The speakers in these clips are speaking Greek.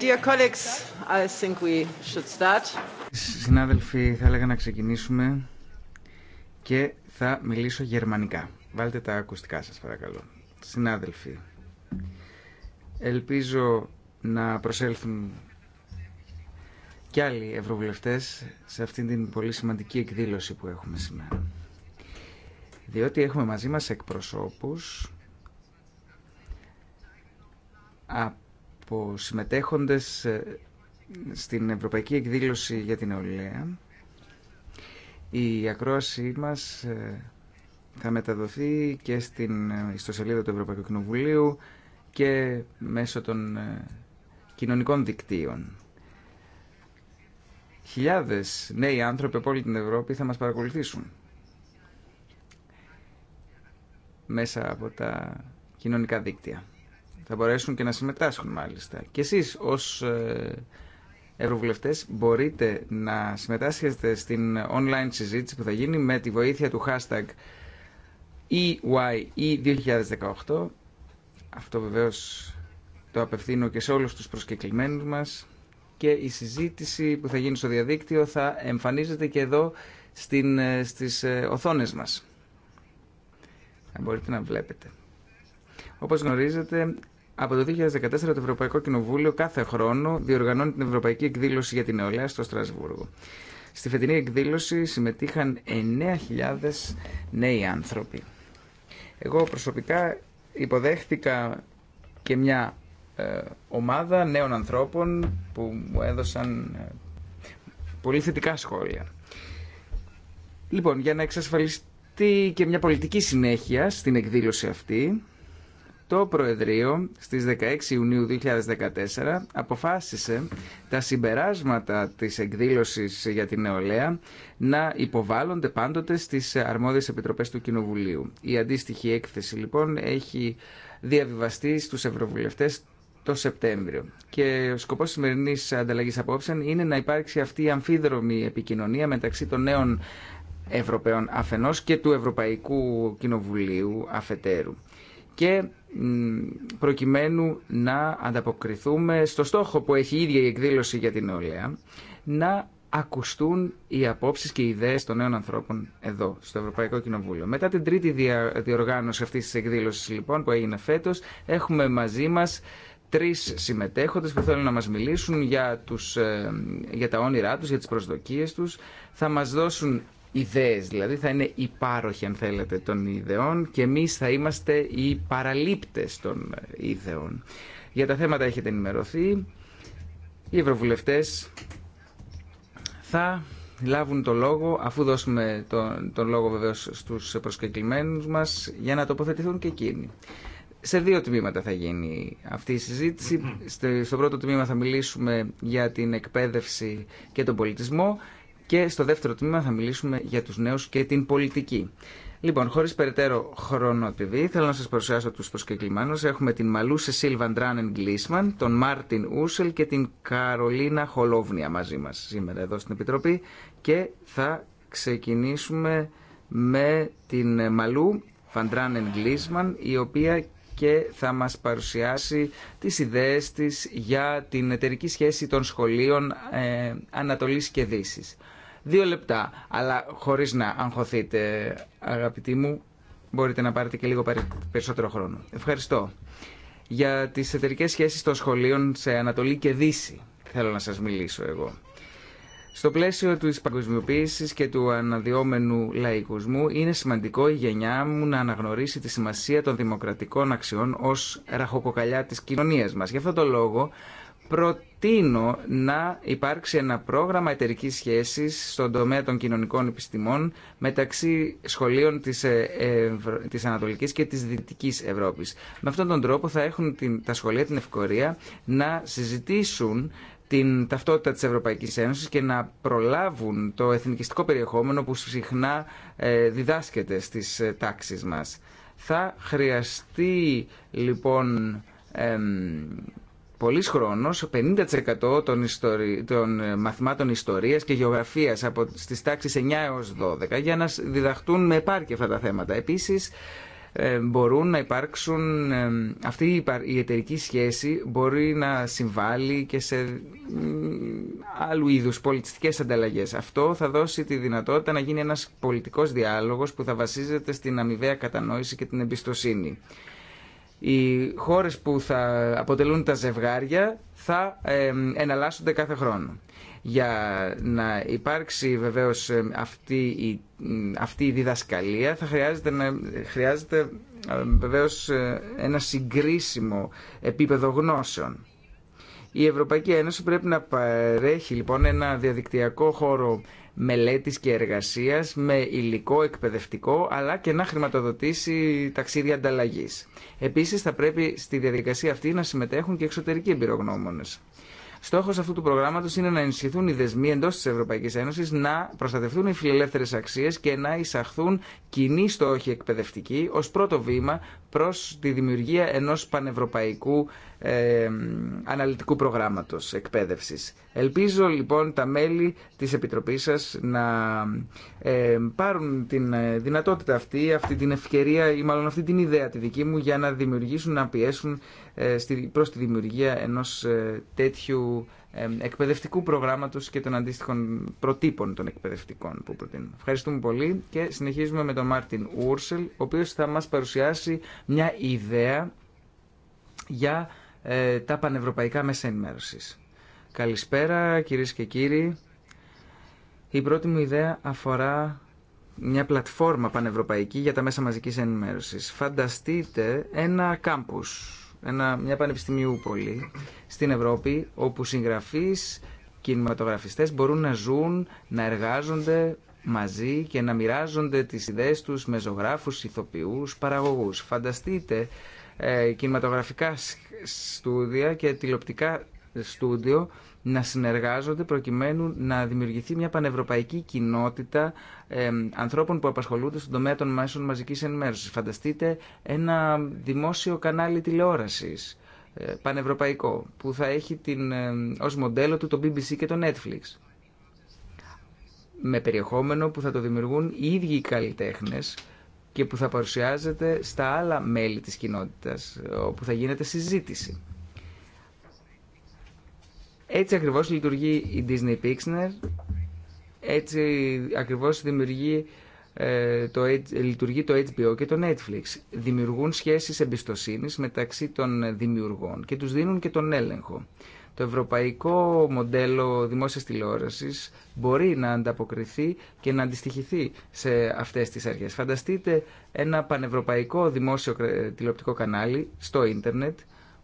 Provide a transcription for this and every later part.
Dear Συνάδελφοι, θα έλεγα να ξεκινήσουμε και θα μιλήσω γερμανικά. Βάλτε τα ακουστικά σας παρακαλώ. Συνάδελφοι, ελπίζω να προσέλθουν και άλλοι ευρωβουλευτές σε αυτήν την πολύ σημαντική εκδήλωση που έχουμε σήμερα. Διότι έχουμε μαζί μας εκπροσώπους από από συμμετέχοντες ε, στην Ευρωπαϊκή Εκδήλωση για την Ολέα. Η ακρόαση μας ε, θα μεταδοθεί και στην ιστοσελίδα ε, του Ευρωπαϊκού Κοινοβουλίου και μέσω των κοινωνικών δικτύων. Χιλιάδες νέοι άνθρωποι από όλη την Ευρώπη θα μας παρακολουθήσουν μέσα από τα κοινωνικά δίκτυα θα μπορέσουν και να συμμετάσχουν μάλιστα. Και εσείς ως ε, ευρωβουλευτές μπορείτε να συμμετάσχετε στην online συζήτηση που θα γίνει με τη βοήθεια του hashtag EYE2018. Αυτό βεβαίως το απευθύνω και σε όλους τους προσκεκλημένους μας και η συζήτηση που θα γίνει στο διαδίκτυο θα εμφανίζεται και εδώ στην, ε, στις ε, οθόνες μας. Θα μπορείτε να βλέπετε. Όπως γνωρίζετε, από το 2014 το Ευρωπαϊκό Κοινοβούλιο κάθε χρόνο διοργανώνει την Ευρωπαϊκή Εκδήλωση για την Νεολαία στο Στρασβούργο. Στη φετινή εκδήλωση συμμετείχαν 9.000 νέοι άνθρωποι. Εγώ προσωπικά υποδέχτηκα και μια ε, ομάδα νέων ανθρώπων που μου έδωσαν ε, πολύ θετικά σχόλια. Λοιπόν, για να εξασφαλιστεί και μια πολιτική συνέχεια στην εκδήλωση αυτή, το Προεδρείο στις 16 Ιουνίου 2014 αποφάσισε τα συμπεράσματα της εκδήλωσης για την νεολαία να υποβάλλονται πάντοτε στις αρμόδιες επιτροπές του Κοινοβουλίου. Η αντίστοιχη έκθεση λοιπόν έχει διαβιβαστεί στους ευρωβουλευτές το Σεπτέμβριο. Και ο σκοπό τη σημερινή ανταλλαγή απόψεων είναι να υπάρξει αυτή η αμφίδρομη επικοινωνία μεταξύ των νέων Ευρωπαίων αφενός και του Ευρωπαϊκού Κοινοβουλίου αφετέρου και προκειμένου να ανταποκριθούμε στο στόχο που έχει η ίδια η εκδήλωση για την νεολαία, να ακουστούν οι απόψεις και οι ιδέες των νέων ανθρώπων εδώ, στο Ευρωπαϊκό Κοινοβούλιο. Μετά την τρίτη διοργάνωση αυτής της εκδήλωσης, λοιπόν, που έγινε φέτος, έχουμε μαζί μας τρεις συμμετέχοντες που θέλουν να μας μιλήσουν για, τους, ε, για τα όνειρά τους, για τις προσδοκίες τους. Θα μας δώσουν ιδέες, δηλαδή θα είναι οι πάροχοι αν θέλετε των ιδεών και εμείς θα είμαστε οι παραλήπτες των ιδεών. Για τα θέματα έχετε ενημερωθεί, οι ευρωβουλευτές θα λάβουν το λόγο, αφού δώσουμε τον, τον λόγο βεβαίως στους προσκεκλημένους μας, για να τοποθετηθούν και εκείνοι. Σε δύο τμήματα θα γίνει αυτή η συζήτηση. Στο πρώτο τμήμα θα μιλήσουμε για την εκπαίδευση και τον πολιτισμό και στο δεύτερο τμήμα θα μιλήσουμε για τους νέους και την πολιτική. Λοιπόν, χωρίς περαιτέρω χρόνο επειδή, θέλω να σα παρουσιάσω τους προσκεκλημένους. Έχουμε την Μαλούσε Σεσίλ Βαντράνεν Γκλίσμαν, τον Μάρτιν Ούσελ και την Καρολίνα Χολόβνια μαζί μας σήμερα εδώ στην Επιτροπή. Και θα ξεκινήσουμε με την Μαλού Βαντράνεν Γκλίσμαν, η οποία και θα μας παρουσιάσει τις ιδέες της για την εταιρική σχέση των σχολείων ε, Ανατολής και Δύσης. Δύο λεπτά, αλλά χωρίς να αγχωθείτε αγαπητοί μου, μπορείτε να πάρετε και λίγο περισσότερο χρόνο. Ευχαριστώ. Για τις εταιρικέ σχέσεις των σχολείων σε Ανατολή και Δύση θέλω να σας μιλήσω εγώ. Στο πλαίσιο τη παγκοσμιοποίηση και του αναδυόμενου λαϊκισμού είναι σημαντικό η γενιά μου να αναγνωρίσει τη σημασία των δημοκρατικών αξιών ω ραχοκοκαλιά τη κοινωνία μα. Γι' αυτόν τον λόγο προτείνω να υπάρξει ένα πρόγραμμα εταιρική σχέση στον τομέα των κοινωνικών επιστημών μεταξύ σχολείων ε, της, Ανατολικής και της Δυτικής Ευρώπης. Με αυτόν τον τρόπο θα έχουν την... τα σχολεία την ευκαιρία να συζητήσουν την ταυτότητα της Ευρωπαϊκής Ένωσης και να προλάβουν το εθνικιστικό περιεχόμενο που συχνά ε, διδάσκεται στις ε, τάξεις μας. Θα χρειαστεί λοιπόν πολλής χρόνος, 50% των, ιστορι... των ε, μαθημάτων ιστορίας και γεωγραφίας από στις τάξεις 9 έως 12 για να διδαχτούν με επάρκεια αυτά τα θέματα. Επίσης, ε, μπορούν να υπάρξουν, ε, αυτή η εταιρική σχέση μπορεί να συμβάλλει και σε άλλου είδου πολιτιστικές ανταλλαγές. Αυτό θα δώσει τη δυνατότητα να γίνει ένας πολιτικός διάλογος που θα βασίζεται στην αμοιβαία κατανόηση και την εμπιστοσύνη. Οι χώρες που θα αποτελούν τα ζευγάρια θα εναλλάσσονται κάθε χρόνο. Για να υπάρξει βεβαίως αυτή η, αυτή διδασκαλία θα χρειάζεται, να, χρειάζεται βεβαίως ε, ένα συγκρίσιμο επίπεδο γνώσεων. Η Ευρωπαϊκή Ένωση πρέπει να παρέχει λοιπόν ένα διαδικτυακό χώρο μελέτης και εργασία με υλικό εκπαιδευτικό αλλά και να χρηματοδοτήσει ταξίδια ανταλλαγή. Επίση, θα πρέπει στη διαδικασία αυτή να συμμετέχουν και εξωτερικοί εμπειρογνώμονε. Στόχο αυτού του προγράμματο είναι να ενισχυθούν οι δεσμοί εντό τη Ευρωπαϊκή Ένωση, να προστατευτούν οι φιλελεύθερε αξίε και να εισαχθούν κοινοί στόχοι εκπαιδευτικοί ω πρώτο βήμα προ τη δημιουργία ενό πανευρωπαϊκού ε, αναλυτικού προγράμματος εκπαίδευσης. Ελπίζω λοιπόν τα μέλη της Επιτροπής σας να ε, πάρουν την ε, δυνατότητα αυτή, αυτή την ευκαιρία ή μάλλον αυτή την ιδέα τη δική μου για να δημιουργήσουν, να πιέσουν ε, στη, προς τη δημιουργία ενός τέτοιου εκπαιδευτικού προγράμματος και των αντίστοιχων προτύπων των εκπαιδευτικών που προτείνουν. Ευχαριστούμε πολύ και συνεχίζουμε με τον Μάρτιν Ούρσελ, ο οποίος θα μας παρουσιάσει μια ιδέα για ε, τα πανευρωπαϊκά μέσα ενημέρωση. Καλησπέρα κυρίες και κύριοι. Η πρώτη μου ιδέα αφορά μια πλατφόρμα πανευρωπαϊκή για τα μέσα μαζικής ενημέρωσης. Φανταστείτε ένα κάμπους, ένα, μια πανεπιστημίου πολύ στην Ευρώπη όπου συγγραφείς, κινηματογραφιστές μπορούν να ζουν, να εργάζονται μαζί και να μοιράζονται τις ιδέες τους με ζωγράφους, ηθοποιούς, παραγωγούς. Φανταστείτε ε, κινηματογραφικά στούδια και τηλεοπτικά στούδιο να συνεργάζονται προκειμένου να δημιουργηθεί μια πανευρωπαϊκή κοινότητα ε, ανθρώπων που απασχολούνται στον τομέα των μέσων μαζικής ενημέρωσης. Φανταστείτε ένα δημόσιο κανάλι τηλεόρασης ε, πανευρωπαϊκό που θα έχει την, ε, ως μοντέλο του το BBC και το Netflix με περιεχόμενο που θα το δημιουργούν οι ίδιοι οι καλλιτέχνες και που θα παρουσιάζεται στα άλλα μέλη της κοινότητας, όπου θα γίνεται συζήτηση. Έτσι ακριβώς λειτουργεί η Disney Pixner, έτσι ακριβώς δημιουργεί ε, το, λειτουργεί το HBO και το Netflix. Δημιουργούν σχέσεις εμπιστοσύνης μεταξύ των δημιουργών και τους δίνουν και τον έλεγχο. Το ευρωπαϊκό μοντέλο δημόσιας τηλεόρασης μπορεί να ανταποκριθεί και να αντιστοιχηθεί σε αυτές τις αρχές. Φανταστείτε ένα πανευρωπαϊκό δημόσιο τηλεοπτικό κανάλι στο ίντερνετ,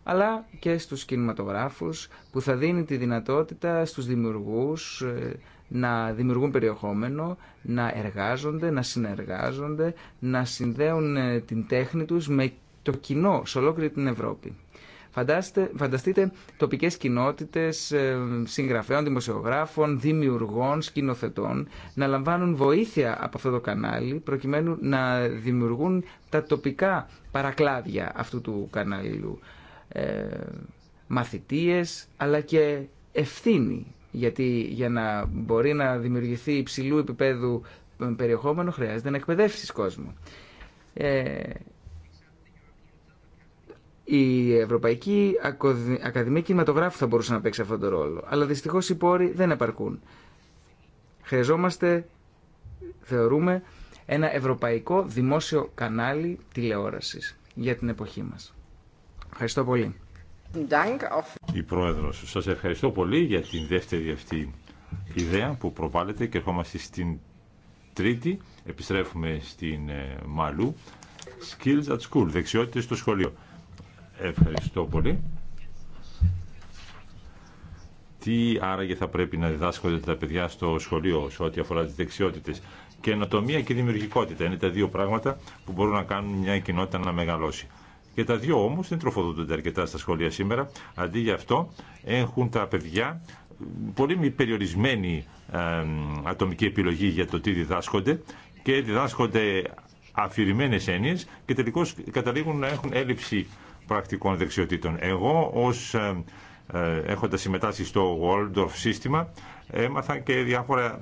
αλλά και στους κινηματογράφους που θα δίνει τη δυνατότητα στους δημιουργούς ε, να δημιουργούν περιεχόμενο, να εργάζονται, να συνεργάζονται, να συνδέουν ε, την τέχνη τους με το κοινό σε ολόκληρη την Ευρώπη. Φαντάστε, φανταστείτε τοπικές κοινότητες ε, συγγραφέων, δημοσιογράφων, δημιουργών, σκηνοθετών να λαμβάνουν βοήθεια από αυτό το κανάλι προκειμένου να δημιουργούν τα τοπικά παρακλάδια αυτού του καναλιού. Ε, μαθητείες αλλά και ευθύνη γιατί για να μπορεί να δημιουργηθεί υψηλού επίπεδου ε, περιεχόμενο χρειάζεται να εκπαιδεύσεις κόσμο. Ε, η Ευρωπαϊκή Ακαδημία Κινηματογράφου θα μπορούσε να παίξει αυτόν τον ρόλο. Αλλά δυστυχώ οι πόροι δεν επαρκούν. Χρειαζόμαστε, θεωρούμε, ένα ευρωπαϊκό δημόσιο κανάλι τηλεόρασης για την εποχή μας. Ευχαριστώ πολύ. Η πρόεδρο. σας ευχαριστώ πολύ για την δεύτερη αυτή ιδέα που προβάλλεται και ερχόμαστε στην τρίτη. Επιστρέφουμε στην ε, Μαλού. Skills at School, δεξιότητες στο σχολείο. Ευχαριστώ πολύ. Τι άραγε θα πρέπει να διδάσκονται τα παιδιά στο σχολείο σε ό,τι αφορά τι δεξιότητε Καινοτομία και δημιουργικότητα είναι τα δύο πράγματα που μπορούν να κάνουν μια κοινότητα να μεγαλώσει. Και τα δύο όμω δεν τροφοδοτούνται αρκετά στα σχολεία σήμερα. Αντί για αυτό έχουν τα παιδιά πολύ περιορισμένη ατομική επιλογή για το τι διδάσκονται και διδάσκονται αφηρημένες έννοιες και τελικώς καταλήγουν να έχουν έλλειψη πρακτικών δεξιοτήτων. Εγώ ως ε, ε, έχοντας συμμετάσχει στο Waldorf σύστημα έμαθα και διάφορα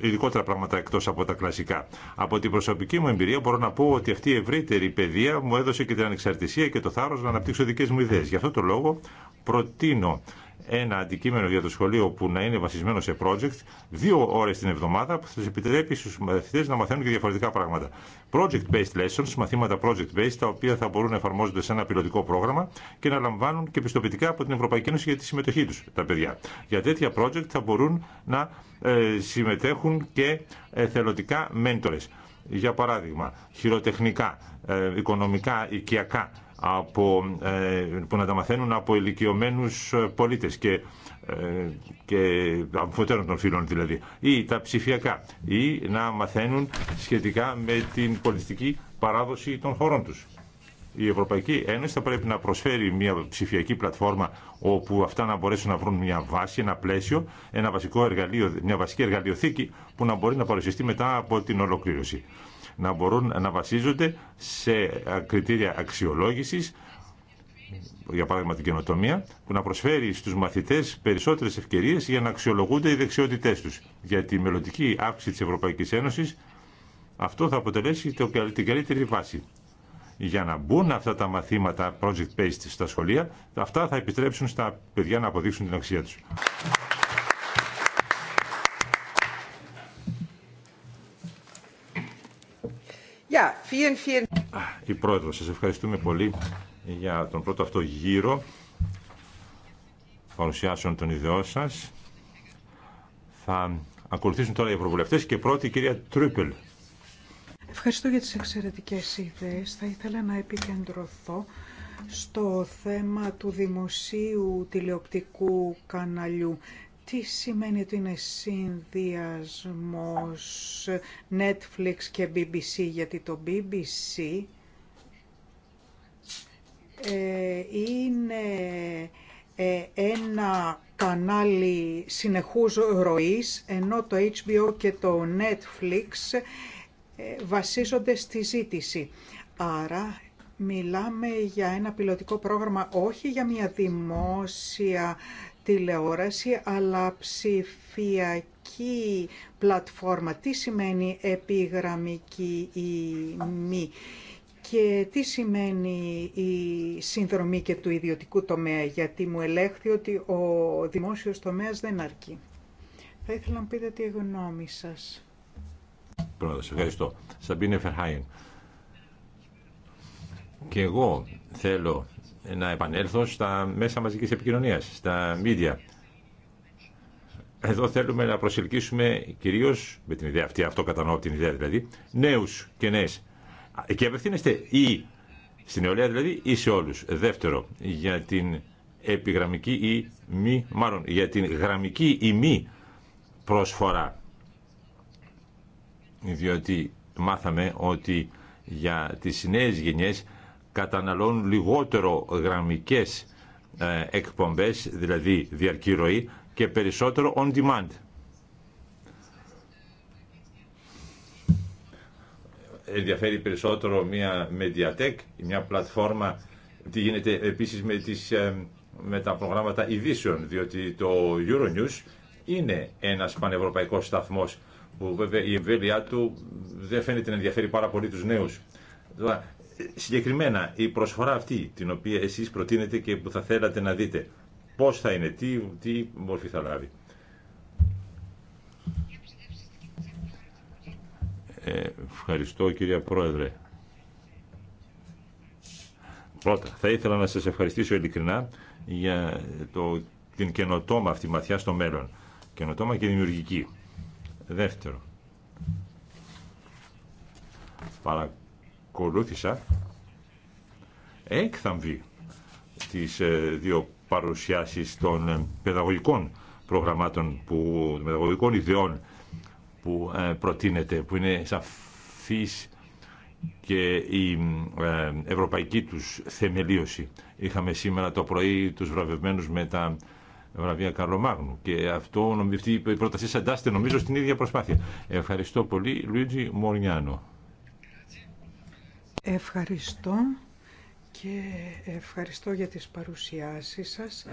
ειδικότερα πράγματα εκτός από τα κλασικά. Από την προσωπική μου εμπειρία μπορώ να πω ότι αυτή η ευρύτερη παιδεία μου έδωσε και την ανεξαρτησία και το θάρρος να αναπτύξω δικές μου ιδέες. Γι' αυτό το λόγο προτείνω ένα αντικείμενο για το σχολείο που να είναι βασισμένο σε project δύο ώρε την εβδομάδα που θα του επιτρέπει στου μαθητέ να μαθαίνουν και διαφορετικά πράγματα. Project-based lessons, μαθήματα project-based, τα οποία θα μπορούν να εφαρμόζονται σε ένα πιλωτικό πρόγραμμα και να λαμβάνουν και πιστοποιητικά από την Ευρωπαϊκή Ένωση για τη συμμετοχή του τα παιδιά. Για τέτοια project θα μπορούν να ε, συμμετέχουν και θελοντικά μέντορε. Για παράδειγμα, χειροτεχνικά, ε, οικονομικά, οικιακά από, ε, που να τα μαθαίνουν από ηλικιωμένου ε, πολίτες και, ε, και φωτέρων των φίλων δηλαδή ή τα ψηφιακά ή να μαθαίνουν σχετικά με την πολιτιστική παράδοση των χωρών τους. Η Ευρωπαϊκή Ένωση θα πρέπει να προσφέρει μια ψηφιακή πλατφόρμα όπου αυτά να μπορέσουν να βρουν μια βάση, ένα πλαίσιο, ένα βασικό εργαλείο, μια βασική εργαλειοθήκη που να μπορεί να παρουσιαστεί μετά από την ολοκλήρωση να μπορούν να βασίζονται σε κριτήρια αξιολόγησης, για παράδειγμα την καινοτομία, που να προσφέρει στους μαθητές περισσότερες ευκαιρίες για να αξιολογούνται οι δεξιότητές τους. Για τη μελλοντική αύξηση της Ευρωπαϊκής Ένωσης αυτό θα αποτελέσει την καλύτερη βάση. Για να μπουν αυτά τα μαθήματα project-based στα σχολεία, αυτά θα επιτρέψουν στα παιδιά να αποδείξουν την αξία τους. vielen, vielen. Η πρόεδρο, σας ευχαριστούμε πολύ για τον πρώτο αυτό γύρο παρουσιάσεων των ιδεών σα, Θα ακολουθήσουν τώρα οι ευρωβουλευτέ και πρώτη η κυρία Τρούπελ. Ευχαριστώ για τις εξαιρετικές ιδέες. Θα ήθελα να επικεντρωθώ στο θέμα του δημοσίου τηλεοπτικού καναλιού. Τι σημαίνει ότι είναι συνδυασμός Netflix και BBC, γιατί το BBC ε, είναι ε, ένα κανάλι συνεχούς ροής, ενώ το HBO και το Netflix ε, βασίζονται στη ζήτηση. Άρα μιλάμε για ένα πιλωτικό πρόγραμμα, όχι για μια δημόσια τηλεόραση αλλά ψηφιακή πλατφόρμα. Τι σημαίνει επιγραμμική ή μη και τι σημαίνει η συνδρομή και του ιδιωτικού τομέα γιατί μου ελέγχθη ότι ο δημόσιος τομέας δεν αρκεί. Θα ήθελα να πείτε τη γνώμη σας. σε ευχαριστώ. Σαμπίνε Φερχάιν. Και εγώ θέλω να επανέλθω στα μέσα μαζικής επικοινωνίας, στα media. Εδώ θέλουμε να προσελκύσουμε κυρίως, με την ιδέα αυτή, αυτό κατανοώ από την ιδέα δηλαδή, νέους και νέες. Και απευθύνεστε ή στην νεολαία δηλαδή ή σε όλους. Δεύτερο, για την επιγραμμική ή μη, μάλλον για την γραμμική ή μη προσφορά. Διότι μάθαμε ότι για τις νέες γενιές καταναλώνουν λιγότερο γραμμικές ε, εκπομπές, δηλαδή διαρκή ροή, και περισσότερο on demand. Ενδιαφέρει περισσότερο μια Mediatek, μια πλατφόρμα, τι γίνεται επίσης με, τις, ε, με τα προγράμματα ειδήσεων, διότι το Euronews είναι ένας πανευρωπαϊκός σταθμός που βέβαια η εμβέλειά του δεν φαίνεται να ενδιαφέρει πάρα πολύ τους νέους συγκεκριμένα η προσφορά αυτή την οποία εσείς προτείνετε και που θα θέλατε να δείτε πώς θα είναι, τι, τι μορφή θα λάβει. Ε, ευχαριστώ κυρία Πρόεδρε. Πρώτα, θα ήθελα να σας ευχαριστήσω ειλικρινά για το, την καινοτόμα αυτή ματιά στο μέλλον. Καινοτόμα και δημιουργική. Δεύτερο, παρακολουθώ Ακολούθησα έκθαμβη τις ε, δύο παρουσιάσεις των ε, παιδαγωγικών προγραμμάτων, που, των παιδαγωγικών ιδεών που ε, προτείνεται, που είναι σαφής και η ευρωπαϊκή τους θεμελίωση. Είχαμε σήμερα το πρωί τους βραβευμένους με τα βραβεία Καρλομάγνου και αυτό, αυτή η πρότασή σαντάστε νομίζω στην ίδια προσπάθεια. Ευχαριστώ πολύ, Λουίτζι Μορνιάνο. Ευχαριστώ και ευχαριστώ για τις παρουσιάσεις σας.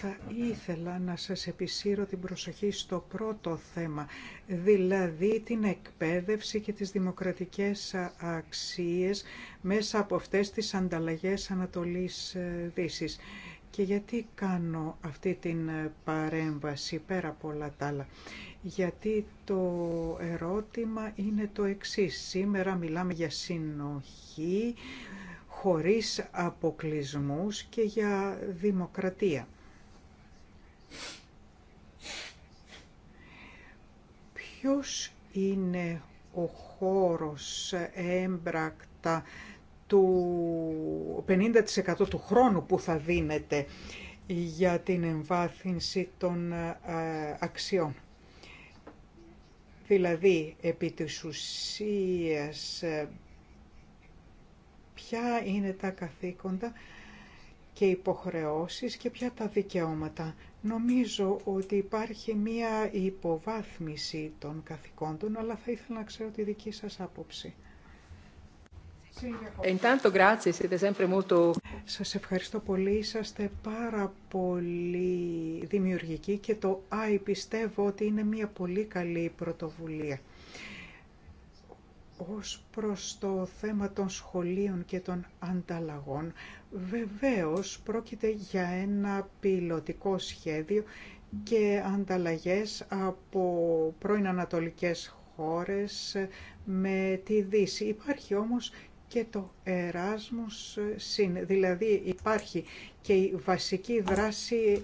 Θα ήθελα να σας επισύρω την προσοχή στο πρώτο θέμα, δηλαδή την εκπαίδευση και τις δημοκρατικές αξίες μέσα από αυτές τις ανταλλαγές Ανατολής ε, Δύσης. Και γιατί κάνω αυτή την παρέμβαση πέρα από όλα τα άλλα γιατί το ερώτημα είναι το εξής. Σήμερα μιλάμε για συνοχή χωρίς αποκλισμούς και για δημοκρατία. Ποιος είναι ο χώρος έμπρακτα του 50% του χρόνου που θα δίνεται για την εμβάθυνση των ε, αξιών. Δηλαδή, επί της ουσίας, ε, ποια είναι τα καθήκοντα και υποχρεώσεις και ποια τα δικαιώματα. Νομίζω ότι υπάρχει μία υποβάθμιση των καθηκόντων, αλλά θα ήθελα να ξέρω τη δική σας άποψη. Ε, Σας ευχαριστώ πολύ. Είσαστε πάρα πολύ δημιουργικοί και το ΆΙ πιστεύω ότι είναι μια πολύ καλή πρωτοβουλία. Ως προς το θέμα των σχολείων και των ανταλλαγών, βεβαίως πρόκειται για ένα πιλωτικό σχέδιο και ανταλλαγές από πρώην ανατολικές χώρες με τη Δύση. Υπάρχει όμως και το Erasmus Συν. Δηλαδή υπάρχει και η βασική δράση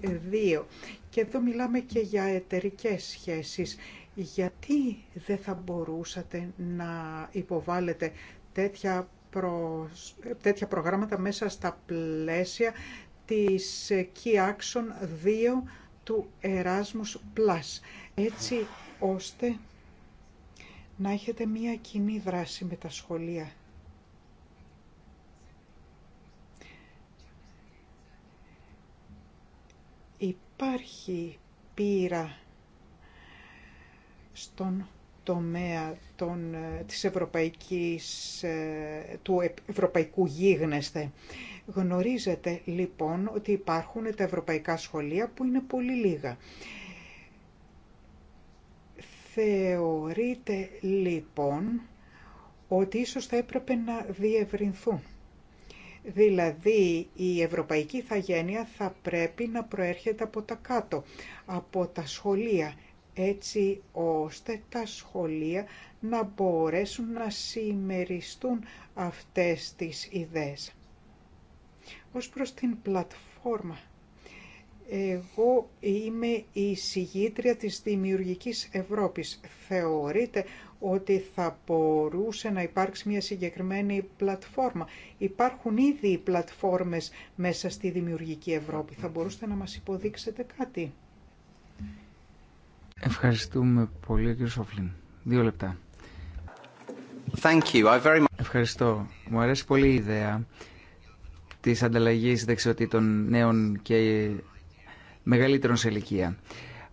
2. Και εδώ μιλάμε και για εταιρικές σχέσεις. Γιατί δεν θα μπορούσατε να υποβάλλετε τέτοια, τέτοια προγράμματα μέσα στα πλαίσια της Key Action 2 του Erasmus Plus, έτσι ώστε να έχετε μία κοινή δράση με τα σχολεία υπάρχει πείρα στον τομέα των, ε, της ευρωπαϊκής, ε, του ευρωπαϊκού γίγνεσθε. Γνωρίζετε λοιπόν ότι υπάρχουν τα ευρωπαϊκά σχολεία που είναι πολύ λίγα. Θεωρείτε λοιπόν ότι ίσως θα έπρεπε να διευρυνθούν Δηλαδή η ευρωπαϊκή ηθαγένεια θα πρέπει να προέρχεται από τα κάτω, από τα σχολεία, έτσι ώστε τα σχολεία να μπορέσουν να συμμεριστούν αυτές τις ιδέες. Ως προς την πλατφόρμα, εγώ είμαι η συγγήτρια της Δημιουργικής Ευρώπης. Θεωρείται ότι θα μπορούσε να υπάρξει μια συγκεκριμένη πλατφόρμα. Υπάρχουν ήδη πλατφόρμες μέσα στη Δημιουργική Ευρώπη. Θα μπορούσατε να μας υποδείξετε κάτι. Ευχαριστούμε πολύ, κύριε Σόφλιν. Δύο λεπτά. Thank you. I very much... Ευχαριστώ. Μου αρέσει πολύ η ιδέα της ανταλλαγής δεξιοτήτων νέων και μεγαλύτερων σε ηλικία.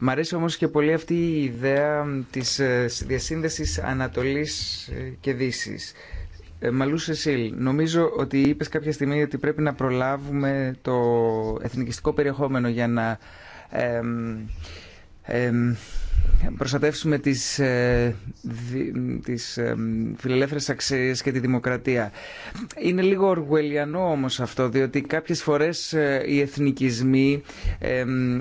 Μ' αρέσει όμως και πολύ αυτή η ιδέα της ε, διασύνδεσης Ανατολής ε, και Δύσης. Ε, Μαλού Σεσίλ, νομίζω ότι είπες κάποια στιγμή ότι πρέπει να προλάβουμε το εθνικιστικό περιεχόμενο για να προστατεύσουμε τις, ε, τις ε, φιλελεύθερες αξίες και τη δημοκρατία. Είναι λίγο οργουελιανό όμως αυτό, διότι κάποιες φορές ε, οι εθνικισμοί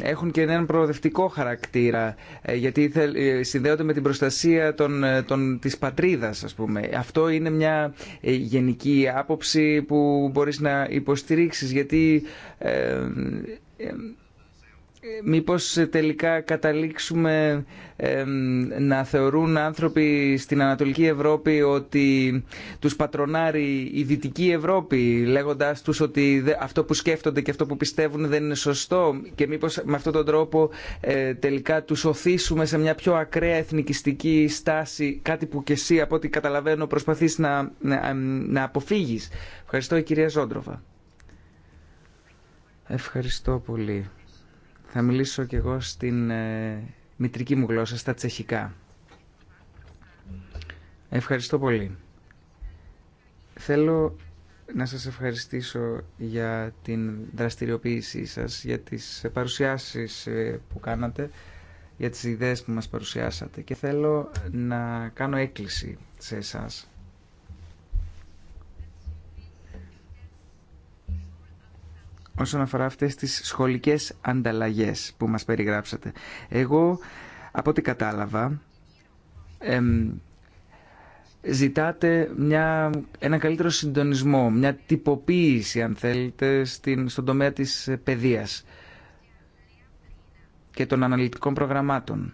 έχουν και έναν προοδευτικό χαρακτήρα, γιατί συνδέονται με την προστασία των, των, της πατρίδας, ας πούμε. Αυτό είναι μια γενική άποψη που μπορείς να υποστηρίξεις, γιατί μήπως ε, τελικά καταλήξουμε να θεωρούν άνθρωποι στην Ανατολική Ευρώπη ότι τους πατρονάρει η Δυτική Ευρώπη λέγοντάς τους ότι αυτό που σκέφτονται και αυτό που πιστεύουν δεν είναι σωστό και μήπως με αυτόν τον τρόπο ε, τελικά τους οθήσουμε σε μια πιο ακραία εθνικιστική στάση κάτι που και εσύ από ό,τι καταλαβαίνω προσπαθείς να, να, αποφύγεις. Ευχαριστώ η κυρία Ζόντροβα. Ευχαριστώ πολύ. Θα μιλήσω κι εγώ στην ε, μητρική μου γλώσσα, στα τσεχικά. Ευχαριστώ πολύ. Θέλω να σας ευχαριστήσω για την δραστηριοποίησή σας, για τις παρουσιάσεις ε, που κάνατε, για τις ιδέες που μας παρουσιάσατε και θέλω να κάνω έκκληση σε εσάς. όσον αφορά αυτές τις σχολικές ανταλλαγές που μας περιγράψατε. Εγώ, από ό,τι κατάλαβα, εμ, ζητάτε μια, ένα καλύτερο συντονισμό, μια τυποποίηση, αν θέλετε, στην, στον τομέα της παιδείας και των αναλυτικών προγραμμάτων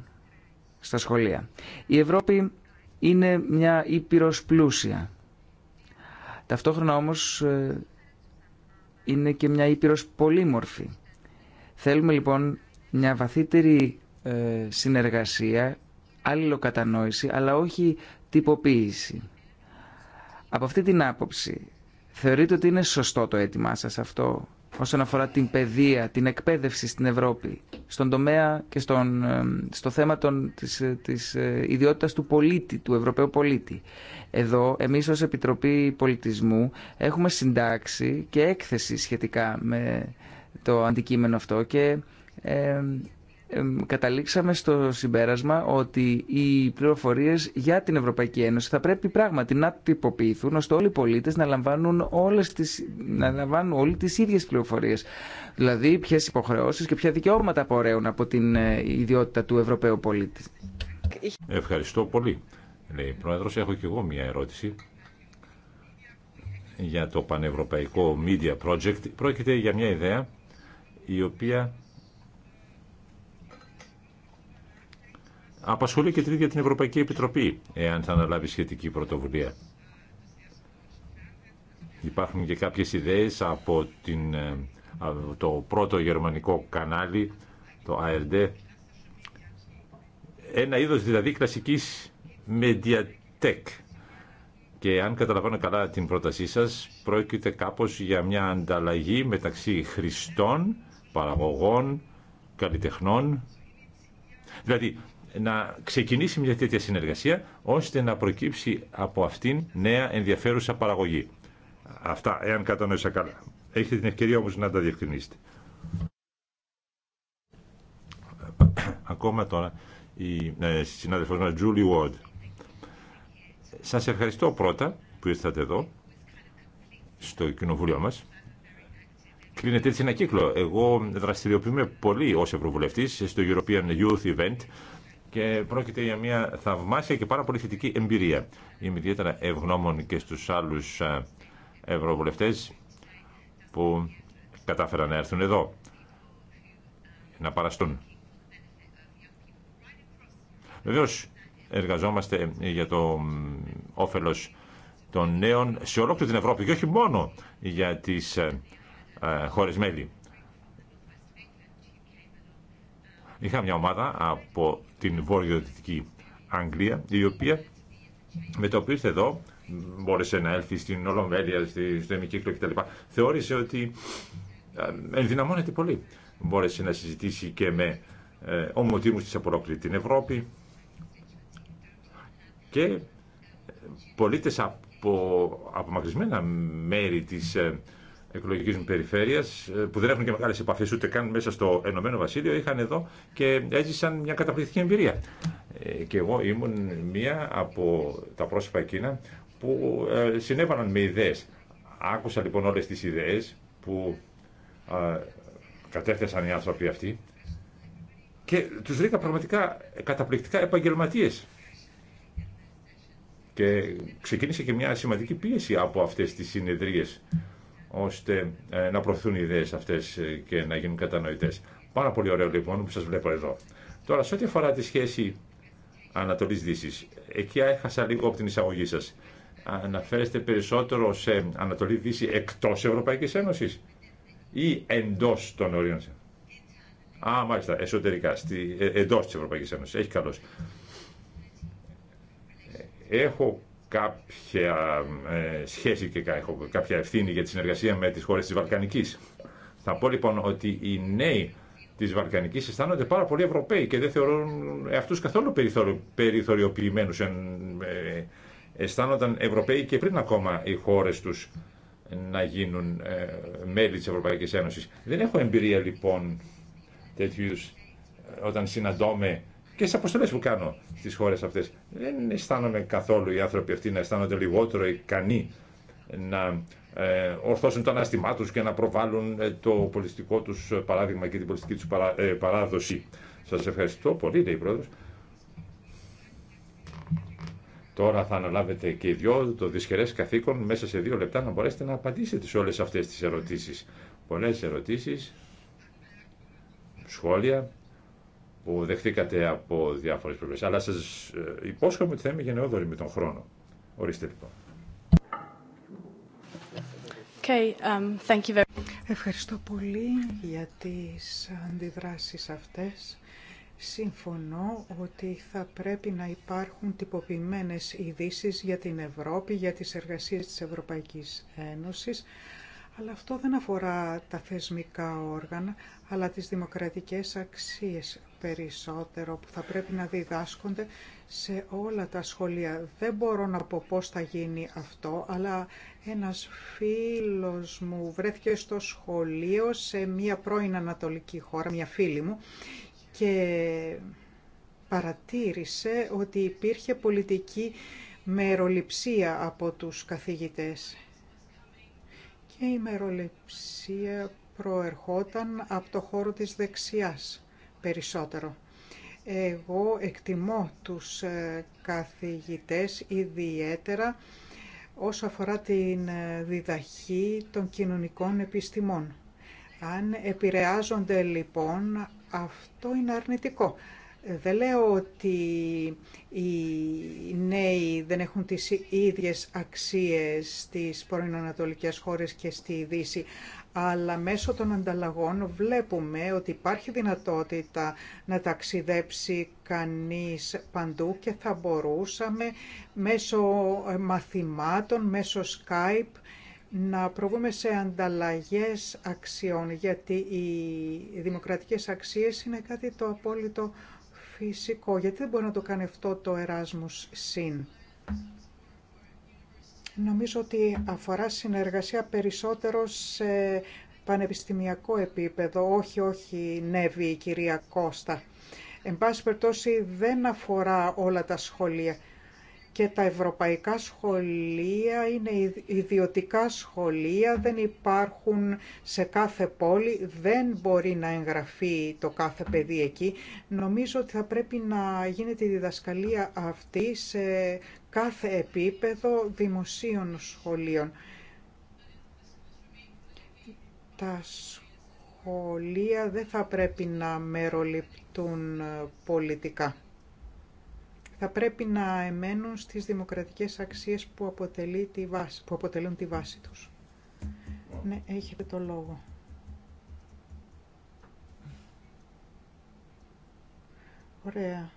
στα σχολεία. Η Ευρώπη είναι μια ήπειρος πλούσια. Ταυτόχρονα όμως ε, είναι και μια ήπειρος πολύμορφη. Θέλουμε λοιπόν μια βαθύτερη ε, συνεργασία, αλληλοκατανόηση, αλλά όχι τυποποίηση. Από αυτή την άποψη, θεωρείτε ότι είναι σωστό το αίτημά σας αυτό όσον αφορά την παιδεία, την εκπαίδευση στην Ευρώπη, στον τομέα και στον, ε, στο θέμα των, της, ε, της ε, ιδιότητας του πολίτη, του Ευρωπαίου πολίτη. Εδώ, εμείς ως Επιτροπή Πολιτισμού έχουμε συντάξει και έκθεση σχετικά με το αντικείμενο αυτό και καταλήξαμε στο συμπέρασμα ότι οι πληροφορίε για την Ευρωπαϊκή Ένωση θα πρέπει πράγματι να τυποποιηθούν ώστε όλοι οι πολίτε να λαμβάνουν, όλες τις, να λαμβάνουν όλοι τις ίδιες πληροφορίες. Δηλαδή ποιες υποχρεώσεις και ποια δικαιώματα απορρέουν από την ε, ιδιότητα του Ευρωπαίου πολίτη. Ευχαριστώ πολύ. Λέει, Πρόεδρος, έχω και εγώ μια ερώτηση για το Πανευρωπαϊκό Media Project. Πρόκειται για μια ιδέα η οποία απασχολεί και την ίδια την Ευρωπαϊκή Επιτροπή, εάν θα αναλάβει σχετική πρωτοβουλία. Υπάρχουν και κάποιες ιδέες από την, ε, το πρώτο γερμανικό κανάλι, το ARD, ένα είδος δηλαδή κλασικής Mediatek. Και αν καταλαβαίνω καλά την πρότασή σας, πρόκειται κάπως για μια ανταλλαγή μεταξύ χρηστών, παραγωγών, καλλιτεχνών. Δηλαδή, να ξεκινήσει μια τέτοια συνεργασία ώστε να προκύψει από αυτήν νέα ενδιαφέρουσα παραγωγή. Αυτά, εάν κατανοήσα καλά. Έχετε την ευκαιρία όμως να τα διευκρινίσετε. Ακόμα τώρα η ε, συνάδελφός μας Julie Ward. Σας ευχαριστώ πρώτα που ήρθατε εδώ στο κοινοβούλιο μας. Κλείνεται έτσι ένα κύκλο. Εγώ δραστηριοποιούμε πολύ ως Ευρωβουλευτής στο European Youth Event και πρόκειται για μια θαυμάσια και πάρα πολύ θετική εμπειρία. Είμαι ιδιαίτερα ευγνώμων και στους άλλους ε, ευρωβουλευτές που κατάφεραν να έρθουν εδώ, να παραστούν. Βεβαίω εργαζόμαστε ε, για το όφελος των νέων σε ολόκληρη την Ευρώπη και όχι μόνο για τις ε, χώρες μέλη. Είχα μια ομάδα από την βόρειο-δυτική Αγγλία, η οποία με το οποίο ήρθε εδώ, μπόρεσε να έλθει στην Ολομέλεια, στο Εμικύκλο κτλ. Θεώρησε ότι ε, ενδυναμώνεται πολύ. Μπόρεσε να συζητήσει και με ε, ομοτήμους της την Ευρώπη και ε, πολίτες από απομακρυσμένα μέρη της ε, εκλογική μου περιφέρεια, ε, που δεν έχουν και μεγάλε επαφέ ούτε καν μέσα στο Ενωμένο Βασίλειο, είχαν εδώ και έζησαν μια καταπληκτική εμπειρία. Ε, και εγώ ήμουν μία από τα πρόσωπα εκείνα που ε, συνέβαλαν με ιδέε. Άκουσα λοιπόν όλε τι ιδέε που κατέθεσαν οι άνθρωποι αυτοί και τους βρήκα πραγματικά καταπληκτικά επαγγελματίες. Και ξεκίνησε και μια σημαντική πίεση από αυτές τις συνεδρίες ώστε ε, να προωθούν οι ιδέες αυτές ε, και να γίνουν κατανοητές. Πάρα πολύ ωραίο λοιπόν που σας βλέπω εδώ. Τώρα, σε ό,τι αφορά τη σχέση Ανατολής-Δύσης, εκεί έχασα λίγο από την εισαγωγή σας. Αναφέρεστε περισσότερο σε Ανατολή-Δύση εκτός Ευρωπαϊκής Ένωσης ή εντός των ορίων. Α, μάλιστα, εσωτερικά, στη, ε, εντός της Ευρωπαϊκής Ένωσης. Έχει καλώς. Έχω κάποια ε, σχέση και κάποια ευθύνη για τη συνεργασία με τις χώρες της Βαλκανικής. Θα πω λοιπόν ότι οι νέοι τη Βαλκανικής αισθάνονται πάρα πολύ Ευρωπαίοι και δεν θεωρούν αυτούς καθόλου περιθωριοποιημένου. Ε, αισθάνονταν Ευρωπαίοι και πριν ακόμα οι χώρες τους να γίνουν ε, μέλη της Ευρωπαϊκής Ένωσης. Δεν έχω εμπειρία λοιπόν τέτοιου όταν συναντώ με και στι αποστολέ που κάνω στι χώρε αυτέ. Δεν αισθάνομαι καθόλου οι άνθρωποι αυτοί να αισθάνονται λιγότερο ικανοί να ε, ορθώσουν το ανάστημά του και να προβάλλουν ε, το πολιτικό του παράδειγμα και την πολιτική του παρά, ε, παράδοση. Σα ευχαριστώ πολύ, λέει η πρόεδρο. Τώρα θα αναλάβετε και οι δυο το δυσχερέ καθήκον μέσα σε δύο λεπτά να μπορέσετε να απαντήσετε σε όλε αυτέ τι ερωτήσει. Πολλέ ερωτήσει, σχόλια που δεχτήκατε από διάφορε πλευρέ. Αλλά σα ε, υπόσχομαι ότι θα είμαι γενναιόδορη με τον χρόνο. Ορίστε λοιπόν. Um, Ευχαριστώ πολύ για τις αντιδράσεις αυτές. Συμφωνώ ότι θα πρέπει να υπάρχουν τυποποιημένες ειδήσει για την Ευρώπη, για τις εργασίες της Ευρωπαϊκής Ένωσης, αλλά αυτό δεν αφορά τα θεσμικά όργανα, αλλά τις δημοκρατικές αξίες περισσότερο που θα πρέπει να διδάσκονται σε όλα τα σχολεία. Δεν μπορώ να πω πώς θα γίνει αυτό, αλλά ένας φίλος μου βρέθηκε στο σχολείο σε μια πρώην ανατολική χώρα, μια φίλη μου, και παρατήρησε ότι υπήρχε πολιτική μεροληψία από τους καθηγητές. Και η μεροληψία προερχόταν από το χώρο της δεξιάς περισσότερο. Εγώ εκτιμώ τους ε, καθηγητές ιδιαίτερα όσο αφορά την ε, διδαχή των κοινωνικών επιστημών. Αν επηρεάζονται λοιπόν, αυτό είναι αρνητικό. Δεν λέω ότι οι νέοι δεν έχουν τις ίδιες αξίες στις πρώην χώρες και στη Δύση, αλλά μέσω των ανταλλαγών βλέπουμε ότι υπάρχει δυνατότητα να ταξιδέψει κανείς παντού και θα μπορούσαμε μέσω ε, μαθημάτων, μέσω Skype να προβούμε σε ανταλλαγές αξιών, γιατί οι δημοκρατικές αξίες είναι κάτι το απόλυτο φυσικό. Γιατί δεν μπορεί να το κάνει αυτό το Erasmus Συν. Νομίζω ότι αφορά συνεργασία περισσότερο σε πανεπιστημιακό επίπεδο, όχι, όχι, Νέβη, η κυρία Κώστα. Εν πάση περιπτώσει δεν αφορά όλα τα σχολεία και τα ευρωπαϊκά σχολεία είναι ιδιωτικά σχολεία, δεν υπάρχουν σε κάθε πόλη, δεν μπορεί να εγγραφεί το κάθε παιδί εκεί. Νομίζω ότι θα πρέπει να γίνεται η διδασκαλία αυτή σε κάθε επίπεδο δημοσίων σχολείων. Τα σχολεία δεν θα πρέπει να μεροληπτούν ε, πολιτικά θα πρέπει να εμένουν στις δημοκρατικές αξίες που, τη που αποτελούν τη βάση τους. Ναι, έχετε το λόγο. Ωραία.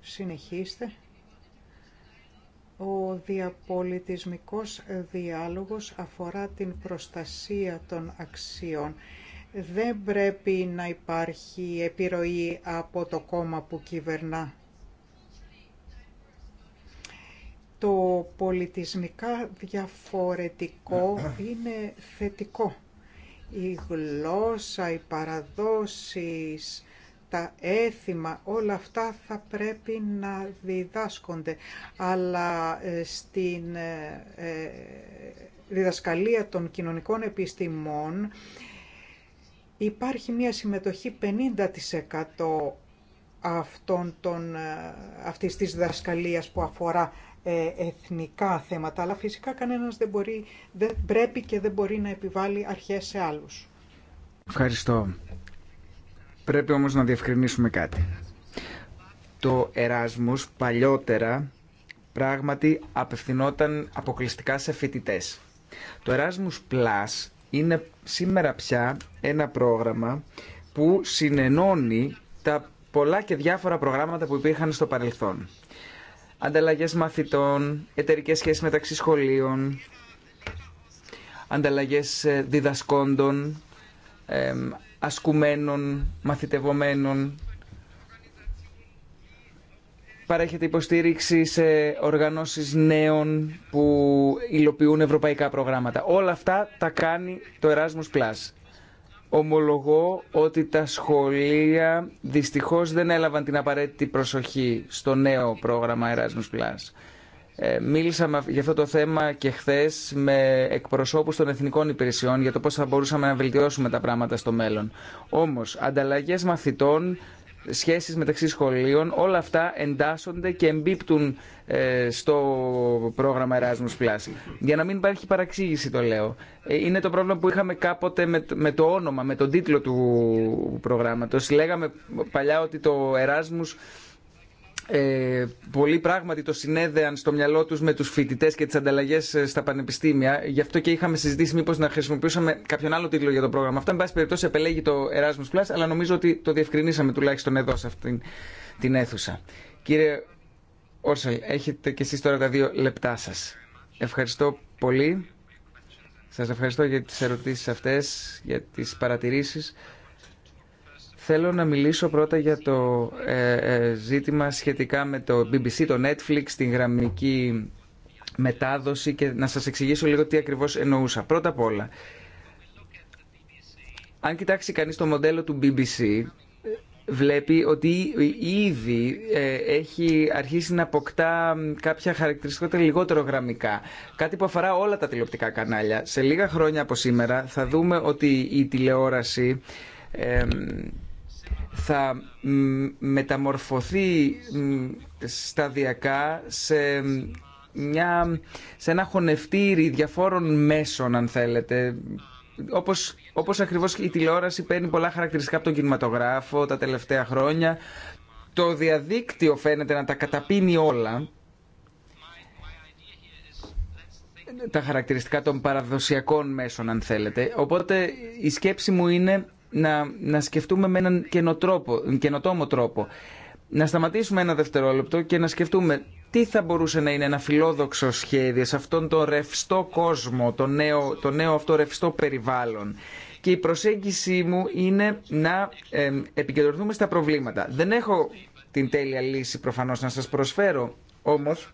Συνεχίστε. Ο διαπολιτισμικός διάλογος αφορά την προστασία των αξιών δεν πρέπει να υπάρχει επιρροή από το κόμμα που κυβερνά. Το πολιτισμικά διαφορετικό είναι θετικό. Η γλώσσα, οι παραδόσεις, τα έθιμα, όλα αυτά θα πρέπει να διδάσκονται. Αλλά ε, στην ε, ε, διδασκαλία των κοινωνικών επιστημών υπάρχει μια συμμετοχή 50% αυτών των, ε, αυτής της δασκαλίας που αφορά ε, εθνικά θέματα, αλλά φυσικά κανένας δεν, μπορεί, δεν πρέπει και δεν μπορεί να επιβάλλει αρχές σε άλλους. Ευχαριστώ. Πρέπει όμως να διευκρινίσουμε κάτι. Το Εράσμους παλιότερα πράγματι απευθυνόταν αποκλειστικά σε φοιτητές. Το Erasmus Plus είναι σήμερα πια ένα πρόγραμμα που συνενώνει τα πολλά και διάφορα προγράμματα που υπήρχαν στο παρελθόν. Ανταλλαγές μαθητών, εταιρικές σχέσεις μεταξύ σχολείων, ανταλλαγές ε, διδασκόντων, ε, ασκουμένων, μαθητευομένων παρέχεται υποστήριξη σε οργανώσεις νέων που υλοποιούν ευρωπαϊκά προγράμματα. Όλα αυτά τα κάνει το Erasmus Plus. Ομολογώ ότι τα σχολεία δυστυχώς δεν έλαβαν την απαραίτητη προσοχή στο νέο πρόγραμμα Erasmus Plus. Ε, μίλησα για αυτό το θέμα και χθες με εκπροσώπους των εθνικών υπηρεσιών για το πώς θα μπορούσαμε να βελτιώσουμε τα πράγματα στο μέλλον. Όμως, ανταλλαγές μαθητών σχέσεις μεταξύ σχολείων, όλα αυτά εντάσσονται και εμπίπτουν ε, στο πρόγραμμα Erasmus Για να μην υπάρχει παραξήγηση το λέω. Ε, είναι το πρόβλημα που είχαμε κάποτε με το όνομα, με τον τίτλο του προγράμματος. Λέγαμε παλιά ότι το Erasmus ε, πολλοί πράγματι το συνέδεαν στο μυαλό του με του φοιτητέ και τι ανταλλαγέ ε, στα πανεπιστήμια. Γι' αυτό και είχαμε συζητήσει μήπω να χρησιμοποιούσαμε κάποιον άλλο τίτλο για το πρόγραμμα. Αυτό, εν πάση περιπτώσει, επελέγει το Erasmus Plus, αλλά νομίζω ότι το διευκρινίσαμε τουλάχιστον εδώ σε αυτήν την αίθουσα. Κύριε Όρσελ, έχετε και εσείς τώρα τα δύο λεπτά σα. Ευχαριστώ πολύ. Σας ευχαριστώ για τις ερωτήσεις αυτές, για τις παρατηρήσεις. Θέλω να μιλήσω πρώτα για το ε, ε, ζήτημα σχετικά με το BBC, το Netflix, την γραμμική μετάδοση και να σας εξηγήσω λίγο τι ακριβώς εννοούσα. Πρώτα απ' όλα, αν κοιτάξει κανείς το μοντέλο του BBC, βλέπει ότι ήδη ε, έχει αρχίσει να αποκτά κάποια χαρακτηριστικότητα λιγότερο γραμμικά. Κάτι που αφορά όλα τα τηλεοπτικά κανάλια. Σε λίγα χρόνια από σήμερα θα δούμε ότι η τηλεόραση θα μεταμορφωθεί σταδιακά σε, μια, σε ένα χωνευτήρι διαφόρων μέσων αν θέλετε όπως, όπως ακριβώς η τηλεόραση παίρνει πολλά χαρακτηριστικά από τον κινηματογράφο τα τελευταία χρόνια το διαδίκτυο φαίνεται να τα καταπίνει όλα τα χαρακτηριστικά των παραδοσιακών μέσων αν θέλετε οπότε η σκέψη μου είναι να, να σκεφτούμε με έναν καινοτρόπο, καινοτόμο τρόπο. Να σταματήσουμε ένα δευτερόλεπτο και να σκεφτούμε τι θα μπορούσε να είναι ένα φιλόδοξο σχέδιο σε αυτόν τον ρευστό κόσμο, το νέο, το νέο αυτό ρευστό περιβάλλον. Και η προσέγγιση μου είναι να ε, επικεντρωθούμε στα προβλήματα. Δεν έχω την τέλεια λύση προφανώς να σας προσφέρω, όμως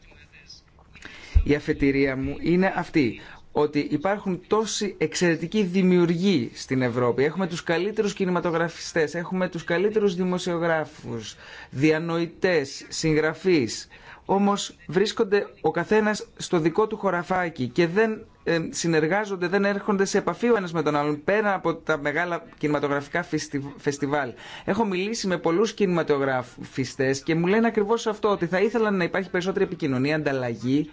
η αφετηρία μου είναι αυτή ότι υπάρχουν τόσοι εξαιρετικοί δημιουργοί στην Ευρώπη. Έχουμε τους καλύτερους κινηματογραφιστές, έχουμε τους καλύτερους δημοσιογράφους, διανοητές, συγγραφείς. Όμως βρίσκονται ο καθένας στο δικό του χωραφάκι και δεν ε, συνεργάζονται, δεν έρχονται σε επαφή ο ένας με τον άλλον πέρα από τα μεγάλα κινηματογραφικά φεστιβάλ. Έχω μιλήσει με πολλούς κινηματογραφιστές και μου λένε ακριβώς αυτό, ότι θα ήθελαν να υπάρχει περισσότερη επικοινωνία, ανταλλαγή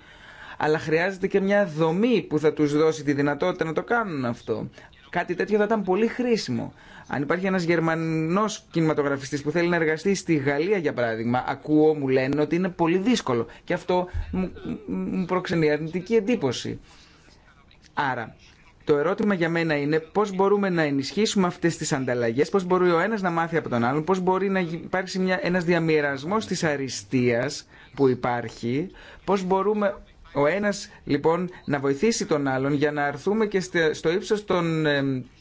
αλλά χρειάζεται και μια δομή που θα τους δώσει τη δυνατότητα να το κάνουν αυτό. Κάτι τέτοιο θα ήταν πολύ χρήσιμο. Αν υπάρχει ένας γερμανός κινηματογραφιστής που θέλει να εργαστεί στη Γαλλία, για παράδειγμα, ακούω, μου λένε ότι είναι πολύ δύσκολο. Και αυτό μου προξενεί αρνητική εντύπωση. Άρα, το ερώτημα για μένα είναι πώς μπορούμε να ενισχύσουμε αυτές τις ανταλλαγές, πώς μπορεί ο ένας να μάθει από τον άλλον, πώς μπορεί να υπάρξει ένα διαμοιρασμός τη αριστεία που υπάρχει, πώ μπορούμε ο ένας λοιπόν να βοηθήσει τον άλλον για να αρθούμε και στο ύψος των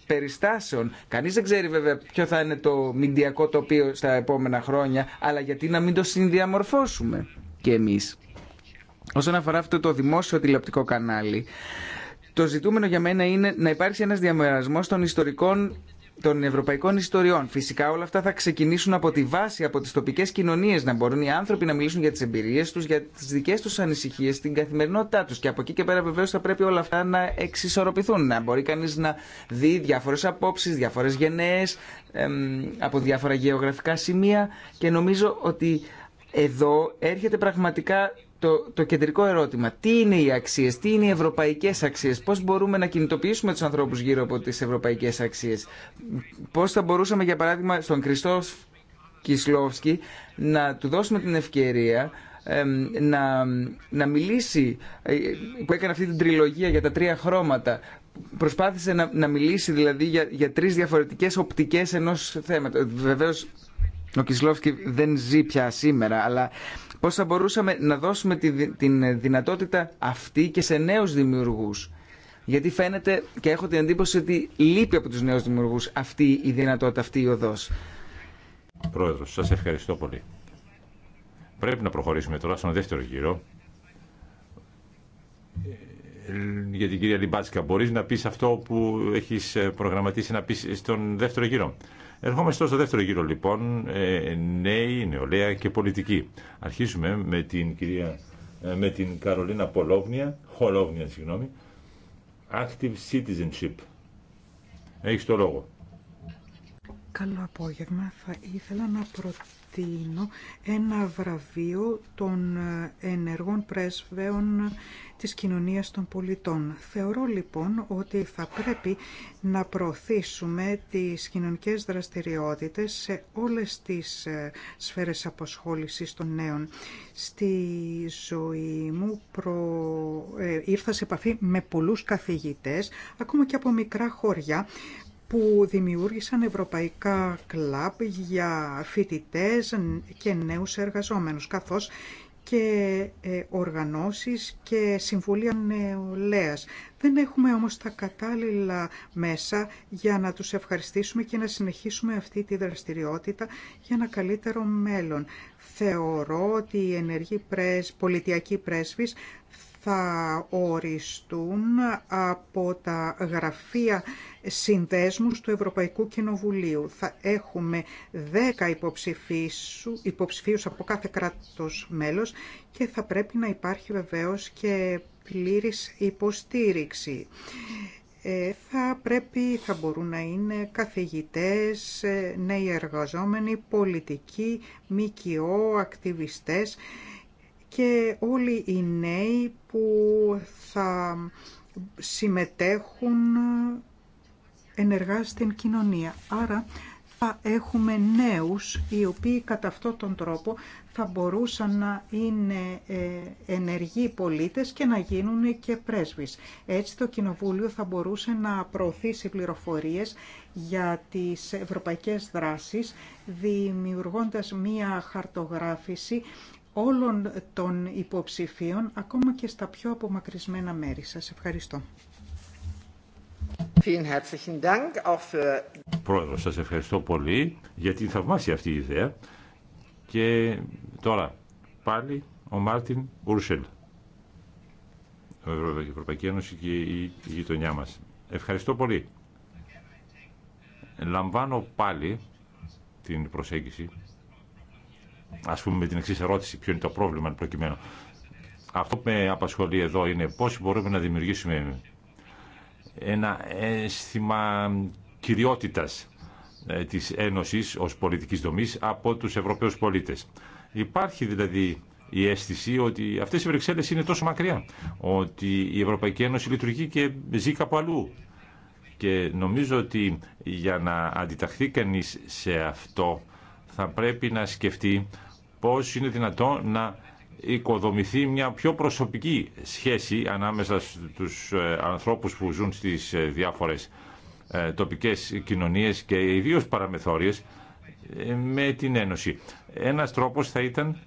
περιστάσεων. Κανείς δεν ξέρει βέβαια ποιο θα είναι το μηντιακό τοπίο στα επόμενα χρόνια, αλλά γιατί να μην το συνδιαμορφώσουμε και εμείς. Όσον αφορά αυτό το δημόσιο τηλεοπτικό κανάλι, το ζητούμενο για μένα είναι να υπάρξει ένας διαμερασμός των ιστορικών των ευρωπαϊκών ιστοριών. Φυσικά όλα αυτά θα ξεκινήσουν από τη βάση, από τις τοπικές κοινωνίες, να μπορούν οι άνθρωποι να μιλήσουν για τις εμπειρίες τους, για τις δικές τους ανησυχίες, την καθημερινότητά τους. Και από εκεί και πέρα βεβαίω θα πρέπει όλα αυτά να εξισορροπηθούν, να μπορεί κανείς να δει διαφορε γενέ, γενναίε από διάφορα γεωγραφικά σημεία και νομίζω ότι εδώ έρχεται πραγματικά το, το κεντρικό ερώτημα. Τι είναι οι αξίες, τι είναι οι ευρωπαϊκές αξίες, πώς μπορούμε να κινητοποιήσουμε τους ανθρώπους γύρω από τις ευρωπαϊκές αξίες. Πώς θα μπορούσαμε για παράδειγμα στον Χριστό Κισλόφσκι να του δώσουμε την ευκαιρία να, να μιλήσει, ε, που έκανε αυτή την τριλογία για τα τρία χρώματα, προσπάθησε να, να μιλήσει δηλαδή για, για τρεις διαφορετικές οπτικές ενός θέματος. Βεβαίως ο Κισλόφσκι δεν ζει πια σήμερα, αλλά πώς θα μπορούσαμε να δώσουμε τη, την δυνατότητα αυτή και σε νέους δημιουργούς. Γιατί φαίνεται και έχω την εντύπωση ότι λείπει από τους νέους δημιουργούς αυτή η δυνατότητα, αυτή η οδός. Πρόεδρος, σας ευχαριστώ πολύ. Πρέπει να προχωρήσουμε τώρα στον δεύτερο γύρο. Ε, για την κυρία Λιμπάτσικα, μπορείς να πεις αυτό που έχεις ε, προγραμματίσει να πεις στον δεύτερο γύρο. Ερχόμαστε στο δεύτερο γύρο λοιπόν, ε, νέοι, νεολαία και πολιτικοί. Αρχίσουμε με την κυρία, ε, με την Καρολίνα Πολόβνια, Χολόβνια συγγνώμη, Active Citizenship. Έχεις το λόγο. Καλό απόγευμα. Θα ήθελα να προτείνω ένα βραβείο των ε, ενεργών πρέσβεων της κοινωνίας των πολιτών. Θεωρώ λοιπόν ότι θα πρέπει να προωθήσουμε τις κοινωνικές δραστηριότητες σε όλες τις ε, σφαίρες αποσχόλησης των νέων. Στη ζωή μου προ... Ε, ήρθα σε επαφή με πολλούς καθηγητές, ακόμα και από μικρά χωριά, που δημιούργησαν ευρωπαϊκά κλαμπ για φοιτητές και νέους εργαζόμενους, καθώς και ε, οργανώσεις και συμβουλία νεολαίας. Δεν έχουμε όμως τα κατάλληλα μέσα για να τους ευχαριστήσουμε και να συνεχίσουμε αυτή τη δραστηριότητα για ένα καλύτερο μέλλον. Θεωρώ ότι η πολιτιακή πρέσ, πολιτιακή θα οριστούν από τα γραφεία συνδέσμους του Ευρωπαϊκού Κοινοβουλίου. Θα έχουμε 10 υποψηφίους από κάθε κράτος μέλος και θα πρέπει να υπάρχει βεβαίως και πλήρης υποστήριξη. Ε, θα πρέπει, θα μπορούν να είναι καθηγητές, ε, νέοι εργαζόμενοι, πολιτικοί, μικιό, ακτιβιστές και όλοι οι νέοι που θα συμμετέχουν ενεργά στην κοινωνία. Άρα θα έχουμε νέους οι οποίοι κατά αυτόν τον τρόπο θα μπορούσαν να είναι ε, ενεργοί πολίτες και να γίνουν και πρέσβεις. Έτσι το Κοινοβούλιο θα μπορούσε να προωθήσει πληροφορίες για τις ευρωπαϊκές δράσεις, δημιουργώντας μία χαρτογράφηση όλων των υποψηφίων, ακόμα και στα πιο απομακρυσμένα μέρη. Σας ευχαριστώ. Πρόεδρο, σας ευχαριστώ πολύ για την θαυμάσια αυτή η ιδέα. Και τώρα πάλι ο Μάρτιν Ούρσελ, η Ευρωπαϊκή Ένωση και η γειτονιά μας. Ευχαριστώ πολύ. Λαμβάνω πάλι την προσέγγιση ας πούμε με την εξή ερώτηση, ποιο είναι το πρόβλημα προκειμένου. Αυτό που με απασχολεί εδώ είναι πώς μπορούμε να δημιουργήσουμε ένα αίσθημα κυριότητας ε, της Ένωσης ως πολιτικής δομής από τους Ευρωπαίους πολίτες. Υπάρχει δηλαδή η αίσθηση ότι αυτές οι Βρυξέλλες είναι τόσο μακριά, ότι η Ευρωπαϊκή Ένωση λειτουργεί και ζει κάπου αλλού. Και νομίζω ότι για να αντιταχθεί κανείς σε αυτό θα πρέπει να σκεφτεί πώς είναι δυνατό να οικοδομηθεί μια πιο προσωπική σχέση ανάμεσα στους ε, ανθρώπους που ζουν στις ε, διάφορες ε, τοπικές κοινωνίες και ιδίως παραμεθόριες με την Ένωση. Ένας τρόπος θα ήταν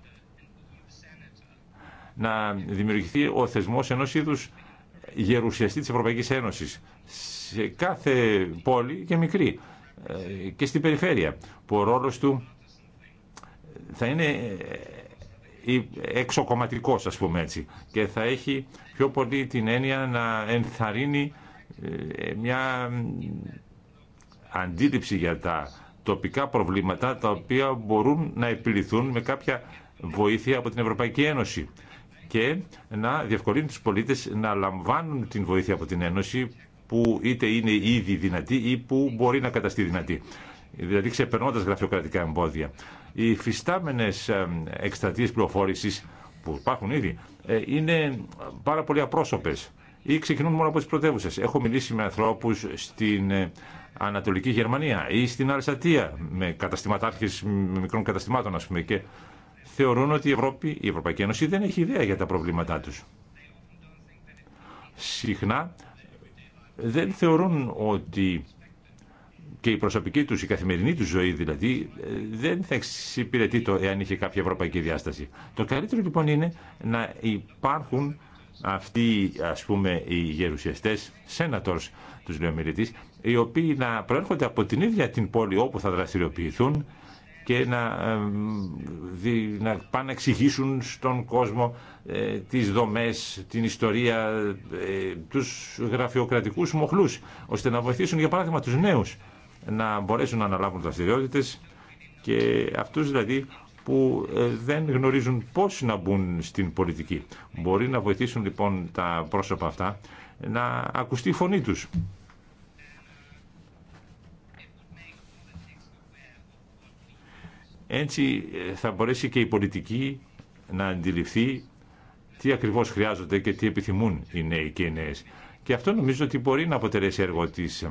να δημιουργηθεί ο θεσμός ενός είδους γερουσιαστή της Ευρωπαϊκής Ένωσης σε κάθε πόλη και μικρή και στην περιφέρεια που ο ρόλος του θα είναι ε, ε, ε, εξοκομματικός ας πούμε έτσι και θα έχει πιο πολύ την έννοια να ενθαρρύνει μια αντίληψη για τα τοπικά προβλήματα τα οποία μπορούν να επιληθούν με κάποια βοήθεια από την Ευρωπαϊκή Ένωση και να διευκολύνει τους πολίτες να λαμβάνουν την βοήθεια από την Ένωση που είτε είναι ήδη δυνατή ή που μπορεί να καταστεί δυνατή. Δηλαδή ξεπερνώντας γραφειοκρατικά εμπόδια. Οι φυστάμενες ε, εκστρατείες πληροφόρησης που υπάρχουν ήδη ε, είναι πάρα πολύ απρόσωπες ή ξεκινούν μόνο από τις πρωτεύουσε. Έχω μιλήσει με ανθρώπους στην ε, Ανατολική Γερμανία ή στην Αλσατία με καταστηματάρχες με μικρών καταστημάτων ας πούμε και θεωρούν ότι η Ευρώπη, η Ευρωπαϊκή Ένωση δεν έχει ιδέα για τα προβλήματά τους. Συχνά δεν θεωρούν ότι και η προσωπική τους, η καθημερινή τους ζωή δηλαδή, ε, δεν θα εξυπηρετεί το εάν είχε κάποια ευρωπαϊκή διάσταση. Το καλύτερο λοιπόν είναι να υπάρχουν αυτοί ας πούμε οι γερουσιαστές, σένατορς τους λέει οι οποίοι να προέρχονται από την ίδια την πόλη όπου θα δραστηριοποιηθούν και να, να πάνε να εξηγήσουν στον κόσμο ε, τις δομές, την ιστορία, ε, τους γραφειοκρατικούς μοχλούς, ώστε να βοηθήσουν για παράδειγμα τους νέους να μπορέσουν να αναλάβουν δραστηριότητε και αυτούς δηλαδή που ε, δεν γνωρίζουν πώς να μπουν στην πολιτική. Μπορεί να βοηθήσουν λοιπόν τα πρόσωπα αυτά να ακουστεί η φωνή τους. Έτσι ε, θα μπορέσει και η πολιτική να αντιληφθεί τι ακριβώς χρειάζονται και τι επιθυμούν οι νέοι και οι νέες. Και αυτό νομίζω ότι μπορεί να αποτελέσει έργο της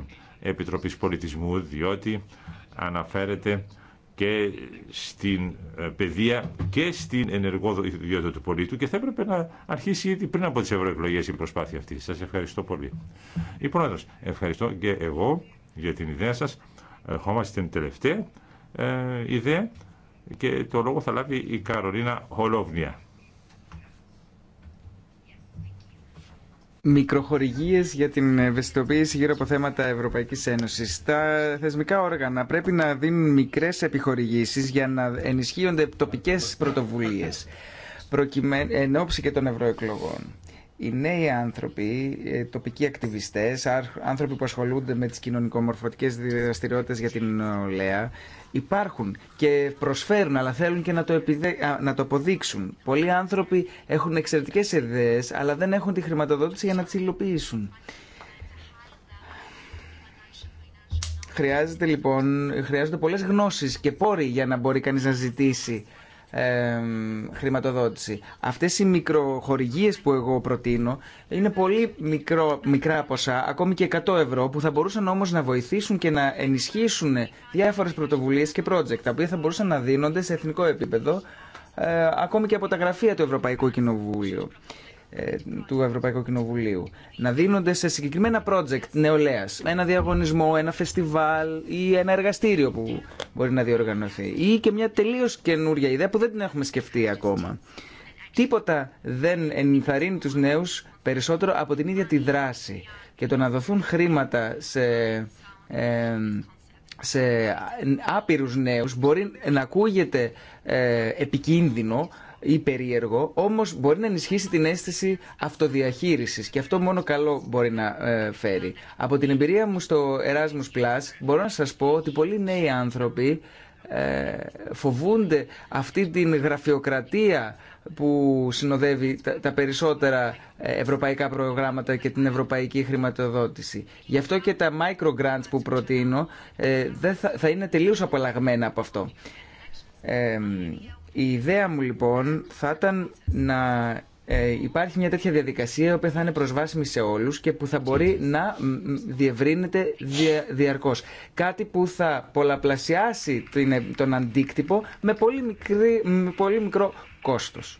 Επιτροπής Πολιτισμού, διότι αναφέρεται και στην ε, παιδεία και στην ενεργό ιδιότητα του πολίτου και θα έπρεπε να αρχίσει ήδη πριν από τις ευρωεκλογέ η προσπάθεια αυτή. Σας ευχαριστώ πολύ. Η Πρόεδρος, ευχαριστώ και εγώ για την ιδέα σας. Ερχόμαστε την τελευταία ε, ιδέα και το λόγο θα λάβει η Καρολίνα Χολόβνια. Μικροχορηγίες για την ευαισθητοποίηση γύρω από θέματα Ευρωπαϊκής Ένωσης. Τα θεσμικά όργανα πρέπει να δίνουν μικρές επιχορηγήσεις για να ενισχύονται τοπικές πρωτοβουλίες εν ώψη και των ευρωεκλογών οι νέοι άνθρωποι, ε, τοπικοί ακτιβιστές, άνθρωποι που ασχολούνται με τις κοινωνικομορφωτικές δραστηριότητες για την νεολαία, υπάρχουν και προσφέρουν, αλλά θέλουν και να το, επιδε... να το αποδείξουν. Πολλοί άνθρωποι έχουν εξαιρετικές ιδέες, αλλά δεν έχουν τη χρηματοδότηση για να τις υλοποιήσουν. Χρειάζεται λοιπόν, χρειάζονται πολλές γνώσεις και πόροι για να μπορεί κανείς να ζητήσει χρηματοδότηση. Αυτές οι μικροχορηγίες που εγώ προτείνω είναι πολύ μικρό, μικρά ποσά, ακόμη και 100 ευρώ, που θα μπορούσαν όμως να βοηθήσουν και να ενισχύσουν διάφορες πρωτοβουλίες και project, τα οποία θα μπορούσαν να δίνονται σε εθνικό επίπεδο, ε, ακόμη και από τα γραφεία του Ευρωπαϊκού Κοινοβούλιο. Ε, του Ευρωπαϊκού Κοινοβουλίου. Να δίνονται σε συγκεκριμένα project νεολαία. Ένα διαγωνισμό, ένα φεστιβάλ ή ένα εργαστήριο που μπορεί να διοργανωθεί. Ή και μια τελείω καινούρια ιδέα που δεν την έχουμε σκεφτεί ακόμα. Τίποτα δεν ενθαρρύνει τους νέους περισσότερο από την ίδια τη δράση και το να δοθούν χρήματα σε, ε, σε άπειρους νέους μπορεί να ακούγεται ε, επικίνδυνο ή περίεργο, όμως μπορεί να ενισχύσει την αίσθηση αυτοδιαχείρισης και αυτό μόνο καλό μπορεί να ε, φέρει. Από την εμπειρία μου στο Erasmus Plus μπορώ να σας πω ότι πολλοί νέοι άνθρωποι ε, φοβούνται αυτή την γραφειοκρατία που συνοδεύει τα περισσότερα ε, ευρωπαϊκά προγράμματα και την ευρωπαϊκή χρηματοδότηση. Γι' αυτό και τα micro grants που προτείνω θα είναι τελείως απαλλαγμένα από αυτό. Η ιδέα μου λοιπόν θα ήταν να ε, υπάρχει μια τέτοια διαδικασία η θα είναι προσβάσιμη σε όλους και που θα μπορεί να διευρύνεται δια, διαρκώς. Κάτι που θα πολλαπλασιάσει την, ε, τον αντίκτυπο με πολύ, πολύ μικρό κόστος.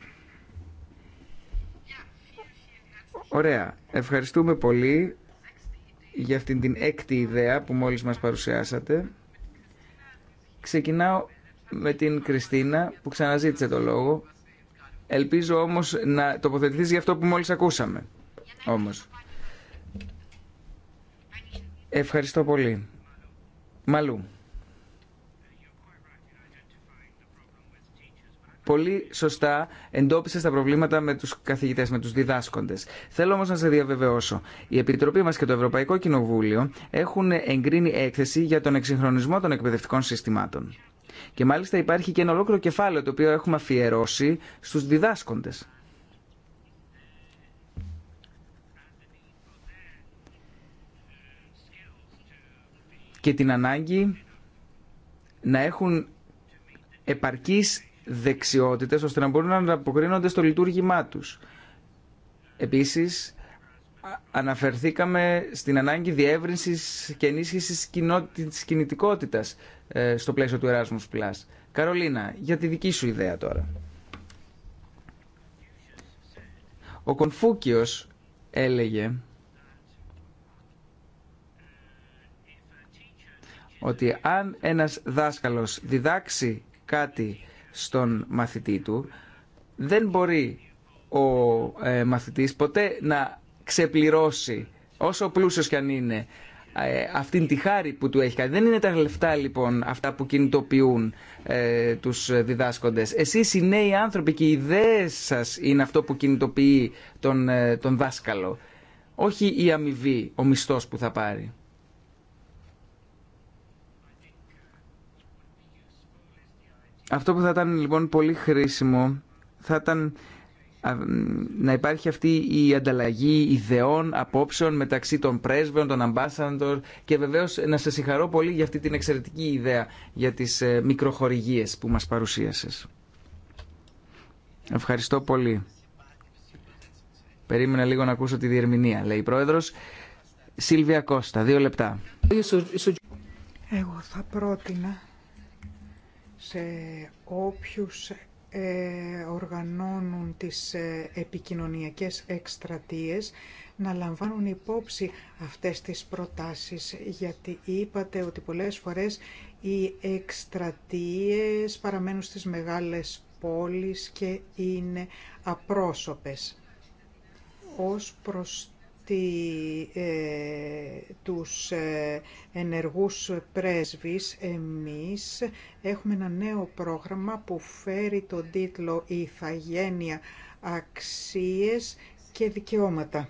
Ωραία. Ευχαριστούμε πολύ για αυτήν την έκτη ιδέα που μόλις μας παρουσιάσατε. Ξεκινάω με την Κριστίνα που ξαναζήτησε το λόγο. Ελπίζω όμως να τοποθετηθείς για αυτό που μόλις ακούσαμε. Όμως. Ευχαριστώ πολύ. Μαλού. Πολύ σωστά εντόπισε τα προβλήματα με του καθηγητέ, με του διδάσκοντε. Θέλω όμω να σε διαβεβαιώσω. Η Επιτροπή μα και το Ευρωπαϊκό Κοινοβούλιο έχουν εγκρίνει έκθεση για τον εξυγχρονισμό των εκπαιδευτικών συστημάτων. Και μάλιστα υπάρχει και ένα ολόκληρο κεφάλαιο το οποίο έχουμε αφιερώσει στους διδάσκοντες. Και την ανάγκη να έχουν επαρκείς δεξιότητες ώστε να μπορούν να ανταποκρίνονται στο λειτουργήμά τους. Επίσης, αναφερθήκαμε στην ανάγκη διεύρυνσης και ενίσχυσης τη κινητικότητας ε, στο πλαίσιο του Erasmus Plus. Καρολίνα, για τη δική σου ιδέα τώρα. Ο Κονφούκιος έλεγε ότι αν ένας δάσκαλος διδάξει κάτι στον μαθητή του, δεν μπορεί ο ε, μαθητής ποτέ να ξεπληρώσει, όσο πλούσιος κι αν είναι, ε, αυτήν τη χάρη που του έχει κάνει. Δεν είναι τα λεφτά λοιπόν αυτά που κινητοποιούν ε, τους διδάσκοντες. Εσείς οι νέοι άνθρωποι και οι ιδέες σας είναι αυτό που κινητοποιεί τον, ε, τον δάσκαλο. Όχι η αμοιβή, ο μισθός που θα πάρει. Αυτό που θα ήταν λοιπόν πολύ χρήσιμο θα ήταν να υπάρχει αυτή η ανταλλαγή ιδεών, απόψεων μεταξύ των πρέσβεων, των ambassador και βεβαίως να σας συγχαρώ πολύ για αυτή την εξαιρετική ιδέα για τις ε, μικροχορηγίες που μας παρουσίασες. Ευχαριστώ πολύ. Περίμενα λίγο να ακούσω τη διερμηνία, λέει η Πρόεδρος. Σίλβια Κώστα, δύο λεπτά. Εγώ θα πρότεινα σε όποιους ε, οργανώνουν τις ε, επικοινωνιακές εκστρατείες να λαμβάνουν υπόψη αυτές τις προτάσεις γιατί είπατε ότι πολλές φορές οι εκστρατείες παραμένουν στις μεγάλες πόλεις και είναι απρόσωπες. Ως προς ότι ε, τους ε, ενεργούς πρέσβεις εμείς έχουμε ένα νέο πρόγραμμα που φέρει τον τίτλο «Ιθαγένεια αξίες και δικαιώματα».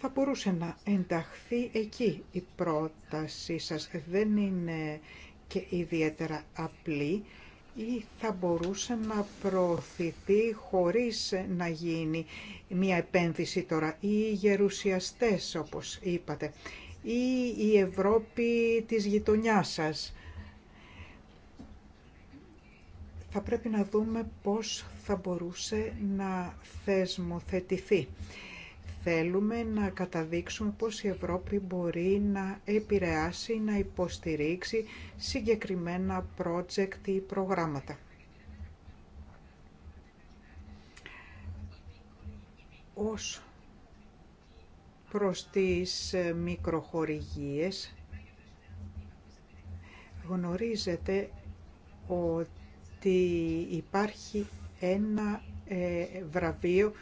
Θα μπορούσε να ενταχθεί εκεί η πρότασή σας. Δεν είναι και ιδιαίτερα απλή ή θα μπορούσε να προωθηθεί χωρίς να γίνει μια επένδυση τώρα ή οι γερουσιαστές όπως είπατε ή η Ευρώπη της γειτονιάς σας. Θα πρέπει να δούμε πώς θα μπορούσε να θεσμοθετηθεί Θέλουμε να καταδείξουμε πώς η Ευρώπη μπορεί να επηρεάσει, να υποστηρίξει συγκεκριμένα project ή προγράμματα. Ως προς τις ε, μικροχορηγίες γνωρίζετε ότι υπάρχει ένα ε, βραβείο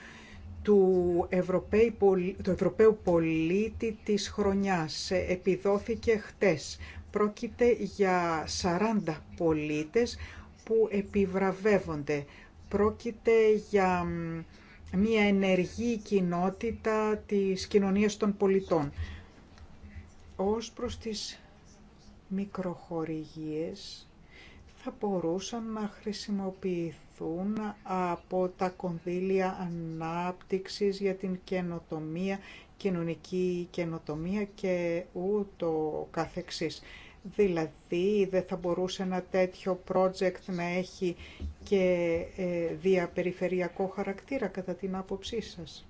του Ευρωπαίου, του Ευρωπαίου πολίτη της χρονιάς ε, επιδόθηκε χτες. Πρόκειται για 40 πολίτες που επιβραβεύονται. Πρόκειται για μια ενεργή κοινότητα της κοινωνίας των πολιτών. Ως προς τις μικροχορηγίες θα μπορούσαν να χρησιμοποιηθούν από τα κονδύλια ανάπτυξης για την καινοτομία, κοινωνική καινοτομία και ούτω καθεξής. Δηλαδή δεν θα μπορούσε ένα τέτοιο project να έχει και ε, διαπεριφερειακό χαρακτήρα κατά την άποψή σας.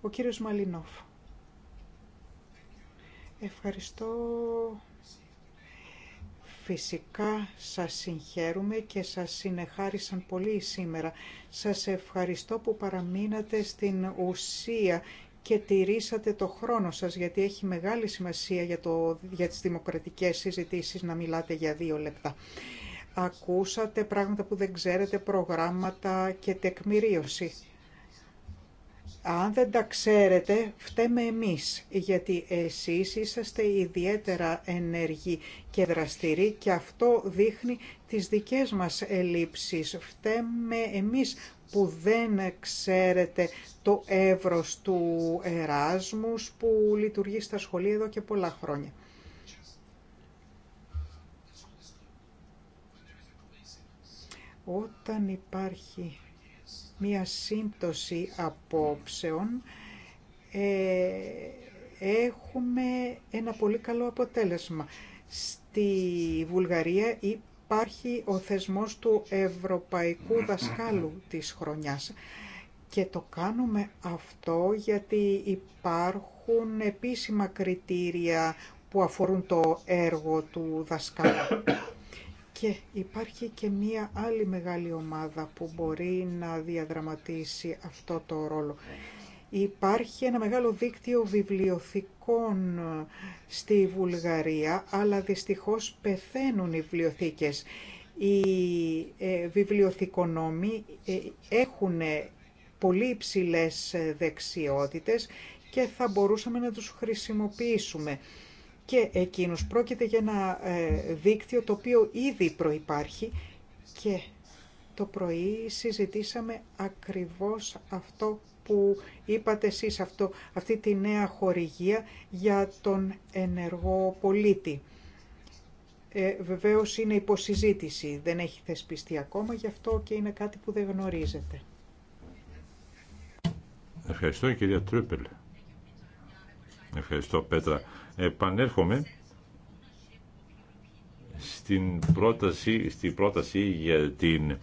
Ο κύριος Μαλινόφ. Ευχαριστώ Φυσικά σας συγχαίρουμε και σας συνεχάρισαν πολύ σήμερα. Σας ευχαριστώ που παραμείνατε στην ουσία και τηρήσατε το χρόνο σας, γιατί έχει μεγάλη σημασία για, το, για τις δημοκρατικές συζητήσεις να μιλάτε για δύο λεπτά. Ακούσατε πράγματα που δεν ξέρετε, προγράμματα και τεκμηρίωση. Αν δεν τα ξέρετε, φταίμε εμείς, γιατί εσείς είσαστε ιδιαίτερα ενεργοί και δραστηροί και αυτό δείχνει τις δικές μας ελλείψεις. Φταίμε εμείς που δεν ξέρετε το εύρος του Εράσμους που λειτουργεί στα σχολεία εδώ και πολλά χρόνια. Όταν υπάρχει μία σύμπτωση απόψεων ε, έχουμε ένα πολύ καλό αποτέλεσμα. Στη Βουλγαρία υπάρχει ο θεσμός του Ευρωπαϊκού Δασκάλου της χρονιάς και το κάνουμε αυτό γιατί υπάρχουν επίσημα κριτήρια που αφορούν το έργο του δασκάλου. Και υπάρχει και μία άλλη μεγάλη ομάδα που μπορεί να διαδραματίσει αυτό το ρόλο. Υπάρχει ένα μεγάλο δίκτυο βιβλιοθηκών ε, στη Βουλγαρία, αλλά δυστυχώς πεθαίνουν οι βιβλιοθήκες. Οι ε, βιβλιοθηκονόμοι ε, έχουν πολύ υψηλές δεξιότητες και θα μπορούσαμε να τους χρησιμοποιήσουμε και εκείνος Πρόκειται για ένα ε, δίκτυο το οποίο ήδη προϋπάρχει και το πρωί συζητήσαμε ακριβώς αυτό που είπατε εσείς, αυτό, αυτή τη νέα χορηγία για τον ενεργό πολίτη. Ε, βεβαίως είναι υποσυζήτηση, δεν έχει θεσπιστεί ακόμα, γι' αυτό και είναι κάτι που δεν γνωρίζετε. Ευχαριστώ κυρία Τρίπελ. Ευχαριστώ Πέτρα. Επανέρχομαι στην πρόταση, στην πρόταση για την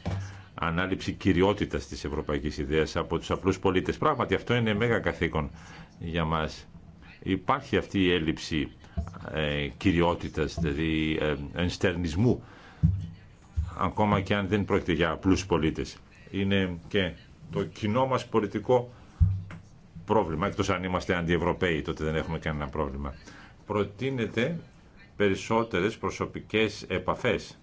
ανάληψη κυριότητας της ευρωπαϊκής ιδέας από τους απλούς πολίτες. Πράγματι αυτό είναι μέγα καθήκον για μας. Υπάρχει αυτή η έλλειψη ε, κυριότητας, δηλαδή ε, ενστερνισμού, ακόμα και αν δεν πρόκειται για απλούς πολίτες. Είναι και το κοινό μας πολιτικό πρόβλημα, εκτός αν είμαστε αντιευρωπαίοι, τότε δεν έχουμε κανένα πρόβλημα προτείνεται περισσότερες προσωπικές επαφές.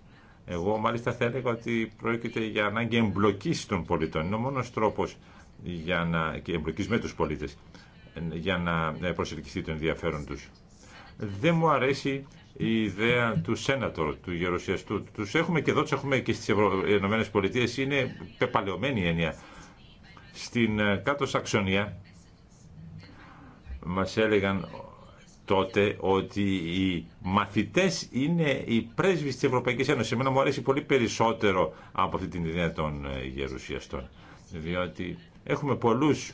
Εγώ μάλιστα θα έλεγα ότι πρόκειται για ανάγκη εμπλοκή των πολιτών. Είναι ο μόνος τρόπος για να, και εμπλοκή με τους πολίτες για να προσελκυστεί το ενδιαφέρον του. Δεν μου αρέσει η ιδέα του Σένατορ, του Γερουσιαστού. Τους έχουμε και εδώ, του έχουμε και στις Ηνωμένε Πολιτείε, Είναι πεπαλαιωμένη η έννοια. Στην ε, κάτω Σαξονία μα έλεγαν τότε ότι οι μαθητές είναι οι πρέσβεις της Ευρωπαϊκής Ένωσης. Εμένα μου αρέσει πολύ περισσότερο από αυτή την ιδέα των ε, γερουσιαστών. Διότι έχουμε πολλούς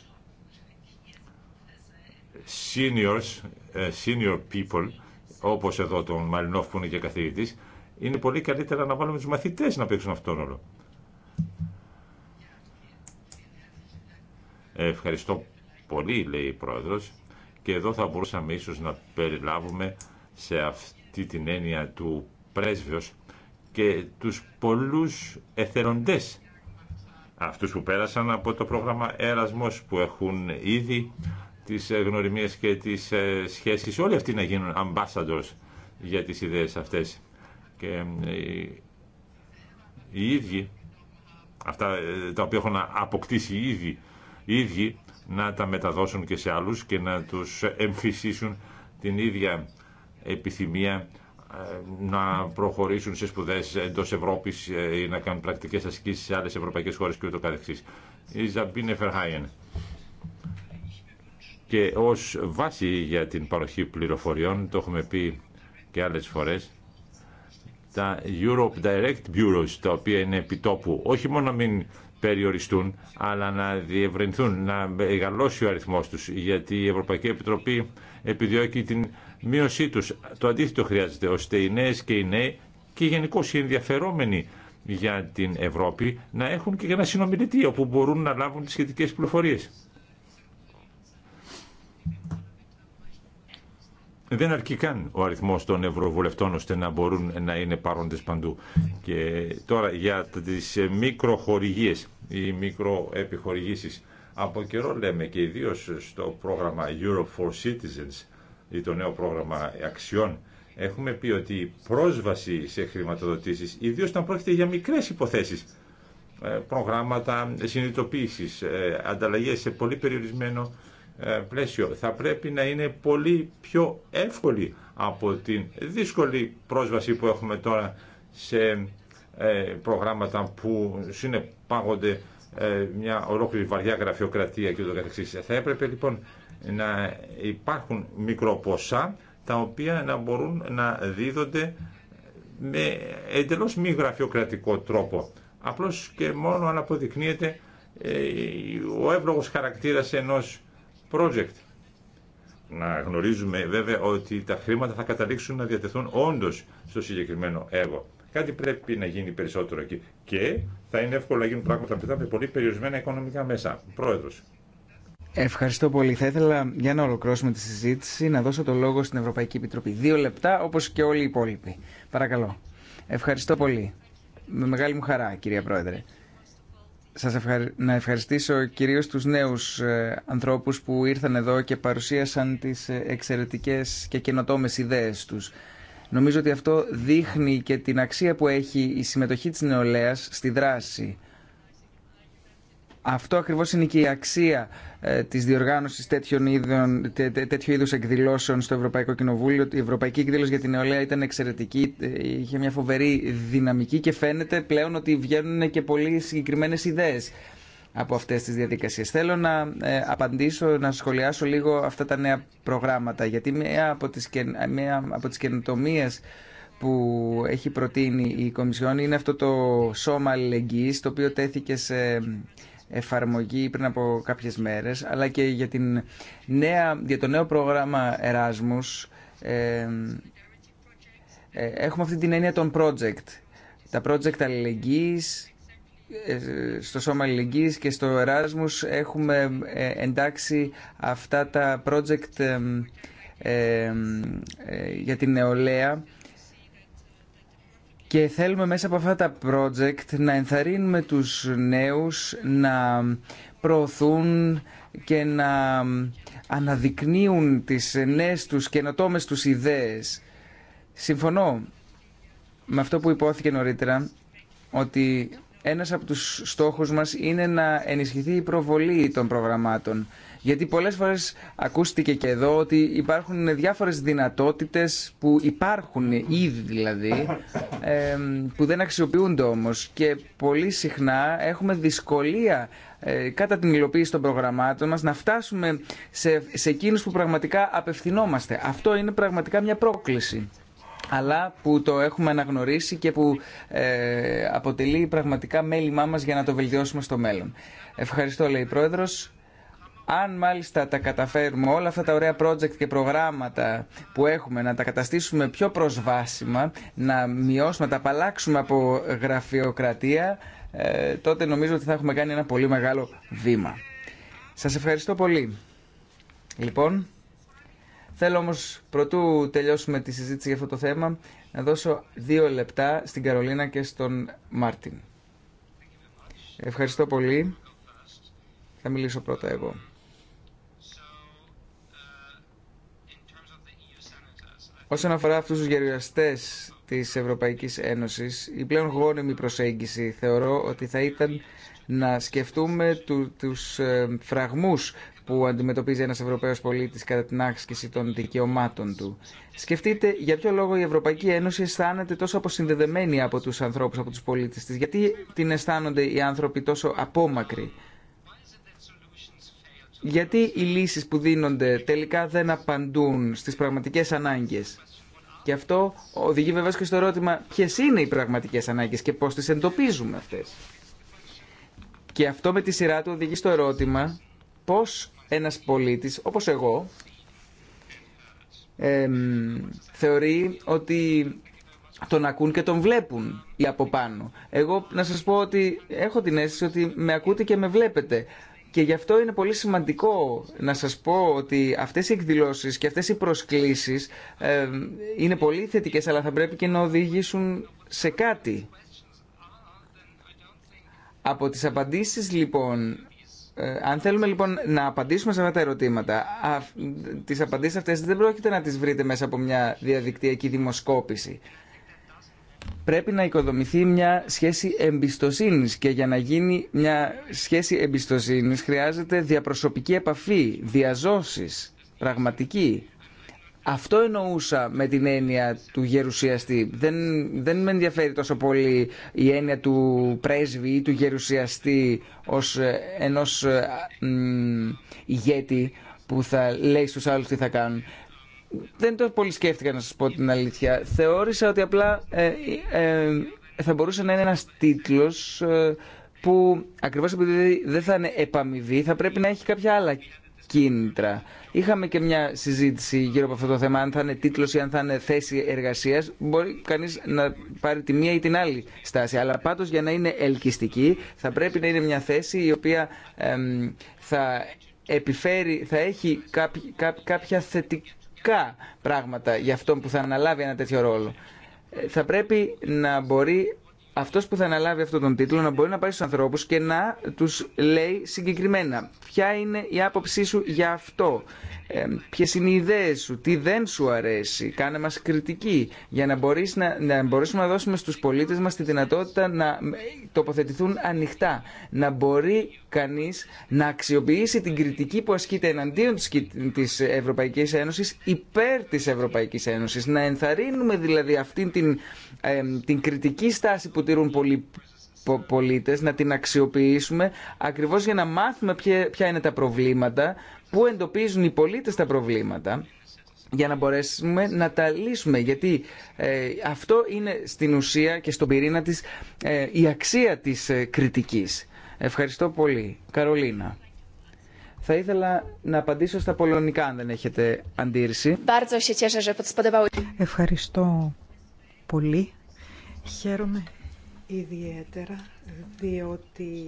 seniors, ε, senior people, όπως εδώ τον Μαρινόφ που είναι και καθηγητής, είναι πολύ καλύτερα να βάλουμε τους μαθητές να παίξουν αυτόν τον Ευχαριστώ πολύ, λέει η Πρόεδρος και εδώ θα μπορούσαμε ίσως να περιλάβουμε σε αυτή την έννοια του πρέσβεως και τους πολλούς εθελοντές αυτούς που πέρασαν από το πρόγραμμα Έρασμος που έχουν ήδη τις ε, γνωριμίες και τις ε, σχέσεις όλοι αυτοί να γίνουν ambassadors για τις ιδέες αυτές και ε, οι ίδιοι αυτά τα οποία έχουν αποκτήσει ήδη οι ίδιοι να τα μεταδώσουν και σε άλλους και να τους εμφυσίσουν την ίδια επιθυμία ε, να προχωρήσουν σε σπουδές εντός Ευρώπης ε, ή να κάνουν πρακτικές ασκήσεις σε άλλες ευρωπαϊκές χώρες και ούτω καθεξής. Η Ζαμπίνε Φερχάιεν. Και ως βάση για την παροχή πληροφοριών, το έχουμε πει και άλλες φορές, τα Europe Direct Bureaus, τα οποία είναι επιτόπου, όχι μόνο να μην περιοριστούν, αλλά να διευρυνθούν, να μεγαλώσει ο αριθμό του, γιατί η Ευρωπαϊκή Επιτροπή επιδιώκει την μείωσή του, Το αντίθετο χρειάζεται, ώστε οι νέε και οι νέοι και γενικώ οι ενδιαφερόμενοι για την Ευρώπη να έχουν και ένα συνομιλητή όπου μπορούν να λάβουν τις σχετικές πληροφορίες. δεν αρκεί καν ο αριθμός των ευρωβουλευτών ώστε να μπορούν να είναι παρόντες παντού. Και τώρα για τις μικροχορηγίες ή μικροεπιχορηγήσεις. Από καιρό λέμε και ιδίω στο πρόγραμμα Europe for Citizens ή το νέο πρόγραμμα αξιών έχουμε πει ότι η πρόσβαση σε χρηματοδοτήσεις ιδίως όταν πρόκειται για μικρές υποθέσεις ε, προγράμματα συνειδητοποίησης, ε, ανταλλαγές σε πολύ περιορισμένο ε, πλαίσιο θα πρέπει να είναι πολύ πιο εύκολη από την δύσκολη πρόσβαση που έχουμε τώρα σε ε, προγράμματα που συνεπάγονται ε, μια ολόκληρη βαριά γραφειοκρατία και ούτω καθεξής. Θα έπρεπε λοιπόν να υπάρχουν μικροποσά τα οποία να μπορούν να δίδονται με εντελώς μη γραφειοκρατικό τρόπο. Απλώς και μόνο αν αποδεικνύεται ο εύλογος χαρακτήρας ενός project. Να γνωρίζουμε βέβαια ότι τα χρήματα θα καταλήξουν να διατεθούν όντω στο συγκεκριμένο έργο. Κάτι πρέπει να γίνει περισσότερο εκεί. Και θα είναι εύκολο να γίνουν πράγματα μετά με πολύ περιορισμένα οικονομικά μέσα. Πρόεδρο. Ευχαριστώ πολύ. Θα ήθελα για να ολοκληρώσουμε τη συζήτηση να δώσω το λόγο στην Ευρωπαϊκή Επιτροπή. Δύο λεπτά όπω και όλοι οι υπόλοιποι. Παρακαλώ. Ευχαριστώ πολύ. Με μεγάλη μου χαρά, κυρία Πρόεδρε σας να ευχαριστήσω κυρίως τους νέους ε, ανθρώπους που ήρθαν εδώ και παρουσίασαν τις ε, εξαιρετικές και καινοτόμες ιδέες τους. Νομίζω ότι αυτό δείχνει και την αξία που έχει η συμμετοχή της νεολαίας στη δράση. Αυτό ακριβώς είναι και η αξία ε, της διοργάνωσης τέτοιων είδων, τέ, τέτοιου είδους εκδηλώσεων στο Ευρωπαϊκό Κοινοβούλιο. Η Ευρωπαϊκή Εκδήλωση για την Νεολαία ήταν εξαιρετική, ε, είχε μια φοβερή δυναμική και φαίνεται πλέον ότι βγαίνουν και πολύ συγκεκριμένες ιδέες από αυτές τις διαδικασίες. Θέλω να ε, απαντήσω, να σχολιάσω λίγο αυτά τα νέα προγράμματα, γιατί μία από τις, από τις καινοτομίες που έχει προτείνει η Κομισιόν είναι αυτό το σώμα αλληλεγγύης, το οποίο τέθηκε σε εφαρμογή πριν από κάποιες μέρες, αλλά και για, την νέα, για το νέο πρόγραμμα Erasmus ε, έχουμε αυτή την έννοια των project. Τα project αλληλεγγύης, ε, στο Σώμα Αλληλεγγύης και στο Εράσμους έχουμε ε, εντάξει αυτά τα project ε, για την νεολαία και θέλουμε μέσα από αυτά τα project να ενθαρρύνουμε τους νέους να προωθούν και να αναδεικνύουν τις νέες τους καινοτόμες τους ιδέες. Συμφωνώ με αυτό που υπόθηκε νωρίτερα ότι ένας από τους στόχους μας είναι να ενισχυθεί η προβολή των προγραμμάτων. Γιατί πολλέ φορές ακούστηκε και εδώ ότι υπάρχουν διάφορες δυνατότητες που υπάρχουν ήδη δηλαδή, που δεν αξιοποιούνται όμως. Και πολύ συχνά έχουμε δυσκολία ε, κατά την υλοποίηση των προγραμμάτων μας να φτάσουμε σε, σε που πραγματικά απευθυνόμαστε. Αυτό είναι πραγματικά μια πρόκληση αλλά που το έχουμε αναγνωρίσει και που ε, αποτελεί πραγματικά μέλημά μας για να το βελτιώσουμε στο μέλλον. Ευχαριστώ, λέει η Πρόεδρος. Αν μάλιστα τα καταφέρουμε όλα αυτά τα ωραία project και προγράμματα που έχουμε να τα καταστήσουμε πιο προσβάσιμα, να μειώσουμε, να τα απαλλάξουμε από γραφειοκρατία, ε, τότε νομίζω ότι θα έχουμε κάνει ένα πολύ μεγάλο βήμα. Σας ευχαριστώ πολύ. Λοιπόν, θέλω όμως πρωτού τελειώσουμε τη συζήτηση για αυτό το θέμα, να δώσω δύο λεπτά στην Καρολίνα και στον Μάρτιν. Ευχαριστώ πολύ. Θα μιλήσω πρώτα εγώ. Όσον αφορά αυτού τους γεριαστές της Ευρωπαϊκής Ένωσης, η πλέον γόνιμη προσέγγιση θεωρώ ότι θα ήταν να σκεφτούμε του, τους ε, φραγμούς που αντιμετωπίζει ένας Ευρωπαίος πολίτης κατά την άσκηση των δικαιωμάτων του. Σκεφτείτε για ποιο λόγο η Ευρωπαϊκή Ένωση αισθάνεται τόσο αποσυνδεδεμένη από τους ανθρώπους, από τους πολίτες της. Γιατί την αισθάνονται οι άνθρωποι τόσο απόμακροι γιατί οι λύσεις που δίνονται τελικά δεν απαντούν στις πραγματικές ανάγκες. Και αυτό οδηγεί βεβαίως και στο ερώτημα ποιε είναι οι πραγματικές ανάγκες και πώς τις εντοπίζουμε αυτές. Και αυτό με τη σειρά του οδηγεί στο ερώτημα πώς ένας πολίτης όπως εγώ, θεωρεί ότι τον ακούν και τον βλέπουν οι από πάνω. Εγώ να σας πω ότι έχω την αίσθηση ότι με ακούτε και με βλέπετε. Και γι' αυτό είναι πολύ σημαντικό να σας πω ότι αυτές οι εκδηλώσεις και αυτές οι προσκλήσεις ε, είναι πολύ θετικές, αλλά θα πρέπει και να οδηγήσουν σε κάτι. Από τις απαντήσεις λοιπόν, ε, αν θέλουμε λοιπόν να απαντήσουμε σε αυτά τα ερωτήματα, α, τις απαντήσεις αυτές δεν πρόκειται να τις βρείτε μέσα από μια διαδικτυακή δημοσκόπηση πρέπει να οικοδομηθεί μια σχέση εμπιστοσύνης και για να γίνει μια σχέση εμπιστοσύνης χρειάζεται διαπροσωπική επαφή, διαζώσεις, πραγματική. Αυτό εννοούσα με την έννοια του γερουσιαστή. Δεν, δεν με ενδιαφέρει τόσο πολύ η έννοια του πρέσβη ή του γερουσιαστή ως ενός ε, ηγέτη που θα λέει στους άλλους τι θα κάνουν δεν το πολύ σκέφτηκα να σας πω την αλήθεια. Θεώρησα ότι απλά ε, ε, ε, θα μπορούσε να είναι ένας τίτλος που ακριβώς επειδή δεν θα είναι επαμοιβή θα πρέπει να έχει κάποια άλλα κίνητρα. Είχαμε και μια συζήτηση γύρω από αυτό το θέμα, αν θα είναι τίτλος ή αν θα είναι θέση εργασίας. Μπορεί κανείς να πάρει τη μία ή την άλλη στάση. Αλλά πάντως για να είναι ελκυστική θα πρέπει να είναι μια θέση η οποία θα επιφέρει, θα έχει κάποια θετική θετικά πράγματα για αυτόν που θα αναλάβει ένα τέτοιο ρόλο. Ε, θα πρέπει να μπορεί αυτό που θα αναλάβει αυτόν τον τίτλο να μπορεί να πάει στου ανθρώπου και να τους λέει συγκεκριμένα ποια είναι η άποψή σου για αυτό, ε, ποιες είναι οι ιδέε σου, τι δεν σου αρέσει, κάνε μας κριτική για να, να, να μπορέσουμε να δώσουμε στους πολίτες μας τη δυνατότητα να τοποθετηθούν ανοιχτά, να μπορεί κανείς να αξιοποιήσει την κριτική που ασκείται εναντίον τη Ευρωπαϊκή Ένωση, υπέρ τη Ευρωπαϊκή Ένωση, να ενθαρρύνουμε δηλαδή αυτή την, ε, την κριτική στάση τηρούν πολλοί πολίτες, να την αξιοποιήσουμε ακριβώς για να μάθουμε ποια είναι τα προβλήματα, πού εντοπίζουν οι πολίτες τα προβλήματα για να μπορέσουμε να τα λύσουμε. Γιατί ε, αυτό είναι στην ουσία και στον πυρήνα της ε, η αξία της ε, κριτικής. Ευχαριστώ πολύ. Καρολίνα. Θα ήθελα να απαντήσω στα πολωνικά, αν δεν έχετε αντίρρηση. Ευχαριστώ πολύ. Χαίρομαι ιδιαίτερα διότι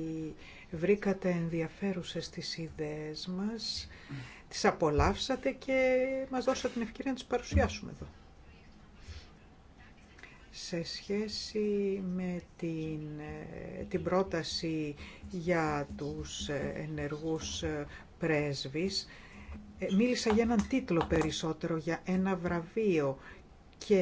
βρήκατε ενδιαφέρουσες τις ιδέες μας, τις απολαύσατε και μας δώσατε την ευκαιρία να τις παρουσιάσουμε εδώ. Σε σχέση με την, την πρόταση για τους ενεργούς πρέσβεις, ε, μίλησα για έναν τίτλο περισσότερο, για ένα βραβείο και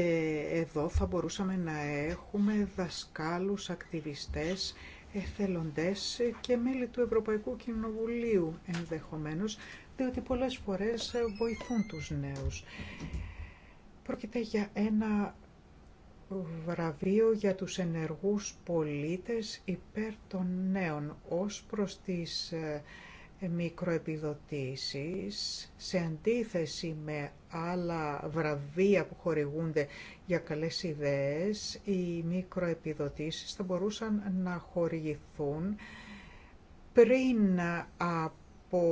εδώ θα μπορούσαμε να έχουμε δασκάλους, ακτιβιστές, εθελοντές και μέλη του Ευρωπαϊκού Κοινοβουλίου ενδεχομένως, διότι πολλές φορές βοηθούν τους νέους. Πρόκειται για ένα βραβείο για τους ενεργούς πολίτες υπέρ των νέων ως προς τις ε, μικροεπιδοτήσεις σε αντίθεση με άλλα βραβεία που χορηγούνται για καλές ιδέες οι μικροεπιδοτήσεις θα μπορούσαν να χορηγηθούν πριν από,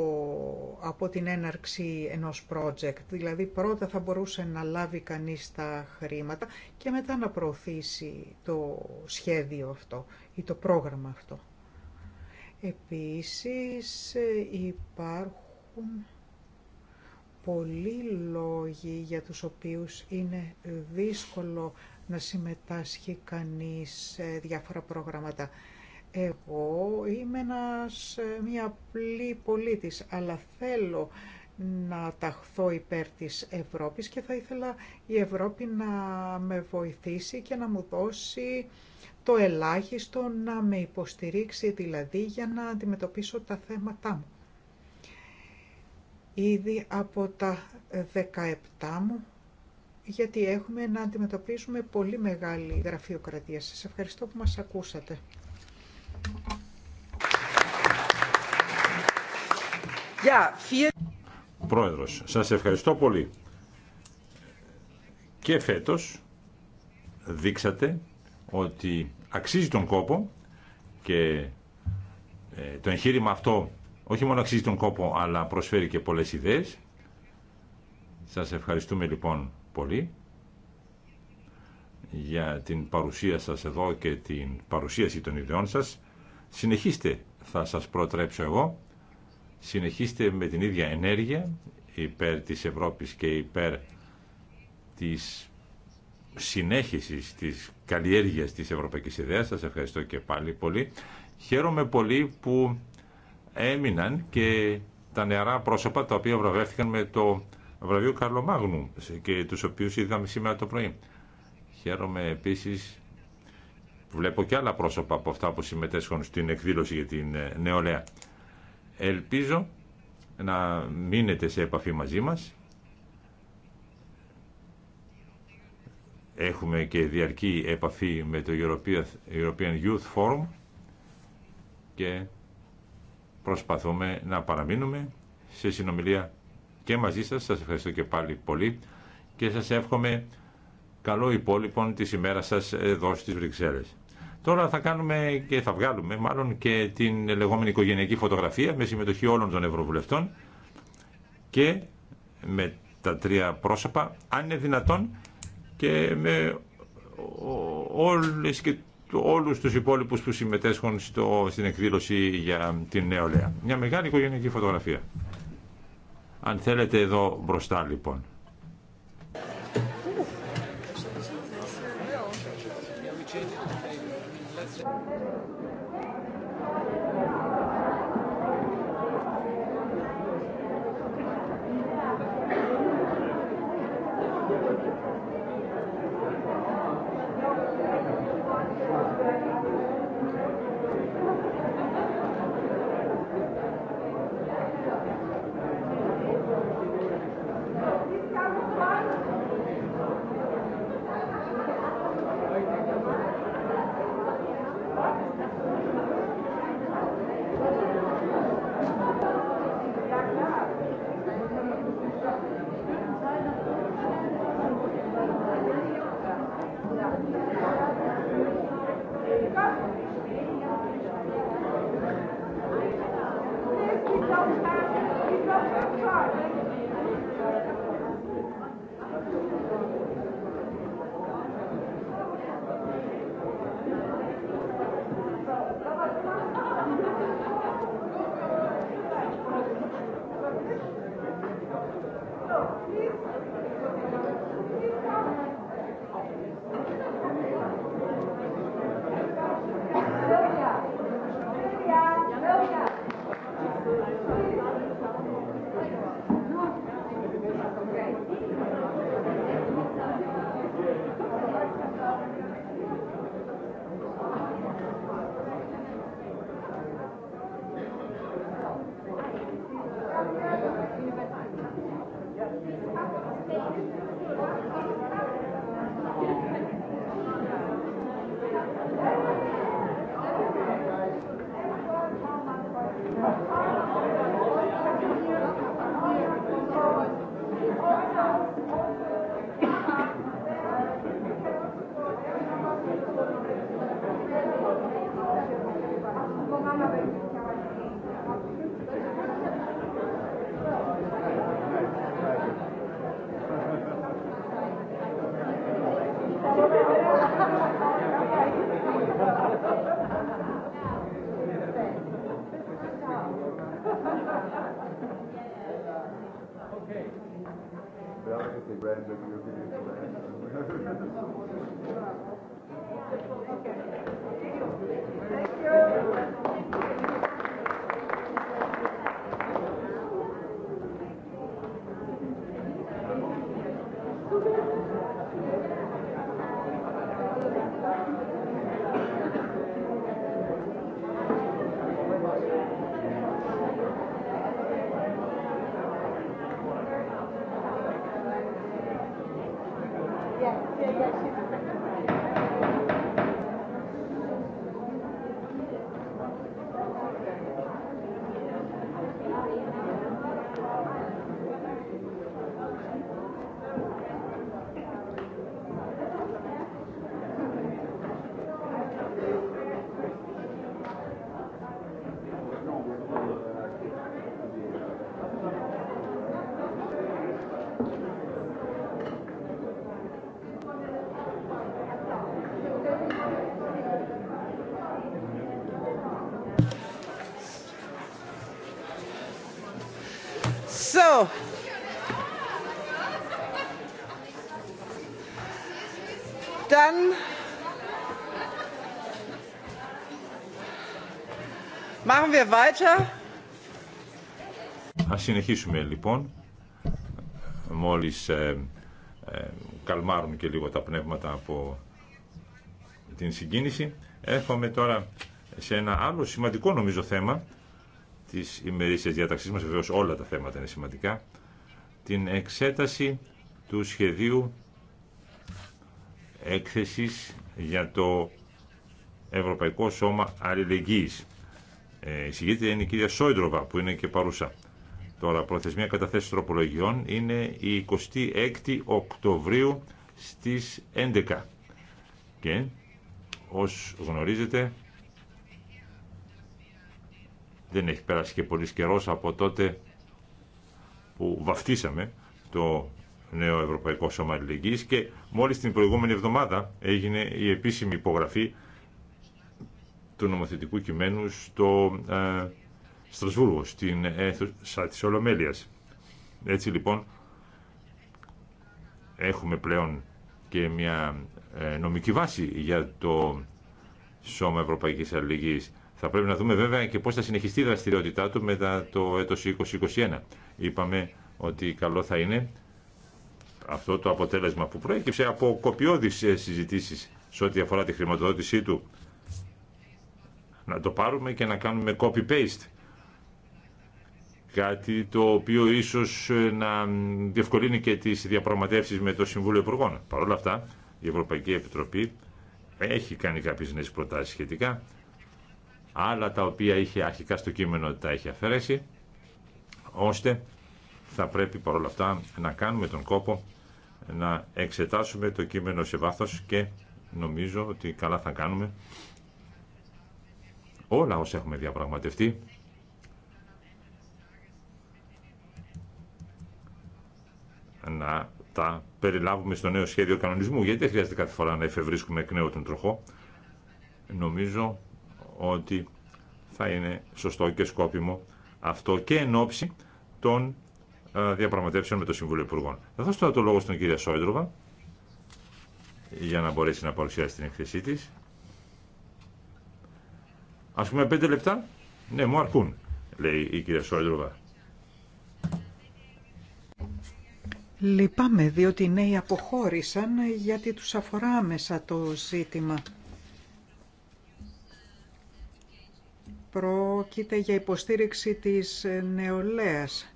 από την έναρξη ενός project δηλαδή πρώτα θα μπορούσε να λάβει κανείς τα χρήματα και μετά να προωθήσει το σχέδιο αυτό ή το πρόγραμμα αυτό Επίσης ε, υπάρχουν πολλοί λόγοι για τους οποίους είναι δύσκολο να συμμετάσχει κανείς σε διάφορα προγράμματα. Εγώ είμαι ένας, ε, μια απλή πολίτης, αλλά θέλω να ταχθώ υπέρ της Ευρώπης και θα ήθελα η Ευρώπη να με βοηθήσει και να μου δώσει το ελάχιστο να με υποστηρίξει δηλαδή για να αντιμετωπίσω τα θέματά μου. Ήδη από τα 17 μου, γιατί έχουμε να αντιμετωπίσουμε πολύ μεγάλη γραφειοκρατία. Σας ευχαριστώ που μας ακούσατε. Πρόεδρος, σας ευχαριστώ πολύ. Και φέτος δείξατε ότι αξίζει τον κόπο και ε, το εγχείρημα αυτό όχι μόνο αξίζει τον κόπο αλλά προσφέρει και πολλές ιδέες. Σας ευχαριστούμε λοιπόν πολύ για την παρουσία σας εδώ και την παρουσίαση των ιδεών σας. Συνεχίστε, θα σας προτρέψω εγώ, συνεχίστε με την ίδια ενέργεια υπέρ της Ευρώπης και υπέρ της συνέχισης της καλλιέργεια της ευρωπαϊκής ιδέας. σα ευχαριστώ και πάλι πολύ. Χαίρομαι πολύ που έμειναν και τα νεαρά πρόσωπα τα οποία βραβεύτηκαν με το βραβείο Καρλομάγνου και τους οποίους είδαμε σήμερα το πρωί. Χαίρομαι επίσης που βλέπω και άλλα πρόσωπα από αυτά που συμμετέσχουν στην εκδήλωση για την ε, νεολαία. Ελπίζω να μείνετε σε επαφή μαζί μας Έχουμε και διαρκή επαφή με το European Youth Forum και προσπαθούμε να παραμείνουμε σε συνομιλία και μαζί σας. Σας ευχαριστώ και πάλι πολύ και σας εύχομαι καλό υπόλοιπον τη ημέρα σας εδώ στις Βρυξέλλες. Τώρα θα κάνουμε και θα βγάλουμε μάλλον και την λεγόμενη οικογενειακή φωτογραφία με συμμετοχή όλων των Ευρωβουλευτών και με τα τρία πρόσωπα, αν είναι δυνατόν, και με όλες και όλους τους υπόλοιπους που συμμετέσχουν στο, στην εκδήλωση για την νεολαία. Μια μεγάλη οικογενειακή φωτογραφία. Αν θέλετε εδώ μπροστά λοιπόν. wir weiter. Ας συνεχίσουμε λοιπόν, μόλις ε, ε, καλμάρουν και λίγο τα πνεύματα από την συγκίνηση. Έρχομαι τώρα σε ένα άλλο σημαντικό νομίζω θέμα της ημερήσιας διάταξής μας, βεβαίως όλα τα θέματα είναι σημαντικά, την εξέταση του σχεδίου έκθεσης για το Ευρωπαϊκό Σώμα Αλληλεγγύης. Ε, η είναι η κυρία Σόιντροβα που είναι και παρούσα. Τώρα, προθεσμία καταθέσεις τροπολογιών είναι η 26η Οκτωβρίου στις 11. Και, ω γνωρίζετε, δεν έχει περάσει και πολύ καιρό από τότε που βαφτίσαμε το νέο Ευρωπαϊκό Σώμα Αλληλεγγύης και μόλις την προηγούμενη εβδομάδα έγινε η επίσημη υπογραφή του νομοθετικού κειμένου στο ε, Στρασβούργο, στην αίθουσα της Ολομέλειας. Έτσι λοιπόν έχουμε πλέον και μια ε, νομική βάση για το Σώμα Ευρωπαϊκής Αλληλεγγύης. Θα πρέπει να δούμε βέβαια και πώς θα συνεχιστεί η δραστηριότητά του μετά το έτος 2021. Είπαμε ότι καλό θα είναι αυτό το αποτέλεσμα που προέκυψε από κοπιώδεις ε, συζητήσεις σε ό,τι αφορά τη χρηματοδότησή του να το πάρουμε και να κάνουμε copy-paste. Κάτι το οποίο ίσως ε, να διευκολύνει και τις διαπραγματεύσεις με το Συμβούλιο Υπουργών. Παρ' όλα αυτά, η Ευρωπαϊκή Επιτροπή έχει κάνει κάποιες νέες προτάσεις σχετικά, άλλα τα οποία είχε αρχικά στο κείμενο τα έχει αφαιρέσει, ώστε θα πρέπει παρόλα αυτά να κάνουμε τον κόπο να εξετάσουμε το κείμενο σε βάθος και νομίζω ότι καλά θα κάνουμε όλα όσα έχουμε διαπραγματευτεί να τα περιλάβουμε στο νέο σχέδιο κανονισμού, γιατί δεν χρειάζεται κάθε φορά να εφευρίσκουμε εκ νέου τον τροχό. Νομίζω ότι θα είναι σωστό και σκόπιμο αυτό και εν ώψη των ε, διαπραγματεύσεων με το Συμβούλιο Υπουργών. Θα δώσω τώρα το λόγο στον κύριο Σόιντροβα για να μπορέσει να παρουσιάσει την εκθεσή της. Ας πούμε πέντε λεπτά. Ναι, μου αρκούν, λέει η κυρία Σόιντροβα. Λυπάμαι διότι οι νέοι αποχώρησαν γιατί τους αφορά άμεσα το ζήτημα. Πρόκειται για υποστήριξη της νεολαίας.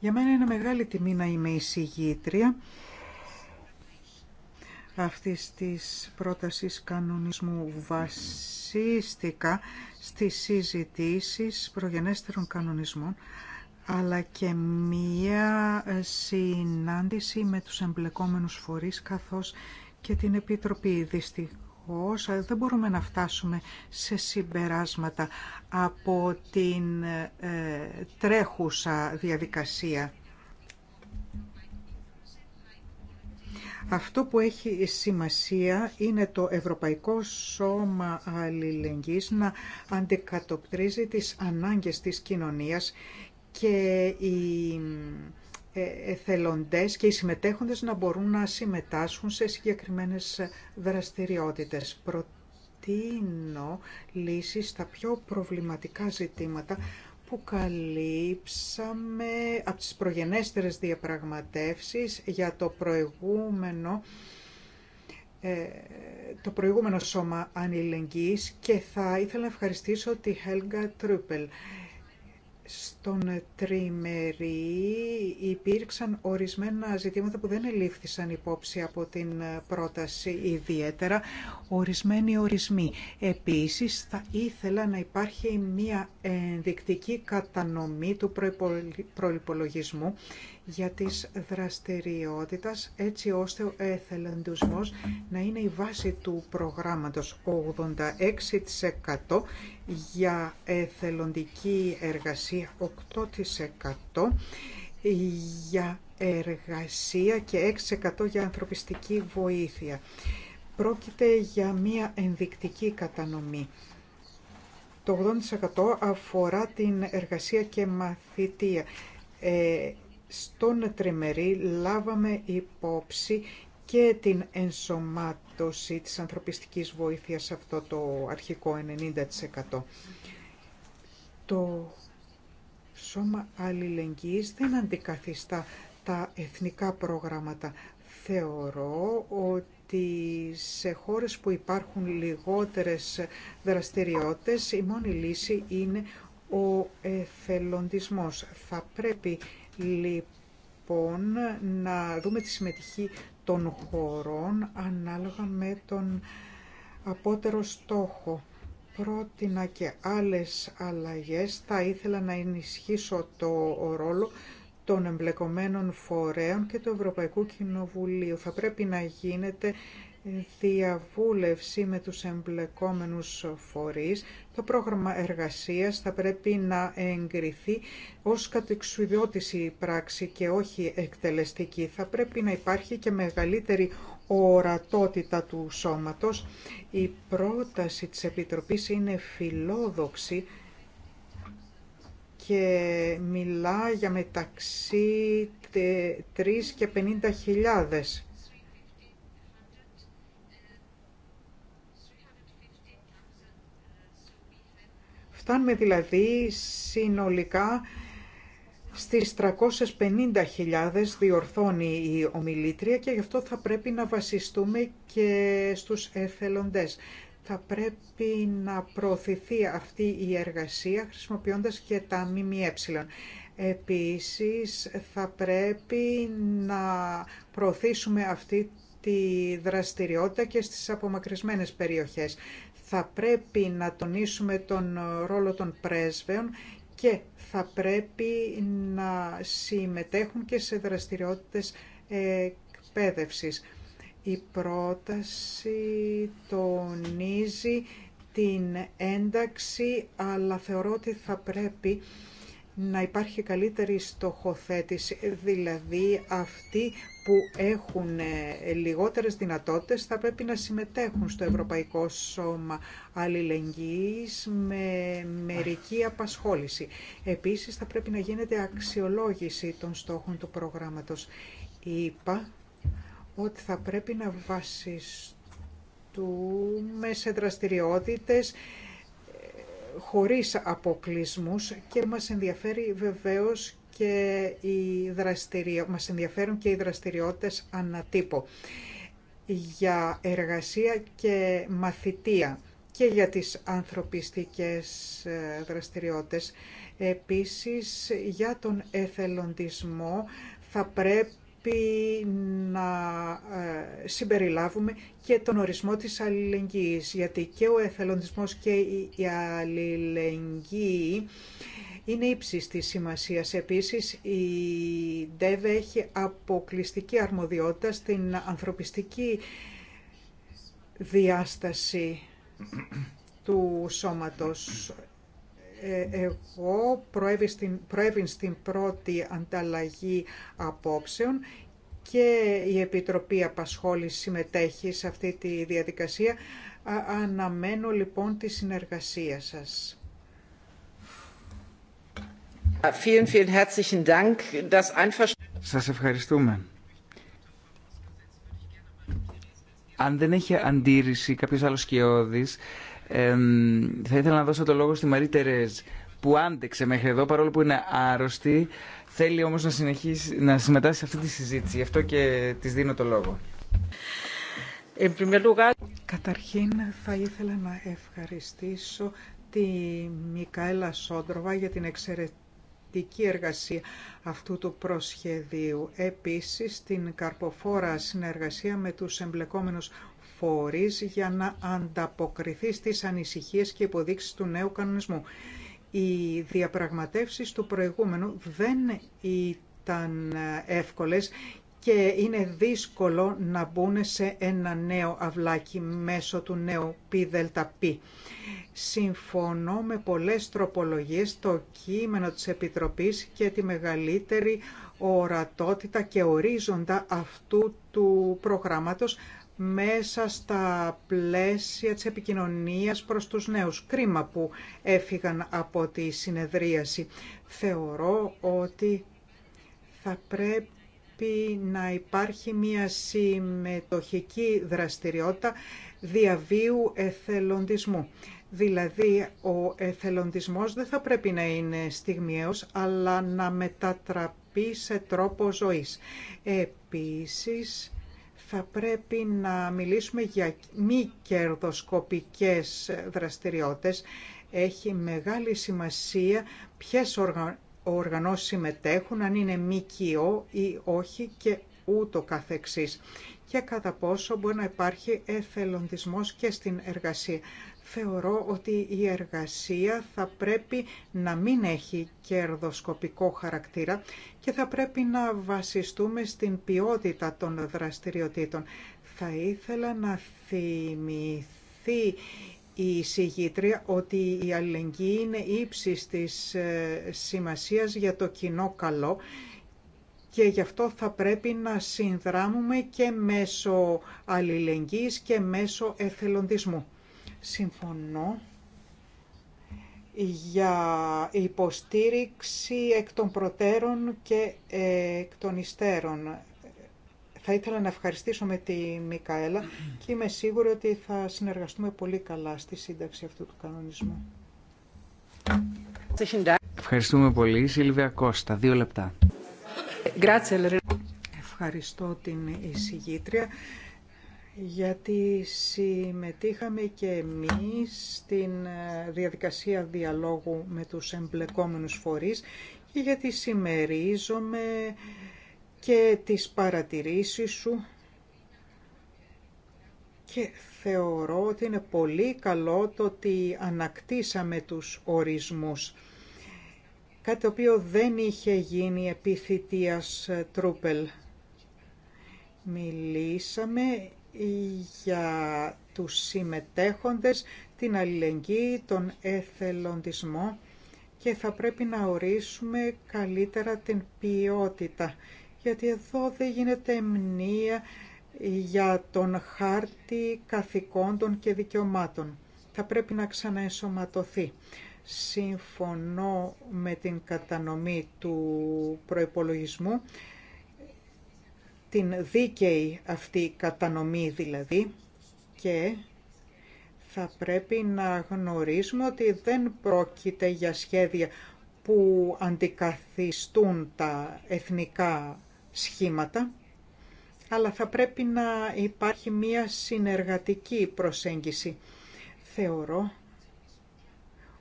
Για μένα είναι μεγάλη τιμή να είμαι εισηγήτρια αυτής της πρότασης κανονισμού βασίστηκα στις συζητήσεις προγενέστερων κανονισμών αλλά και μία συνάντηση με τους εμπλεκόμενους φορείς καθώς και την Επιτροπή. Δυστυχώς ε, δεν μπορούμε να φτάσουμε σε συμπεράσματα από την ε, τρέχουσα διαδικασία Αυτό που έχει σημασία είναι το Ευρωπαϊκό Σώμα Αλληλεγγύης να αντικατοπτρίζει τις ανάγκες της κοινωνίας και οι ε, εθελοντές και οι συμμετέχοντες να μπορούν να συμμετάσχουν σε συγκεκριμένες δραστηριότητες. Προτείνω λύσεις στα πιο προβληματικά ζητήματα που καλύψαμε από τις προγενέστερες διαπραγματεύσεις για το προηγούμενο ε, το προηγούμενο σώμα ανηλεγγύης και θα ήθελα να ευχαριστήσω τη Helga Truppel στον τριμερή υπήρξαν ορισμένα ζητήματα που δεν ελήφθησαν υπόψη από την πρόταση ιδιαίτερα, ορισμένοι ορισμοί. Επίσης θα ήθελα να υπάρχει μια ενδεικτική κατανομή του προϋπολογισμού για τις δραστηριότητες έτσι ώστε ο εθελοντισμός να είναι η βάση του προγράμματος 86% για εθελοντική εργασία 8% για εργασία και 6% για ανθρωπιστική βοήθεια. Πρόκειται για μία ενδεικτική κατανομή. Το 80% αφορά την εργασία και μαθητεία. Ε, στον τριμερή λάβαμε υπόψη και την ενσωμάτωση της ανθρωπιστικής βοήθειας σε αυτό το αρχικό 90%. Το Σώμα Αλληλεγγύης δεν αντικαθιστά τα εθνικά προγράμματα. Θεωρώ ότι σε χώρες που υπάρχουν λιγότερες δραστηριότητες η μόνη λύση είναι ο εθελοντισμός. Θα πρέπει λοιπόν να δούμε τη συμμετοχή των χωρών ανάλογα με τον απότερο στόχο. Πρότεινα και άλλες αλλαγές. Θα ήθελα να ενισχύσω το ρόλο των εμπλεκομένων φορέων και του Ευρωπαϊκού Κοινοβουλίου. Θα πρέπει να γίνεται διαβούλευση με τους εμπλεκόμενους φορείς. Το πρόγραμμα εργασίας θα πρέπει να εγκριθεί ως κατεξουδιώτηση πράξη και όχι εκτελεστική. Θα πρέπει να υπάρχει και μεγαλύτερη ορατότητα του σώματος. Η πρόταση της Επιτροπής είναι φιλόδοξη και μιλά για μεταξύ 3 και 50 χιλιάδες Φτάνουμε δηλαδή συνολικά στις 350.000 διορθώνει η ομιλήτρια και γι' αυτό θα πρέπει να βασιστούμε και στους εθελοντές. Θα πρέπει να προωθηθεί αυτή η εργασία χρησιμοποιώντας και τα ΜΜΕ. Επίσης θα πρέπει να προωθήσουμε αυτή τη δραστηριότητα και στις απομακρυσμένες περιοχές θα πρέπει να τονίσουμε τον ρόλο των πρέσβεων και θα πρέπει να συμμετέχουν και σε δραστηριότητες εκπαίδευσης. Η πρόταση τονίζει την ένταξη, αλλά θεωρώ ότι θα πρέπει να υπάρχει καλύτερη στοχοθέτηση, δηλαδή αυτοί που έχουν ε, λιγότερες δυνατότητες θα πρέπει να συμμετέχουν στο Ευρωπαϊκό Σώμα Αλληλεγγύης με μερική απασχόληση. Επίσης θα πρέπει να γίνεται αξιολόγηση των στόχων του προγράμματος. Είπα ότι θα πρέπει να βασιστούμε σε δραστηριότητες χωρίς αποκλεισμούς και μας ενδιαφέρει βεβαίως και οι ενδιαφέρουν και οι δραστηριότητες ανατύπω για εργασία και μαθητεία και για τις ανθρωπιστικές ε, δραστηριότητες. Επίσης, για τον εθελοντισμό θα πρέπει να ε, συμπεριλάβουμε και τον ορισμό της αλληλεγγύης, γιατί και ο εθελοντισμός και η αλληλεγγύη είναι ύψης της σημασίας. Επίσης, η ΔΕΒ έχει αποκλειστική αρμοδιότητα στην ανθρωπιστική διάσταση του σώματος. Ε, εγώ προέβη στην πρώτη ανταλλαγή απόψεων και η Επιτροπή Απασχόληση συμμετέχει σε αυτή τη διαδικασία. Αναμένω λοιπόν τη συνεργασία σας. Σας ευχαριστούμε. Αν δεν έχει αντίρρηση κάποιος άλλος σκιώδης, θα ήθελα να δώσω το λόγο στη Μαρή Τερέζ που άντεξε μέχρι εδώ παρόλο που είναι άρρωστη. Θέλει όμως να, συνεχίσει, να συμμετάσχει σε αυτή τη συζήτηση. Γι' αυτό και της δίνω το λόγο. Καταρχήν θα ήθελα να ευχαριστήσω τη Μικαέλα Σόντροβα για την εξαιρετική εργασία αυτού του προσχεδίου. Επίσης, την καρποφόρα συνεργασία με τους εμπλεκόμενους φορείς για να ανταποκριθεί στις ανησυχίες και υποδείξεις του νέου κανονισμού. Οι διαπραγματεύσεις του προηγούμενου δεν ήταν εύκολες και είναι δύσκολο να μπουν σε ένα νέο αυλάκι μέσω του νέου ΠΔΠ. Συμφωνώ με πολλές τροπολογίες το κείμενο της Επιτροπής και τη μεγαλύτερη ορατότητα και ορίζοντα αυτού του προγράμματος μέσα στα πλαίσια της επικοινωνίας προς τους νέους. Κρίμα που έφυγαν από τη συνεδρίαση. Θεωρώ ότι θα πρέπει να υπάρχει μια συμμετοχική δραστηριότητα διαβίου εθελοντισμού. Δηλαδή, ο εθελοντισμός δεν θα πρέπει να είναι στιγμιαίος, αλλά να μετατραπεί σε τρόπο ζωής. Επίσης, θα πρέπει να μιλήσουμε για μη κερδοσκοπικές δραστηριότητες. Έχει μεγάλη σημασία ποιες οργα... οργανώσεις συμμετέχουν, αν είναι κοιό ή όχι και ούτω καθεξής και κατά πόσο μπορεί να υπάρχει εθελοντισμός και στην εργασία. Θεωρώ ότι η εργασία θα πρέπει να μην έχει κερδοσκοπικό χαρακτήρα και θα πρέπει να βασιστούμε στην ποιότητα των δραστηριοτήτων. Θα ήθελα να θυμηθεί η συγγήτρια ότι η αλληλεγγύη είναι ύψης της ε, σημασίας για το κοινό καλό και γι' αυτό θα πρέπει να συνδράμουμε και μέσω αλληλεγγύης και μέσω εθελοντισμού συμφωνώ για υποστήριξη εκ των προτέρων και ε, εκ των υστέρων. Θα ήθελα να ευχαριστήσω με τη Μικαέλα και είμαι σίγουρη ότι θα συνεργαστούμε πολύ καλά στη σύνταξη αυτού του κανονισμού. Ευχαριστούμε πολύ. Σίλβια Κώστα, δύο λεπτά. Ευχαριστώ την εισηγήτρια γιατί συμμετείχαμε και εμείς στην ε, διαδικασία διαλόγου με τους εμπλεκόμενους φορείς και γιατί συμμερίζομαι και τις παρατηρήσεις σου και θεωρώ ότι είναι πολύ καλό το ότι ανακτήσαμε τους ορισμούς. Κάτι το οποίο δεν είχε γίνει επί ε, Τρούπελ. Μιλήσαμε για τους συμμετέχοντες, την αλληλεγγύη, τον εθελοντισμό και θα πρέπει να ορίσουμε καλύτερα την ποιότητα. Γιατί εδώ δεν γίνεται μνήα για τον χάρτη καθηκόντων και δικαιωμάτων. Θα πρέπει να ξαναενσωματωθεί. Συμφωνώ με την κατανομή του προϋπολογισμού την δίκαιη αυτή κατανομή δηλαδή και θα πρέπει να γνωρίζουμε ότι δεν πρόκειται για σχέδια που αντικαθιστούν τα εθνικά σχήματα, αλλά θα πρέπει να υπάρχει μία συνεργατική προσέγγιση. Θεωρώ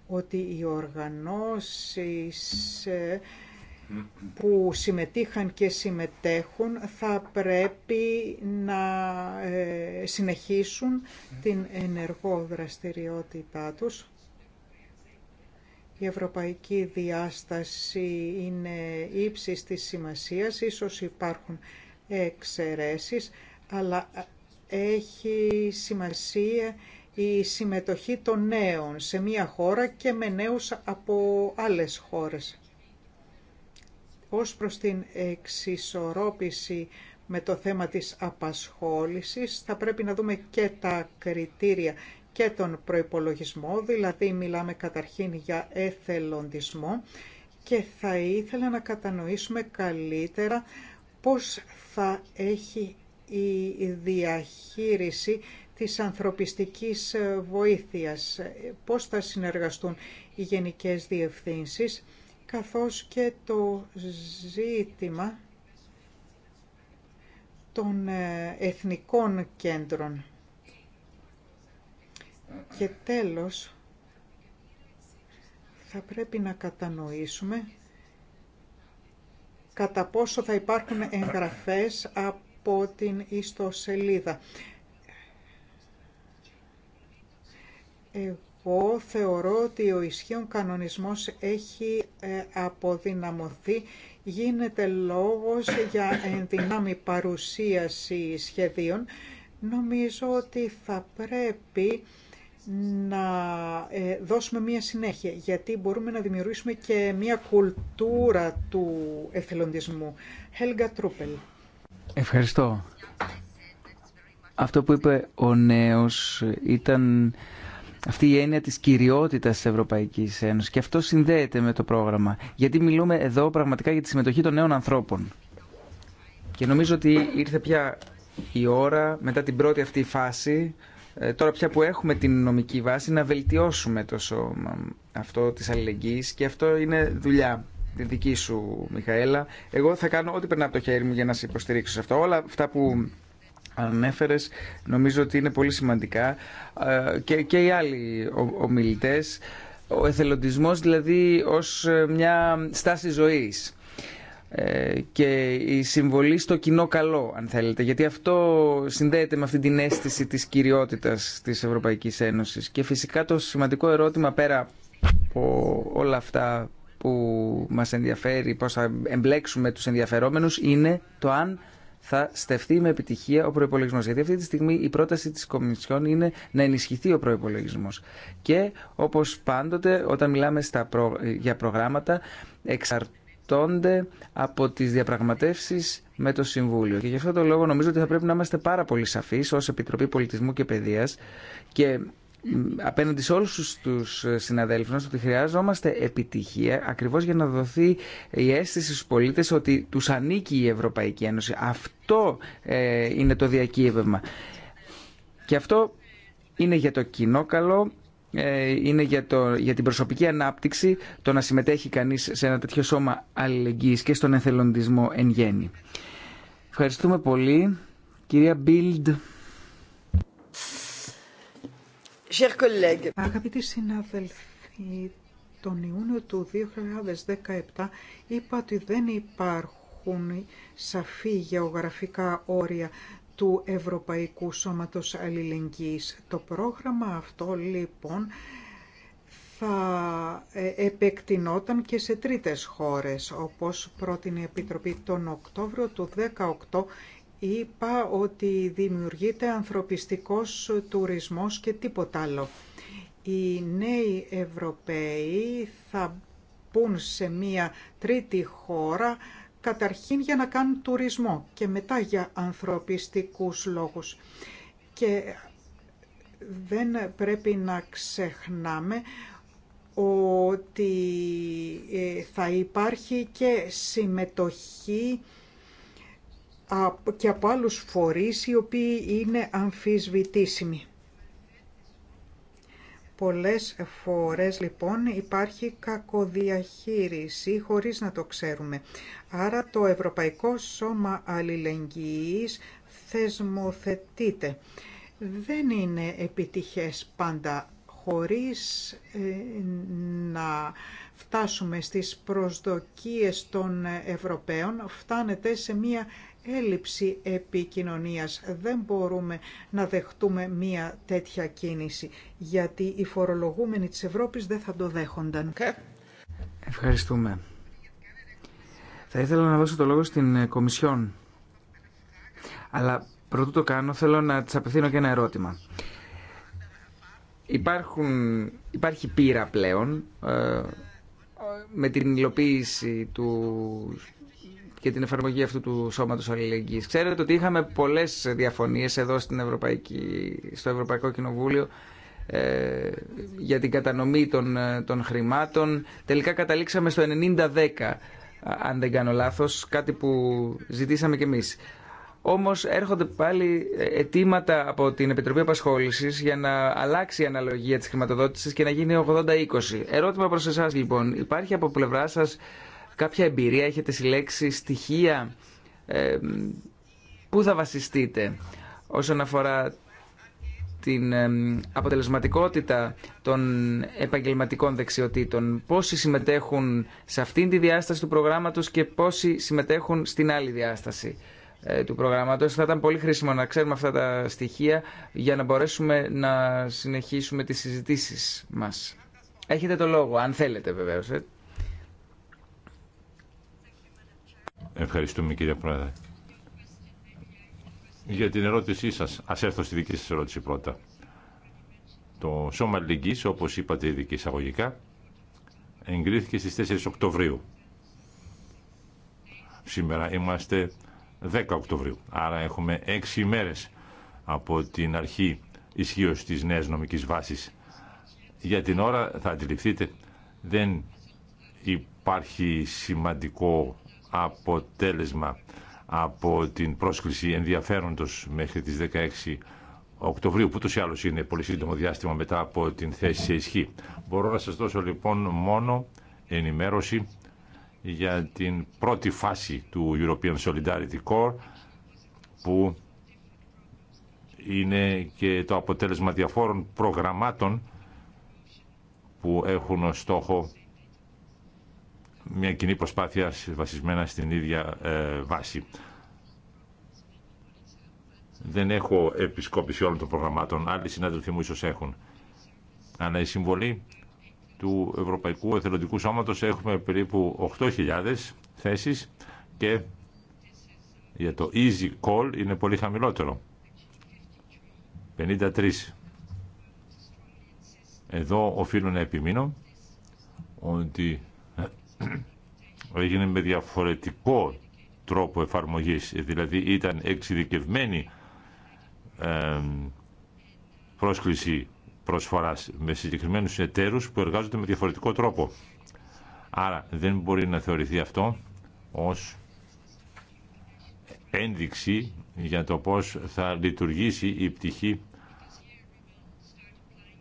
ότι οι οργανώσεις ε, που συμμετείχαν και συμμετέχουν θα πρέπει να ε, συνεχίσουν την ενεργό δραστηριότητά τους. Η ευρωπαϊκή διάσταση είναι ύψης της σημασίας, ίσως υπάρχουν εξαιρέσεις, αλλά ε, έχει σημασία η συμμετοχή των νέων σε μία χώρα και με νέους από άλλες χώρες ως προς την εξισορρόπηση με το θέμα της απασχόλησης θα πρέπει να δούμε και τα κριτήρια και τον προϋπολογισμό, δηλαδή μιλάμε καταρχήν για εθελοντισμό και θα ήθελα να κατανοήσουμε καλύτερα πώς θα έχει η διαχείριση της ανθρωπιστικής βοήθειας, πώς θα συνεργαστούν οι γενικές διευθύνσεις καθώς και το ζήτημα των ε, εθνικών κέντρων. Και τέλος, θα πρέπει να κατανοήσουμε κατά πόσο θα υπάρχουν εγγραφές από την ιστοσελίδα. Ε, ο θεωρώ ότι ο ισχύων κανονισμός έχει ε, αποδυναμωθεί. Γίνεται λόγος για ενδυνάμει παρουσίαση σχεδίων. Νομίζω ότι θα πρέπει να ε, δώσουμε μία συνέχεια, γιατί μπορούμε να δημιουργήσουμε και μία κουλτούρα του εθελοντισμού. Helga Ευχαριστώ. Αυτό που είπε ο νέος ήταν αυτή η έννοια της κυριότητας της Ευρωπαϊκής Ένωσης και αυτό συνδέεται με το πρόγραμμα γιατί μιλούμε εδώ πραγματικά για τη συμμετοχή των νέων ανθρώπων και νομίζω ότι ήρθε πια η ώρα μετά την πρώτη αυτή φάση ε, τώρα πια που έχουμε την νομική βάση να βελτιώσουμε το αυτό της αλληλεγγύης και αυτό είναι δουλειά τη δική σου Μιχαέλα εγώ θα κάνω ό,τι περνά από το χέρι μου για να σε υποστηρίξω σε αυτό όλα αυτά που ανέφερε, νομίζω ότι είναι πολύ σημαντικά ε, και, και οι άλλοι ομιλητέ, ο εθελοντισμός δηλαδή ως ε, μια στάση ζωής ε, και η συμβολή στο κοινό καλό αν θέλετε γιατί αυτό συνδέεται με αυτή την αίσθηση της κυριότητας της Ευρωπαϊκής Ένωσης και φυσικά το σημαντικό ερώτημα πέρα από όλα αυτά που μας ενδιαφέρει πώς θα εμπλέξουμε τους ενδιαφερόμενους είναι το αν θα στεφτεί με επιτυχία ο προπολογισμό. Γιατί αυτή τη στιγμή η πρόταση τη Κομισιόν είναι να ενισχυθεί ο προπολογισμό. Και όπω πάντοτε, όταν μιλάμε στα για προγράμματα, εξαρτώνται από τι διαπραγματεύσει με το Συμβούλιο. Και γι' αυτό το λόγο νομίζω ότι θα πρέπει να είμαστε πάρα πολύ σαφεί ω Επιτροπή Πολιτισμού και Παιδεία και απέναντι σε όλους τους ε, συναδέλφους μας ότι χρειάζομαστε επιτυχία ακριβώς για να δοθεί η αίσθηση στους πολίτες ότι τους ανήκει η Ευρωπαϊκή Ένωση. Αυτό ε, είναι το διακύβευμα. Και αυτό είναι για το κοινό καλό, ε, είναι για, το, για την προσωπική ανάπτυξη το να συμμετέχει κανείς σε ένα τέτοιο σώμα αλληλεγγύης και στον εθελοντισμό εν γέννη. Ευχαριστούμε πολύ. Κυρία Μπίλντ. Αγαπητοί συνάδελφοι, τον Ιούνιο του 2017 είπα ότι δεν υπάρχουν σαφή γεωγραφικά όρια του Ευρωπαϊκού Σώματος Αλληλεγγύης. Το πρόγραμμα αυτό λοιπόν θα ε, επεκτηνόταν και σε τρίτες χώρες, όπως πρότεινε η Επιτροπή τον Οκτώβριο του 2018 Είπα ότι δημιουργείται ανθρωπιστικός τουρισμός και τίποτα άλλο. Οι νέοι Ευρωπαίοι θα πούν σε μία τρίτη χώρα καταρχήν για να κάνουν τουρισμό και μετά για ανθρωπιστικούς λόγους. Και δεν πρέπει να ξεχνάμε ότι ε, θα υπάρχει και συμμετοχή και από άλλους φορείς οι οποίοι είναι αμφισβητήσιμοι. Πολλές φορές λοιπόν υπάρχει κακοδιαχείριση χωρίς να το ξέρουμε. Άρα το Ευρωπαϊκό Σώμα Αλληλεγγύης θεσμοθετείται. Δεν είναι επιτυχές πάντα χωρίς ε, να φτάσουμε στις προσδοκίες των Ευρωπαίων, φτάνεται σε μία έλλειψη επικοινωνίας. Δεν μπορούμε να δεχτούμε μία τέτοια κίνηση, γιατί οι φορολογούμενοι της Ευρώπης δεν θα το δέχονταν. Ευχαριστούμε. Θα ήθελα να δώσω το λόγο στην ε, Κομισιόν. Αλλά πρωτού το κάνω θέλω να της απευθύνω και ένα ερώτημα. Υπάρχουν, υπάρχει πείρα πλέον ε, με την υλοποίηση του και την εφαρμογή αυτού του σώματος αλληλεγγύης. Ξέρετε ότι είχαμε πολλές διαφωνίες εδώ στην Ευρωπαϊκή, στο Ευρωπαϊκό Κοινοβούλιο ε, για την κατανομή των, ε, των χρημάτων. Τελικά καταλήξαμε στο 90-10, αν δεν κάνω λάθος, κάτι που ζητήσαμε κι εμείς. Όμως έρχονται πάλι ε, αιτήματα από την Επιτροπή Απασχόλησης για να αλλάξει η αναλογία της χρηματοδότησης και να γίνει 80-20. Ερώτημα προς εσάς λοιπόν. Υπάρχει από πλευρά σας κάποια εμπειρία, έχετε συλλέξει στοιχεία, πού θα βασιστείτε όσον αφορά την αποτελεσματικότητα των επαγγελματικών δεξιοτήτων. Πόσοι συμμετέχουν σε αυτήν τη διάσταση του προγράμματος και πόσοι συμμετέχουν στην άλλη διάσταση ε, του προγράμματος. Θα ήταν πολύ χρήσιμο να ξέρουμε αυτά τα στοιχεία για να μπορέσουμε να συνεχίσουμε τις συζητήσεις μας. Έχετε το λόγο, αν θέλετε βεβαίως. Ε. Ευχαριστούμε κύριε Πρόεδρε. Για την ερώτησή σας, ας έρθω στη δική σας ερώτηση πρώτα. Το Σώμα Λυγγύης, όπως είπατε ειδική εισαγωγικά, εγκρίθηκε στις 4 Οκτωβρίου. Σήμερα είμαστε 10 Οκτωβρίου, άρα έχουμε 6 ημέρες από την αρχή ισχύω της νέας νομικής βάσης. Για την ώρα, θα αντιληφθείτε, δεν υπάρχει σημαντικό αποτέλεσμα από την πρόσκληση ενδιαφέροντος μέχρι τις 16 Οκτωβρίου, που τόσο ή είναι πολύ σύντομο διάστημα μετά από την θέση σε ισχύ. Μπορώ να σας δώσω λοιπόν μόνο ενημέρωση για την πρώτη φάση του European Solidarity Corps που είναι και το αποτέλεσμα διαφόρων προγραμμάτων που έχουν στόχο μια κοινή προσπάθεια βασισμένα στην ίδια ε, βάση. Δεν έχω επισκόπηση όλων των προγραμμάτων, άλλοι συνάδελφοί μου ίσως έχουν. Αλλά η συμβολή του Ευρωπαϊκού Εθελοντικού Σώματος έχουμε περίπου 8.000 θέσεις και για το easy call είναι πολύ χαμηλότερο. 53. Εδώ οφείλω να επιμείνω ότι έγινε με διαφορετικό τρόπο εφαρμογής, δηλαδή ήταν εξειδικευμένη πρόσκληση προσφοράς με συγκεκριμένους εταίρους που εργάζονται με διαφορετικό τρόπο. Άρα δεν μπορεί να θεωρηθεί αυτό ως ένδειξη για το πώς θα λειτουργήσει η πτυχή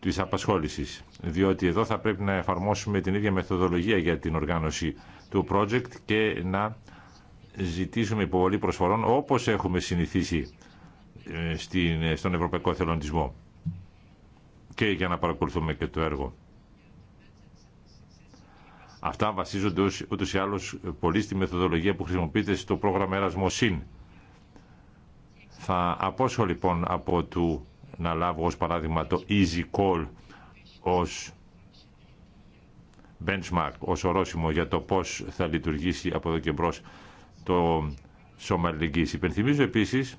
της απασχόλησης διότι εδώ θα πρέπει να εφαρμόσουμε την ίδια μεθοδολογία για την οργάνωση του project και να ζητήσουμε υποβολή προσφορών όπως έχουμε συνηθίσει ε, ε, στον Ευρωπαϊκό Θελοντισμό και για να παρακολουθούμε και το έργο. Αυτά βασίζονται ούτως ή άλλως πολύ στη μεθοδολογία που χρησιμοποιείται στο πρόγραμμα Ερασμοσύν. Θα απόσχω λοιπόν από του να λάβω ως παράδειγμα το Easy Call ως benchmark, ως ορόσημο για το πώς θα λειτουργήσει από εδώ και μπρος το σώμα αλληλεγγύης. Υπενθυμίζω επίσης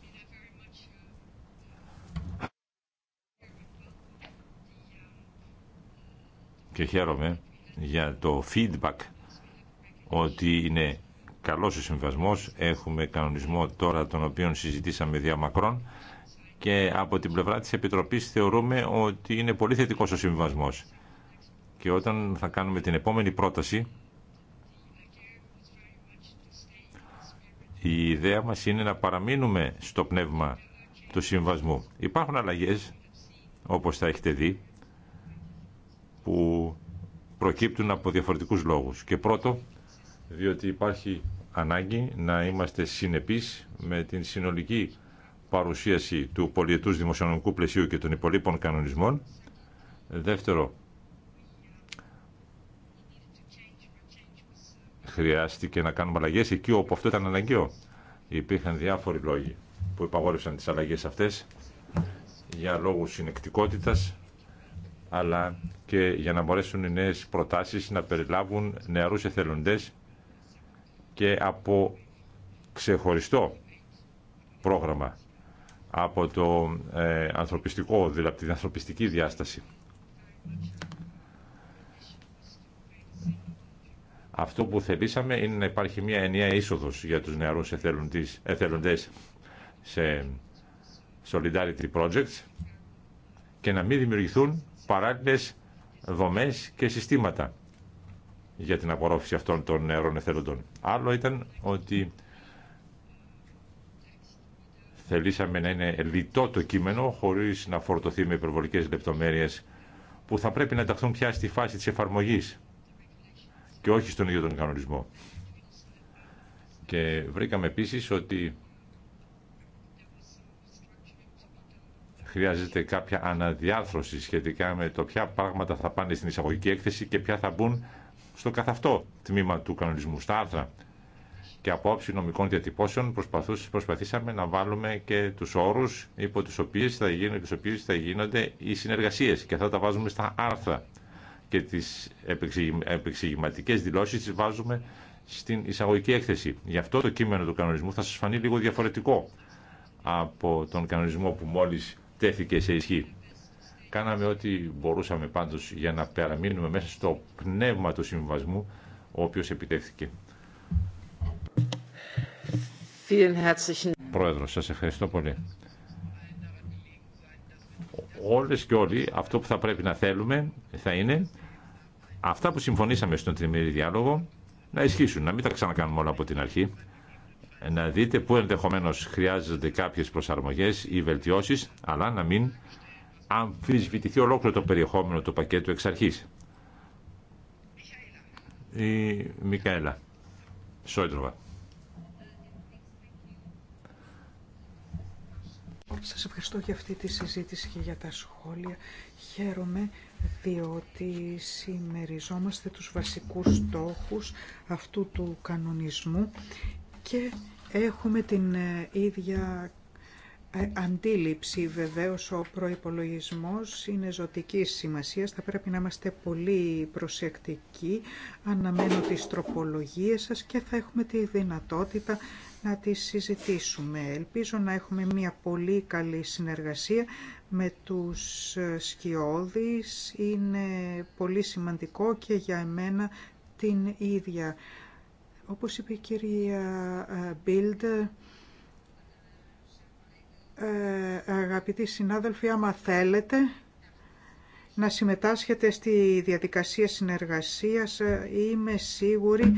και χαίρομαι για το feedback ότι είναι καλός ο συμβασμός. Έχουμε κανονισμό τώρα τον οποίο συζητήσαμε δια μακρόν και από την πλευρά της Επιτροπής θεωρούμε ότι είναι πολύ θετικός ο συμβιβασμός. Και όταν θα κάνουμε την επόμενη πρόταση, η ιδέα μας είναι να παραμείνουμε στο πνεύμα του συμβασμού. Υπάρχουν αλλαγές, όπως θα έχετε δει, που προκύπτουν από διαφορετικούς λόγους. Και πρώτο, διότι υπάρχει ανάγκη να είμαστε συνεπείς με την συνολική παρουσίαση του πολιετούς δημοσιονομικού πλαισίου και των υπολείπων κανονισμών. Δεύτερο, χρειάστηκε να κάνουμε αλλαγές εκεί όπου αυτό ήταν αναγκαίο. Υπήρχαν διάφοροι λόγοι που υπαγόρευσαν τις αλλαγές αυτές για λόγους συνεκτικότητας αλλά και για να μπορέσουν οι νέες προτάσεις να περιλάβουν νεαρούς εθελοντές και από ξεχωριστό πρόγραμμα από το ε, ανθρωπιστικό, δηλαδή την ανθρωπιστική διάσταση. Αυτό που θελήσαμε είναι να υπάρχει μια ενιαία είσοδος για τους νεαρούς εθελοντές σε Solidarity Projects και να μην δημιουργηθούν παράλληλες δομές και συστήματα για την απορρόφηση αυτών των νεαρών εθελοντών. Άλλο ήταν ότι Θελήσαμε να είναι λιτό το κείμενο, χωρίς να φορτωθεί με υπερβολικέ λεπτομέρειες που θα πρέπει να ενταχθούν πια στη φάση της εφαρμογής και όχι στον ίδιο τον κανονισμό. Και βρήκαμε επίσης ότι χρειάζεται κάποια αναδιάρθρωση σχετικά με το ποια πράγματα θα πάνε στην εισαγωγική έκθεση και ποια θα μπουν στο καθαυτό τμήμα του κανονισμού, στα άρθρα και από όψη νομικών διατυπώσεων προσπαθήσαμε να βάλουμε και του όρου υπό του οποίου θα γίνονται, θα γίνονται οι συνεργασίε. και αυτά τα βάζουμε στα άρθρα και τι επεξηγηματικές δηλώσει τι βάζουμε στην εισαγωγική έκθεση. Γι' αυτό το κείμενο του κανονισμού θα σα φανεί λίγο διαφορετικό από τον κανονισμό που μόλι τέθηκε σε ισχύ. Κάναμε ό,τι μπορούσαμε πάντως για να παραμείνουμε μέσα στο πνεύμα του συμβασμού ο οποίος επιτεύχθηκε. Πρόεδρο, σας ευχαριστώ πολύ. Όλες και όλοι, αυτό που θα πρέπει να θέλουμε θα είναι αυτά που συμφωνήσαμε στον τριμήρη διάλογο να ισχύσουν, να μην τα ξανακάνουμε όλα από την αρχή, να δείτε πού ενδεχομένως χρειάζονται κάποιες προσαρμογές ή βελτιώσεις, αλλά να μην αμφισβητηθεί ολόκληρο το περιεχόμενο του πακέτου εξ αρχής. Η Μικαέλα Σόιτροβα Σας ευχαριστώ για αυτή τη συζήτηση και για τα σχόλια. Χαίρομαι διότι συμμεριζόμαστε τους βασικούς στόχους αυτού του κανονισμού και έχουμε την ε, ίδια ε, αντίληψη. Βεβαίως ο προϋπολογισμός είναι ζωτικής σημασίας. Θα πρέπει να είμαστε πολύ προσεκτικοί. Αναμένω τις τροπολογίες σας και θα έχουμε τη δυνατότητα να τις συζητήσουμε. Ελπίζω να έχουμε μια πολύ καλή συνεργασία με τους σκιώδεις. Είναι πολύ σημαντικό και για εμένα την ίδια. Όπως είπε η κυρία ε, Μπίλντ, ε, αγαπητοί συνάδελφοι, άμα θέλετε να συμμετάσχετε στη διαδικασία συνεργασίας, ε, είμαι σίγουρη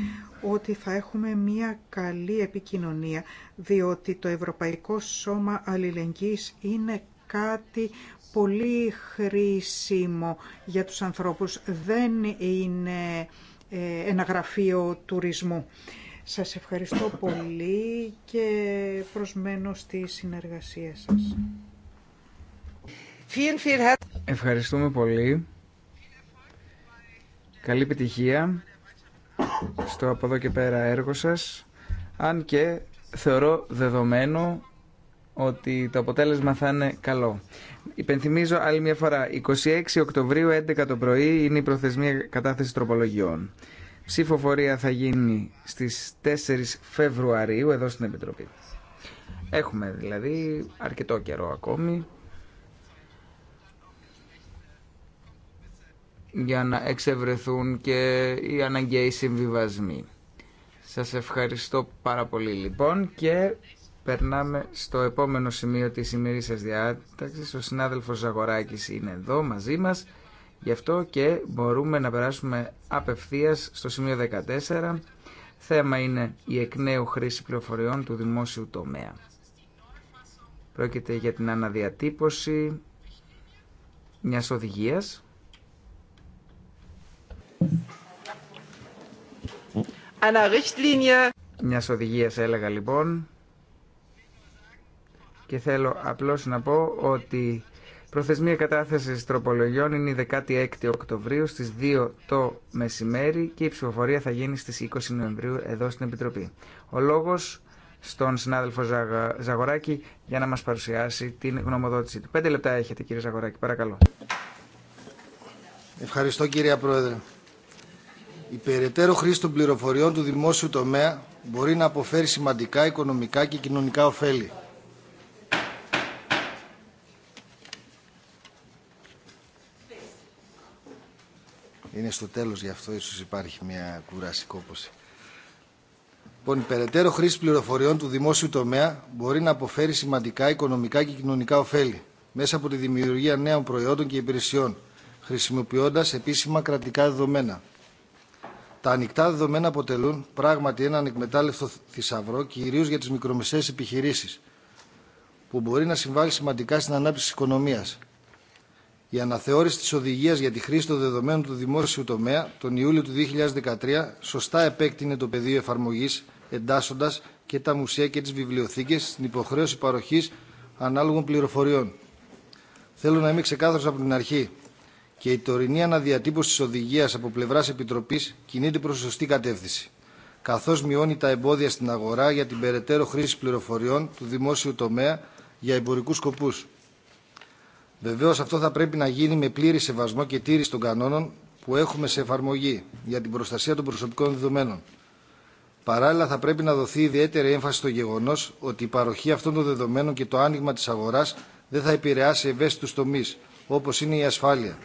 ότι θα έχουμε μία καλή επικοινωνία, διότι το Ευρωπαϊκό Σώμα Αλληλεγγύης είναι κάτι πολύ χρήσιμο για τους ανθρώπους. Δεν είναι ε, ένα γραφείο τουρισμού. Σας ευχαριστώ πολύ και προσμένω στη συνεργασία σας. Ευχαριστούμε πολύ. Καλή επιτυχία στο από εδώ και πέρα έργο σας, αν και θεωρώ δεδομένο ότι το αποτέλεσμα θα είναι καλό. Υπενθυμίζω άλλη μια φορά, 26 Οκτωβρίου 11 το πρωί είναι η προθεσμία κατάθεση τροπολογιών. Ψηφοφορία θα γίνει στις 4 Φεβρουαρίου εδώ στην Επιτροπή. Έχουμε δηλαδή αρκετό καιρό ακόμη. για να εξευρεθούν και οι αναγκαίοι συμβιβασμοί. Σας ευχαριστώ πάρα πολύ λοιπόν και περνάμε στο επόμενο σημείο της ημερήσιας διάταξης. Ο συνάδελφος Ζαγοράκης είναι εδώ μαζί μας, γι' αυτό και μπορούμε να περάσουμε απευθείας στο σημείο 14. Θέμα είναι η εκ νέου χρήση πληροφοριών του δημόσιου τομέα. Πρόκειται για την αναδιατύπωση μιας οδηγίας μια οδηγία έλεγα λοιπόν και θέλω απλώς να πω ότι προθεσμία κατάθεσης τροπολογιών είναι η 16 Οκτωβρίου στις 2 το μεσημέρι και η ψηφοφορία θα γίνει στις 20 Νοεμβρίου εδώ στην Επιτροπή. Ο λόγος στον συνάδελφο Ζαγοράκη για να μας παρουσιάσει την γνωμοδότησή του. Πέντε λεπτά έχετε κύριε Ζαγοράκη, παρακαλώ. Ευχαριστώ κύριε Πρόεδρε η περαιτέρω χρήση των πληροφοριών του δημόσιου τομέα μπορεί να αποφέρει σημαντικά οικονομικά και κοινωνικά ωφέλη. Είναι στο τέλος, γι' αυτό ίσως υπάρχει μια κουράση κόπωση. Λοιπόν, η περαιτέρω χρήση πληροφοριών του δημόσιου τομέα μπορεί να αποφέρει σημαντικά οικονομικά και κοινωνικά ωφέλη μέσα από τη δημιουργία νέων προϊόντων και υπηρεσιών, χρησιμοποιώντας επίσημα κρατικά δεδομένα. Τα ανοιχτά δεδομένα αποτελούν πράγματι έναν εκμετάλλευτο θησαυρό κυρίω για τι μικρομεσαίες επιχειρήσει, που μπορεί να συμβάλλει σημαντικά στην ανάπτυξη τη οικονομία. Η αναθεώρηση τη οδηγία για τη χρήση των δεδομένων του δημόσιου τομέα τον Ιούλιο του 2013 σωστά επέκτηνε το πεδίο εφαρμογή, εντάσσοντα και τα μουσεία και τι βιβλιοθήκε στην υποχρέωση παροχή ανάλογων πληροφοριών. Θέλω να είμαι ξεκάθαρο από την αρχή και η τωρινή αναδιατύπωση τη οδηγία από πλευρά επιτροπή κινείται προς σωστή κατεύθυνση, καθώ μειώνει τα εμπόδια στην αγορά για την περαιτέρω χρήση πληροφοριών του δημόσιου τομέα για εμπορικού σκοπού. Βεβαίω αυτό θα πρέπει να γίνει με πλήρη σεβασμό και τήρηση των κανόνων που έχουμε σε εφαρμογή για την προστασία των προσωπικών δεδομένων. Παράλληλα, θα πρέπει να δοθεί ιδιαίτερη έμφαση στο γεγονό ότι η παροχή αυτών των δεδομένων και το άνοιγμα τη αγορά δεν θα επηρεάσει ευαίσθητου τομεί, όπω είναι η ασφάλεια,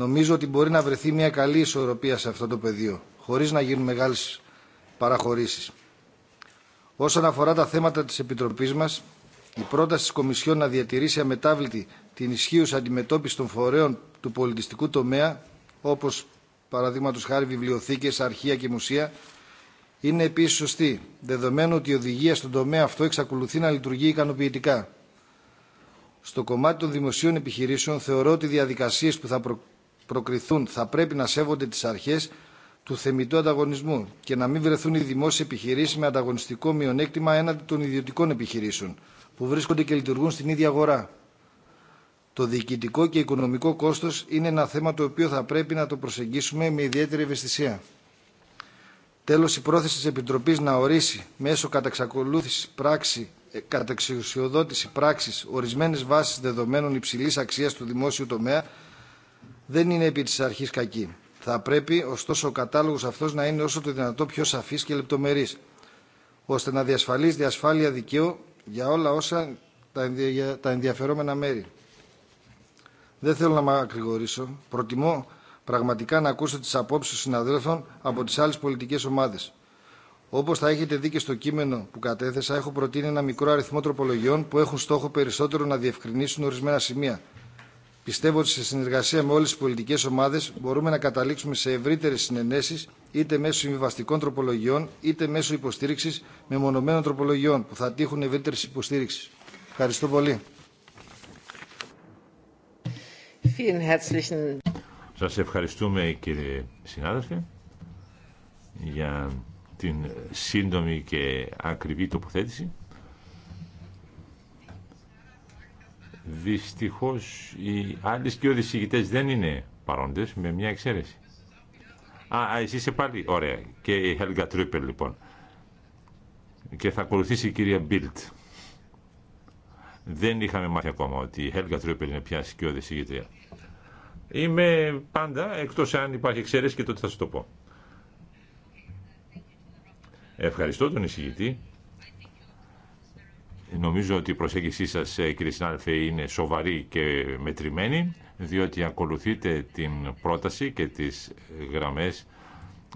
Νομίζω ότι μπορεί να βρεθεί μια καλή ισορροπία σε αυτό το πεδίο, χωρίς να γίνουν μεγάλες παραχωρήσεις. Όσον αφορά τα θέματα της Επιτροπής μας, η πρόταση της Κομισιόν να διατηρήσει αμετάβλητη την ισχύουσα αντιμετώπιση των φορέων του πολιτιστικού τομέα, όπως παραδείγματος χάρη βιβλιοθήκες, αρχεία και μουσεία, είναι επίσης σωστή, δεδομένου ότι η οδηγία στον τομέα αυτό εξακολουθεί να λειτουργεί ικανοποιητικά. Στο κομμάτι των δημοσίων επιχειρήσεων θεωρώ ότι οι διαδικασίες που θα προκριθούν θα πρέπει να σέβονται τις αρχές του θεμητού ανταγωνισμού και να μην βρεθούν οι δημόσιες επιχειρήσεις με ανταγωνιστικό μειονέκτημα έναντι των ιδιωτικών επιχειρήσεων που βρίσκονται και λειτουργούν στην ίδια αγορά. Το διοικητικό και οικονομικό κόστος είναι ένα θέμα το οποίο θα πρέπει να το προσεγγίσουμε με ιδιαίτερη ευαισθησία. Τέλος, η πρόθεση της Επιτροπής να ορίσει μέσω καταξακολούθησης πράξη ορισμένε πράξης ορισμένες βάσεις δεδομένων υψηλή αξίας του δημόσιου τομέα δεν είναι επί της αρχής κακή. Θα πρέπει ωστόσο ο κατάλογος αυτός να είναι όσο το δυνατό πιο σαφής και λεπτομερής, ώστε να διασφαλίζει ασφάλεια δικαίου για όλα όσα τα ενδιαφερόμενα μέρη. Δεν θέλω να με ακρηγορήσω. Προτιμώ πραγματικά να ακούσω τις απόψεις των συναδέλφων από τις άλλες πολιτικές ομάδες. Όπω θα έχετε δει και στο κείμενο που κατέθεσα, έχω προτείνει ένα μικρό αριθμό τροπολογιών που έχουν στόχο περισσότερο να διευκρινίσουν ορισμένα σημεία Πιστεύω ότι σε συνεργασία με όλε τι πολιτικέ ομάδε μπορούμε να καταλήξουμε σε ευρύτερε συνενέσει είτε μέσω συμβιβαστικών τροπολογιών είτε μέσω υποστήριξη μεμονωμένων τροπολογιών που θα τύχουν ευρύτερη υποστήριξη. Ευχαριστώ πολύ. Σα ευχαριστούμε κύριε συνάδελφε για την σύντομη και ακριβή τοποθέτηση. Δυστυχώς οι άλλοι ο ηγητές δεν είναι παρόντες με μια εξαίρεση. Α, α εσύ είσαι πάλι. Ωραία. Και η Helga Trüppel λοιπόν. Και θα ακολουθήσει η κυρία Μπίλτ. Δεν είχαμε μάθει ακόμα ότι η Helga Trüppel είναι πια σκιώδης ηγητρία. Είμαι πάντα, εκτός αν υπάρχει εξαίρεση και τότε θα σου το πω. Ευχαριστώ τον εισηγητή Νομίζω ότι η προσέγγισή σας, ε, κύριε συνάδελφε, είναι σοβαρή και μετρημένη, διότι ακολουθείτε την πρόταση και τις γραμμές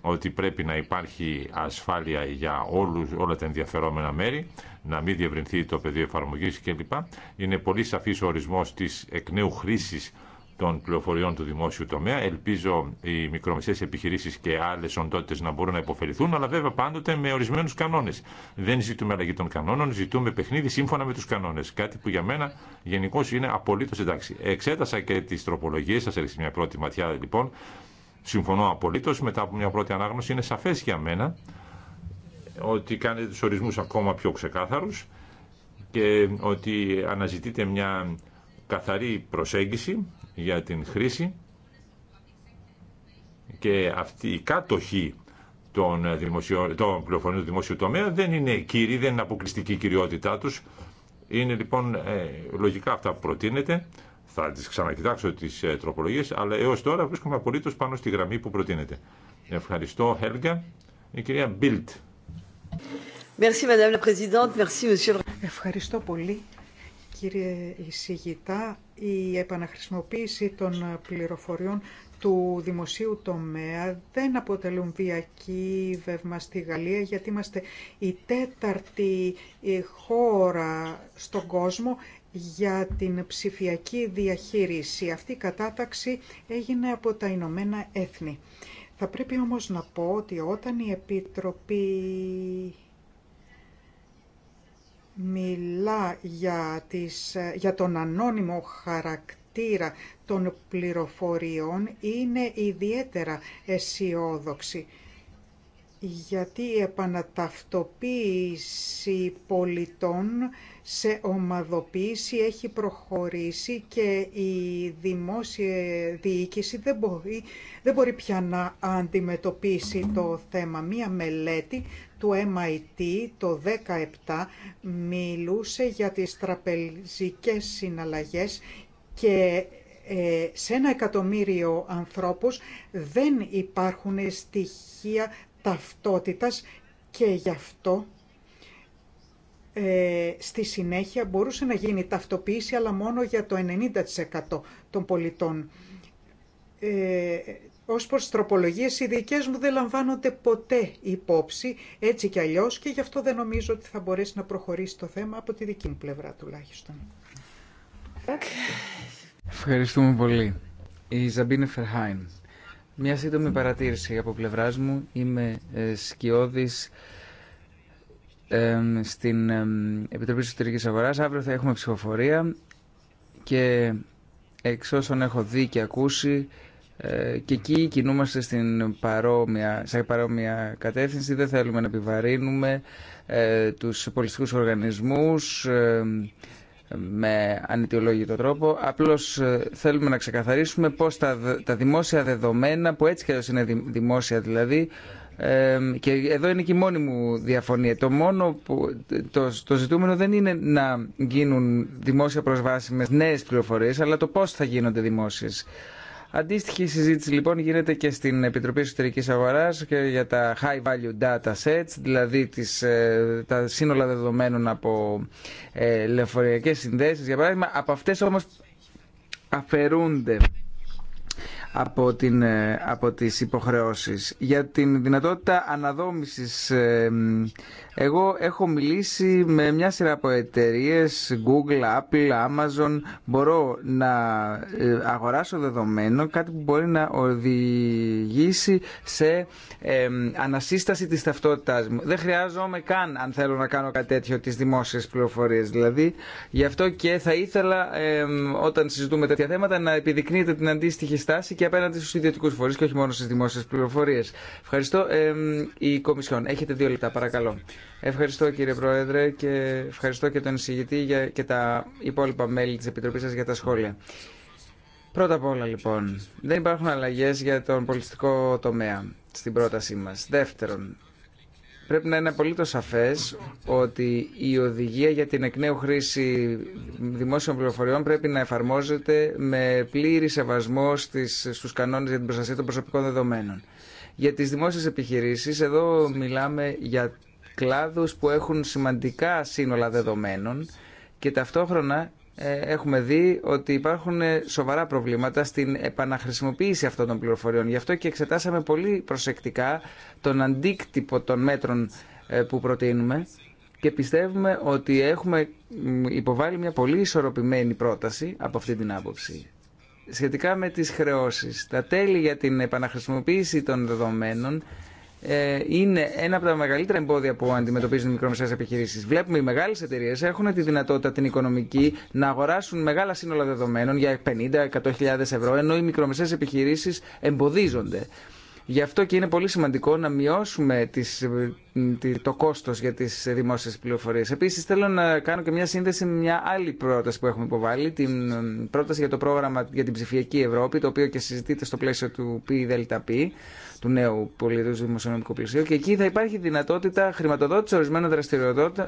ότι πρέπει να υπάρχει ασφάλεια για όλους, όλα τα ενδιαφερόμενα μέρη, να μην διευρυνθεί το πεδίο εφαρμογής κλπ. Είναι πολύ σαφής ο ορισμός της εκ νέου χρήσης των πληροφοριών του δημόσιου τομέα. Ελπίζω οι μικρομεσαίες επιχειρήσεις και άλλες οντότητες να μπορούν να υποφεληθούν, αλλά βέβαια πάντοτε με ορισμένους κανόνες. Δεν ζητούμε αλλαγή των κανόνων, ζητούμε παιχνίδι σύμφωνα με τους κανόνες. Κάτι που για μένα γενικώ είναι απολύτως εντάξει. Εξέτασα και τις τροπολογίες, σας έριξε μια πρώτη ματιά λοιπόν. Συμφωνώ απολύτως, μετά από μια πρώτη ανάγνωση είναι σαφές για μένα ότι κάνετε του ορισμού ακόμα πιο ξεκάθαρους και ότι αναζητείτε μια καθαρή προσέγγιση για την χρήση και αυτή η κάτοχη των, πληροφοριών του δημόσιου τομέα δεν είναι κύριοι, δεν είναι αποκλειστική κυριότητά τους. Είναι λοιπόν ε, λογικά αυτά που προτείνεται. Θα τις ξανακοιτάξω τις ε, τροπολογίες, αλλά έως τώρα βρίσκομαι απολύτω πάνω στη γραμμή που προτείνεται. Ευχαριστώ, Χέλγκα Η κυρία Μπίλτ. Ευχαριστώ πολύ, κύριε Ισηγητά η επαναχρησιμοποίηση των πληροφοριών του δημοσίου τομέα δεν αποτελούν βιακή βεύμα στη Γαλλία γιατί είμαστε η τέταρτη ε, χώρα στον κόσμο για την ψηφιακή διαχείριση. Αυτή η κατάταξη έγινε από τα Ηνωμένα Έθνη. Θα πρέπει όμως να πω ότι όταν η Επιτροπή μιλά για, για τον ανώνυμο χαρακτήρα των πληροφοριών είναι ιδιαίτερα αισιόδοξη γιατί η επαναταυτοποίηση πολιτών σε ομαδοποίηση έχει προχωρήσει και η δημόσια διοίκηση δεν μπορεί, δεν μπορεί πια να αντιμετωπίσει το θέμα. Μία μελέτη του MIT το 17 μιλούσε για τις τραπεζικές συναλλαγές και ε, σε ένα εκατομμύριο ανθρώπους δεν υπάρχουν στοιχεία ταυτότητας και γι' αυτό ε, στη συνέχεια μπορούσε να γίνει ταυτοποίηση αλλά μόνο για το 90% των πολιτών. Ε, ως προς τροπολογίες οι δικές μου δεν λαμβάνονται ποτέ υπόψη έτσι κι αλλιώς και γι' αυτό δεν νομίζω ότι θα μπορέσει να προχωρήσει το θέμα από τη δική μου πλευρά τουλάχιστον. Ευχαριστούμε πολύ. Η Ζαμπίνε Φερχάιν. Μια σύντομη παρατήρηση από πλευρά μου. Είμαι ε, σκιώδης στην Επιτροπή Εσωτερική αγορά, Αύριο θα έχουμε ψηφοφορία και εξ όσων έχω δει και ακούσει ε, και εκεί κινούμαστε στην παρόμοια, σε παρόμοια κατεύθυνση. Δεν θέλουμε να επιβαρύνουμε ε, τους πολιτικούς οργανισμούς με ανετιολόγητο τρόπο. Απλώς ε, θέλουμε να ξεκαθαρίσουμε πώ τα, τα δημόσια δεδομένα, που έτσι και είναι δημόσια δηλαδή, και εδώ είναι και η μόνη μου διαφωνία. Το μόνο που το, το ζητούμενο δεν είναι να γίνουν δημόσια προσβάσιμε νέες πληροφορίες, αλλά το πώς θα γίνονται δημόσιες. Αντίστοιχη συζήτηση λοιπόν γίνεται και στην Επιτροπή εσωτερική αγορά και για τα high value data sets, δηλαδή τις, ε, τα σύνολα δεδομένων από ε, λεωφοριακές συνδέσεις, για παράδειγμα. Από αυτές όμως αφαιρούνται από, την, ε, από τις υποχρεώσεις για την δυνατότητα αναδόμησης ε, εγώ έχω μιλήσει με μια σειρά από εταιρείε, Google, Apple, Amazon. Μπορώ να ε, αγοράσω δεδομένο, κάτι που μπορεί να οδηγήσει σε ανασύσταση της ταυτότητάς μου. Δεν χρειάζομαι καν, αν θέλω να κάνω κάτι τέτοιο, τις δημόσιες πληροφορίες. Δηλαδή, γι' αυτό και θα ήθελα, ε, όταν συζητούμε τέτοια θέματα, να επιδεικνύετε την αντίστοιχη στάση και απέναντι στους ιδιωτικούς φορείς και όχι μόνο στις δημόσιες πληροφορίες. Ευχαριστώ. η Κομισιόν. Έχετε δύο λεπτά, παρακαλώ. Ευχαριστώ κύριε Πρόεδρε και ευχαριστώ και τον εισηγητή και τα υπόλοιπα μέλη της Επιτροπής σας για τα σχόλια. Πρώτα απ' όλα λοιπόν, δεν υπάρχουν αλλαγές για τον πολιτιστικό τομέα στην πρότασή μας. Δεύτερον, πρέπει να είναι απολύτως σαφές ότι η οδηγία για την εκ νέου χρήση δημόσιων πληροφοριών πρέπει να εφαρμόζεται με πλήρη σεβασμό στις, στους κανόνες για την προστασία των προσωπικών δεδομένων. Για τις δημόσιες επιχειρήσεις, εδώ μιλάμε για κλάδους που έχουν σημαντικά σύνολα δεδομένων και ταυτόχρονα ε, έχουμε δει ότι υπάρχουν ε, σοβαρά προβλήματα στην επαναχρησιμοποίηση αυτών των πληροφοριών. Γι' αυτό και εξετάσαμε πολύ προσεκτικά τον αντίκτυπο των μέτρων ε, που προτείνουμε και πιστεύουμε ότι έχουμε υποβάλει μια πολύ ισορροπημένη πρόταση από αυτή την άποψη. Σχετικά με τις χρεώσεις, τα τέλη για την επαναχρησιμοποίηση των δεδομένων ε, είναι ένα από τα μεγαλύτερα εμπόδια που αντιμετωπίζουν οι μικρομεσαίες επιχειρήσεις. Βλέπουμε οι μεγάλε εταιρείε έχουν τη δυνατότητα την οικονομική να αγοράσουν μεγάλα σύνολα δεδομένων για 50-100.000 ευρώ, ενώ οι μικρομεσαίες επιχειρήσει εμποδίζονται. Γι' αυτό και είναι πολύ σημαντικό να μειώσουμε τις, το κόστο για τι δημόσιες πληροφορίε. Επίση, θέλω να κάνω και μια σύνδεση με μια άλλη πρόταση που έχουμε υποβάλει, την πρόταση για το πρόγραμμα για την ψηφιακή Ευρώπη, το οποίο και συζητείται στο πλαίσιο του του νέου πολιτικού δημοσιονομικού πλαισίου και εκεί θα υπάρχει δυνατότητα χρηματοδότηση ορισμένων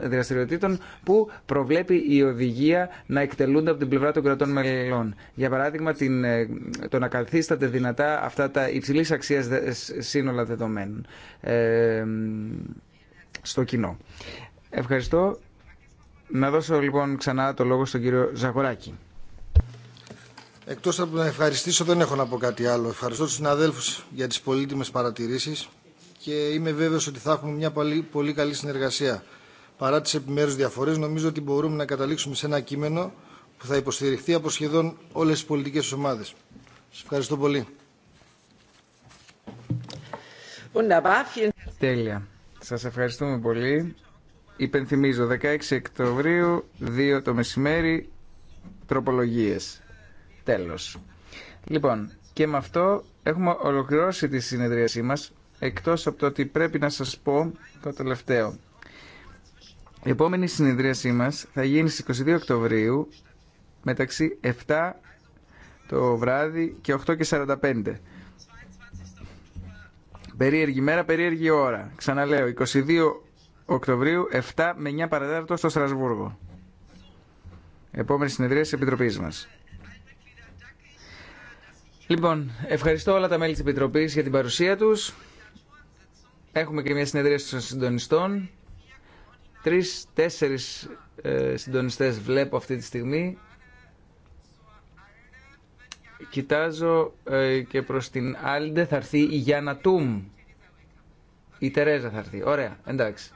δραστηριοτήτων που προβλέπει η οδηγία να εκτελούνται από την πλευρά των κρατών μελών. Για παράδειγμα, την, ε, το να καθίσταται δυνατά αυτά τα υψηλή αξία σύνολα δεδομένων ε, στο κοινό. Ευχαριστώ. Να δώσω λοιπόν ξανά το λόγο στον κύριο Ζαγοράκη. Εκτό από να ευχαριστήσω δεν έχω να πω κάτι άλλο. Ευχαριστώ του συναδέλφου για τι πολύτιμε παρατηρήσει και είμαι βέβαιος ότι θα έχουμε μια πολύ, πολύ καλή συνεργασία. Παρά τι επιμέρους διαφορέ, νομίζω ότι μπορούμε να καταλήξουμε σε ένα κείμενο που θα υποστηριχθεί από σχεδόν όλε τι πολιτικέ ομάδε. Σα ευχαριστώ πολύ. Τέλεια. Σα ευχαριστούμε πολύ. Υπενθυμίζω 16 Οκτωβρίου, 2 το μεσημέρι, τροπολογίες. Τέλος. Λοιπόν, και με αυτό έχουμε ολοκληρώσει τη συνεδρίασή μας, εκτός από το ότι πρέπει να σας πω το τελευταίο. Η επόμενη συνεδρίασή μας θα γίνει στις 22 Οκτωβρίου μεταξύ 7 το βράδυ και 8 και 45. Περίεργη μέρα, περίεργη ώρα. Ξαναλέω, 22 Οκτωβρίου, 7 με 9 παρατέταρτο στο Στρασβούργο. Επόμενη συνεδρία της Επιτροπής μας. Λοιπόν, ευχαριστώ όλα τα μέλη της Επιτροπής για την παρουσία τους. Έχουμε και μια συνεδρία των συντονιστών. Τρεις, τέσσερις ε, συντονιστές βλέπω αυτή τη στιγμή. Κοιτάζω ε, και προς την Άλντε θα έρθει η Γιάννα Τούμ. Η Τερέζα θα έρθει. Ωραία, εντάξει.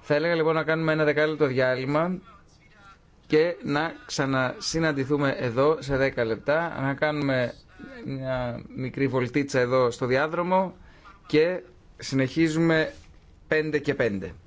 Θα έλεγα λοιπόν να κάνουμε ένα δεκάλεπτο διάλειμμα και να ξανασυναντηθούμε εδώ σε 10 λεπτά, να κάνουμε μια μικρή βολτίτσα εδώ στο διάδρομο και συνεχίζουμε 5 και 5.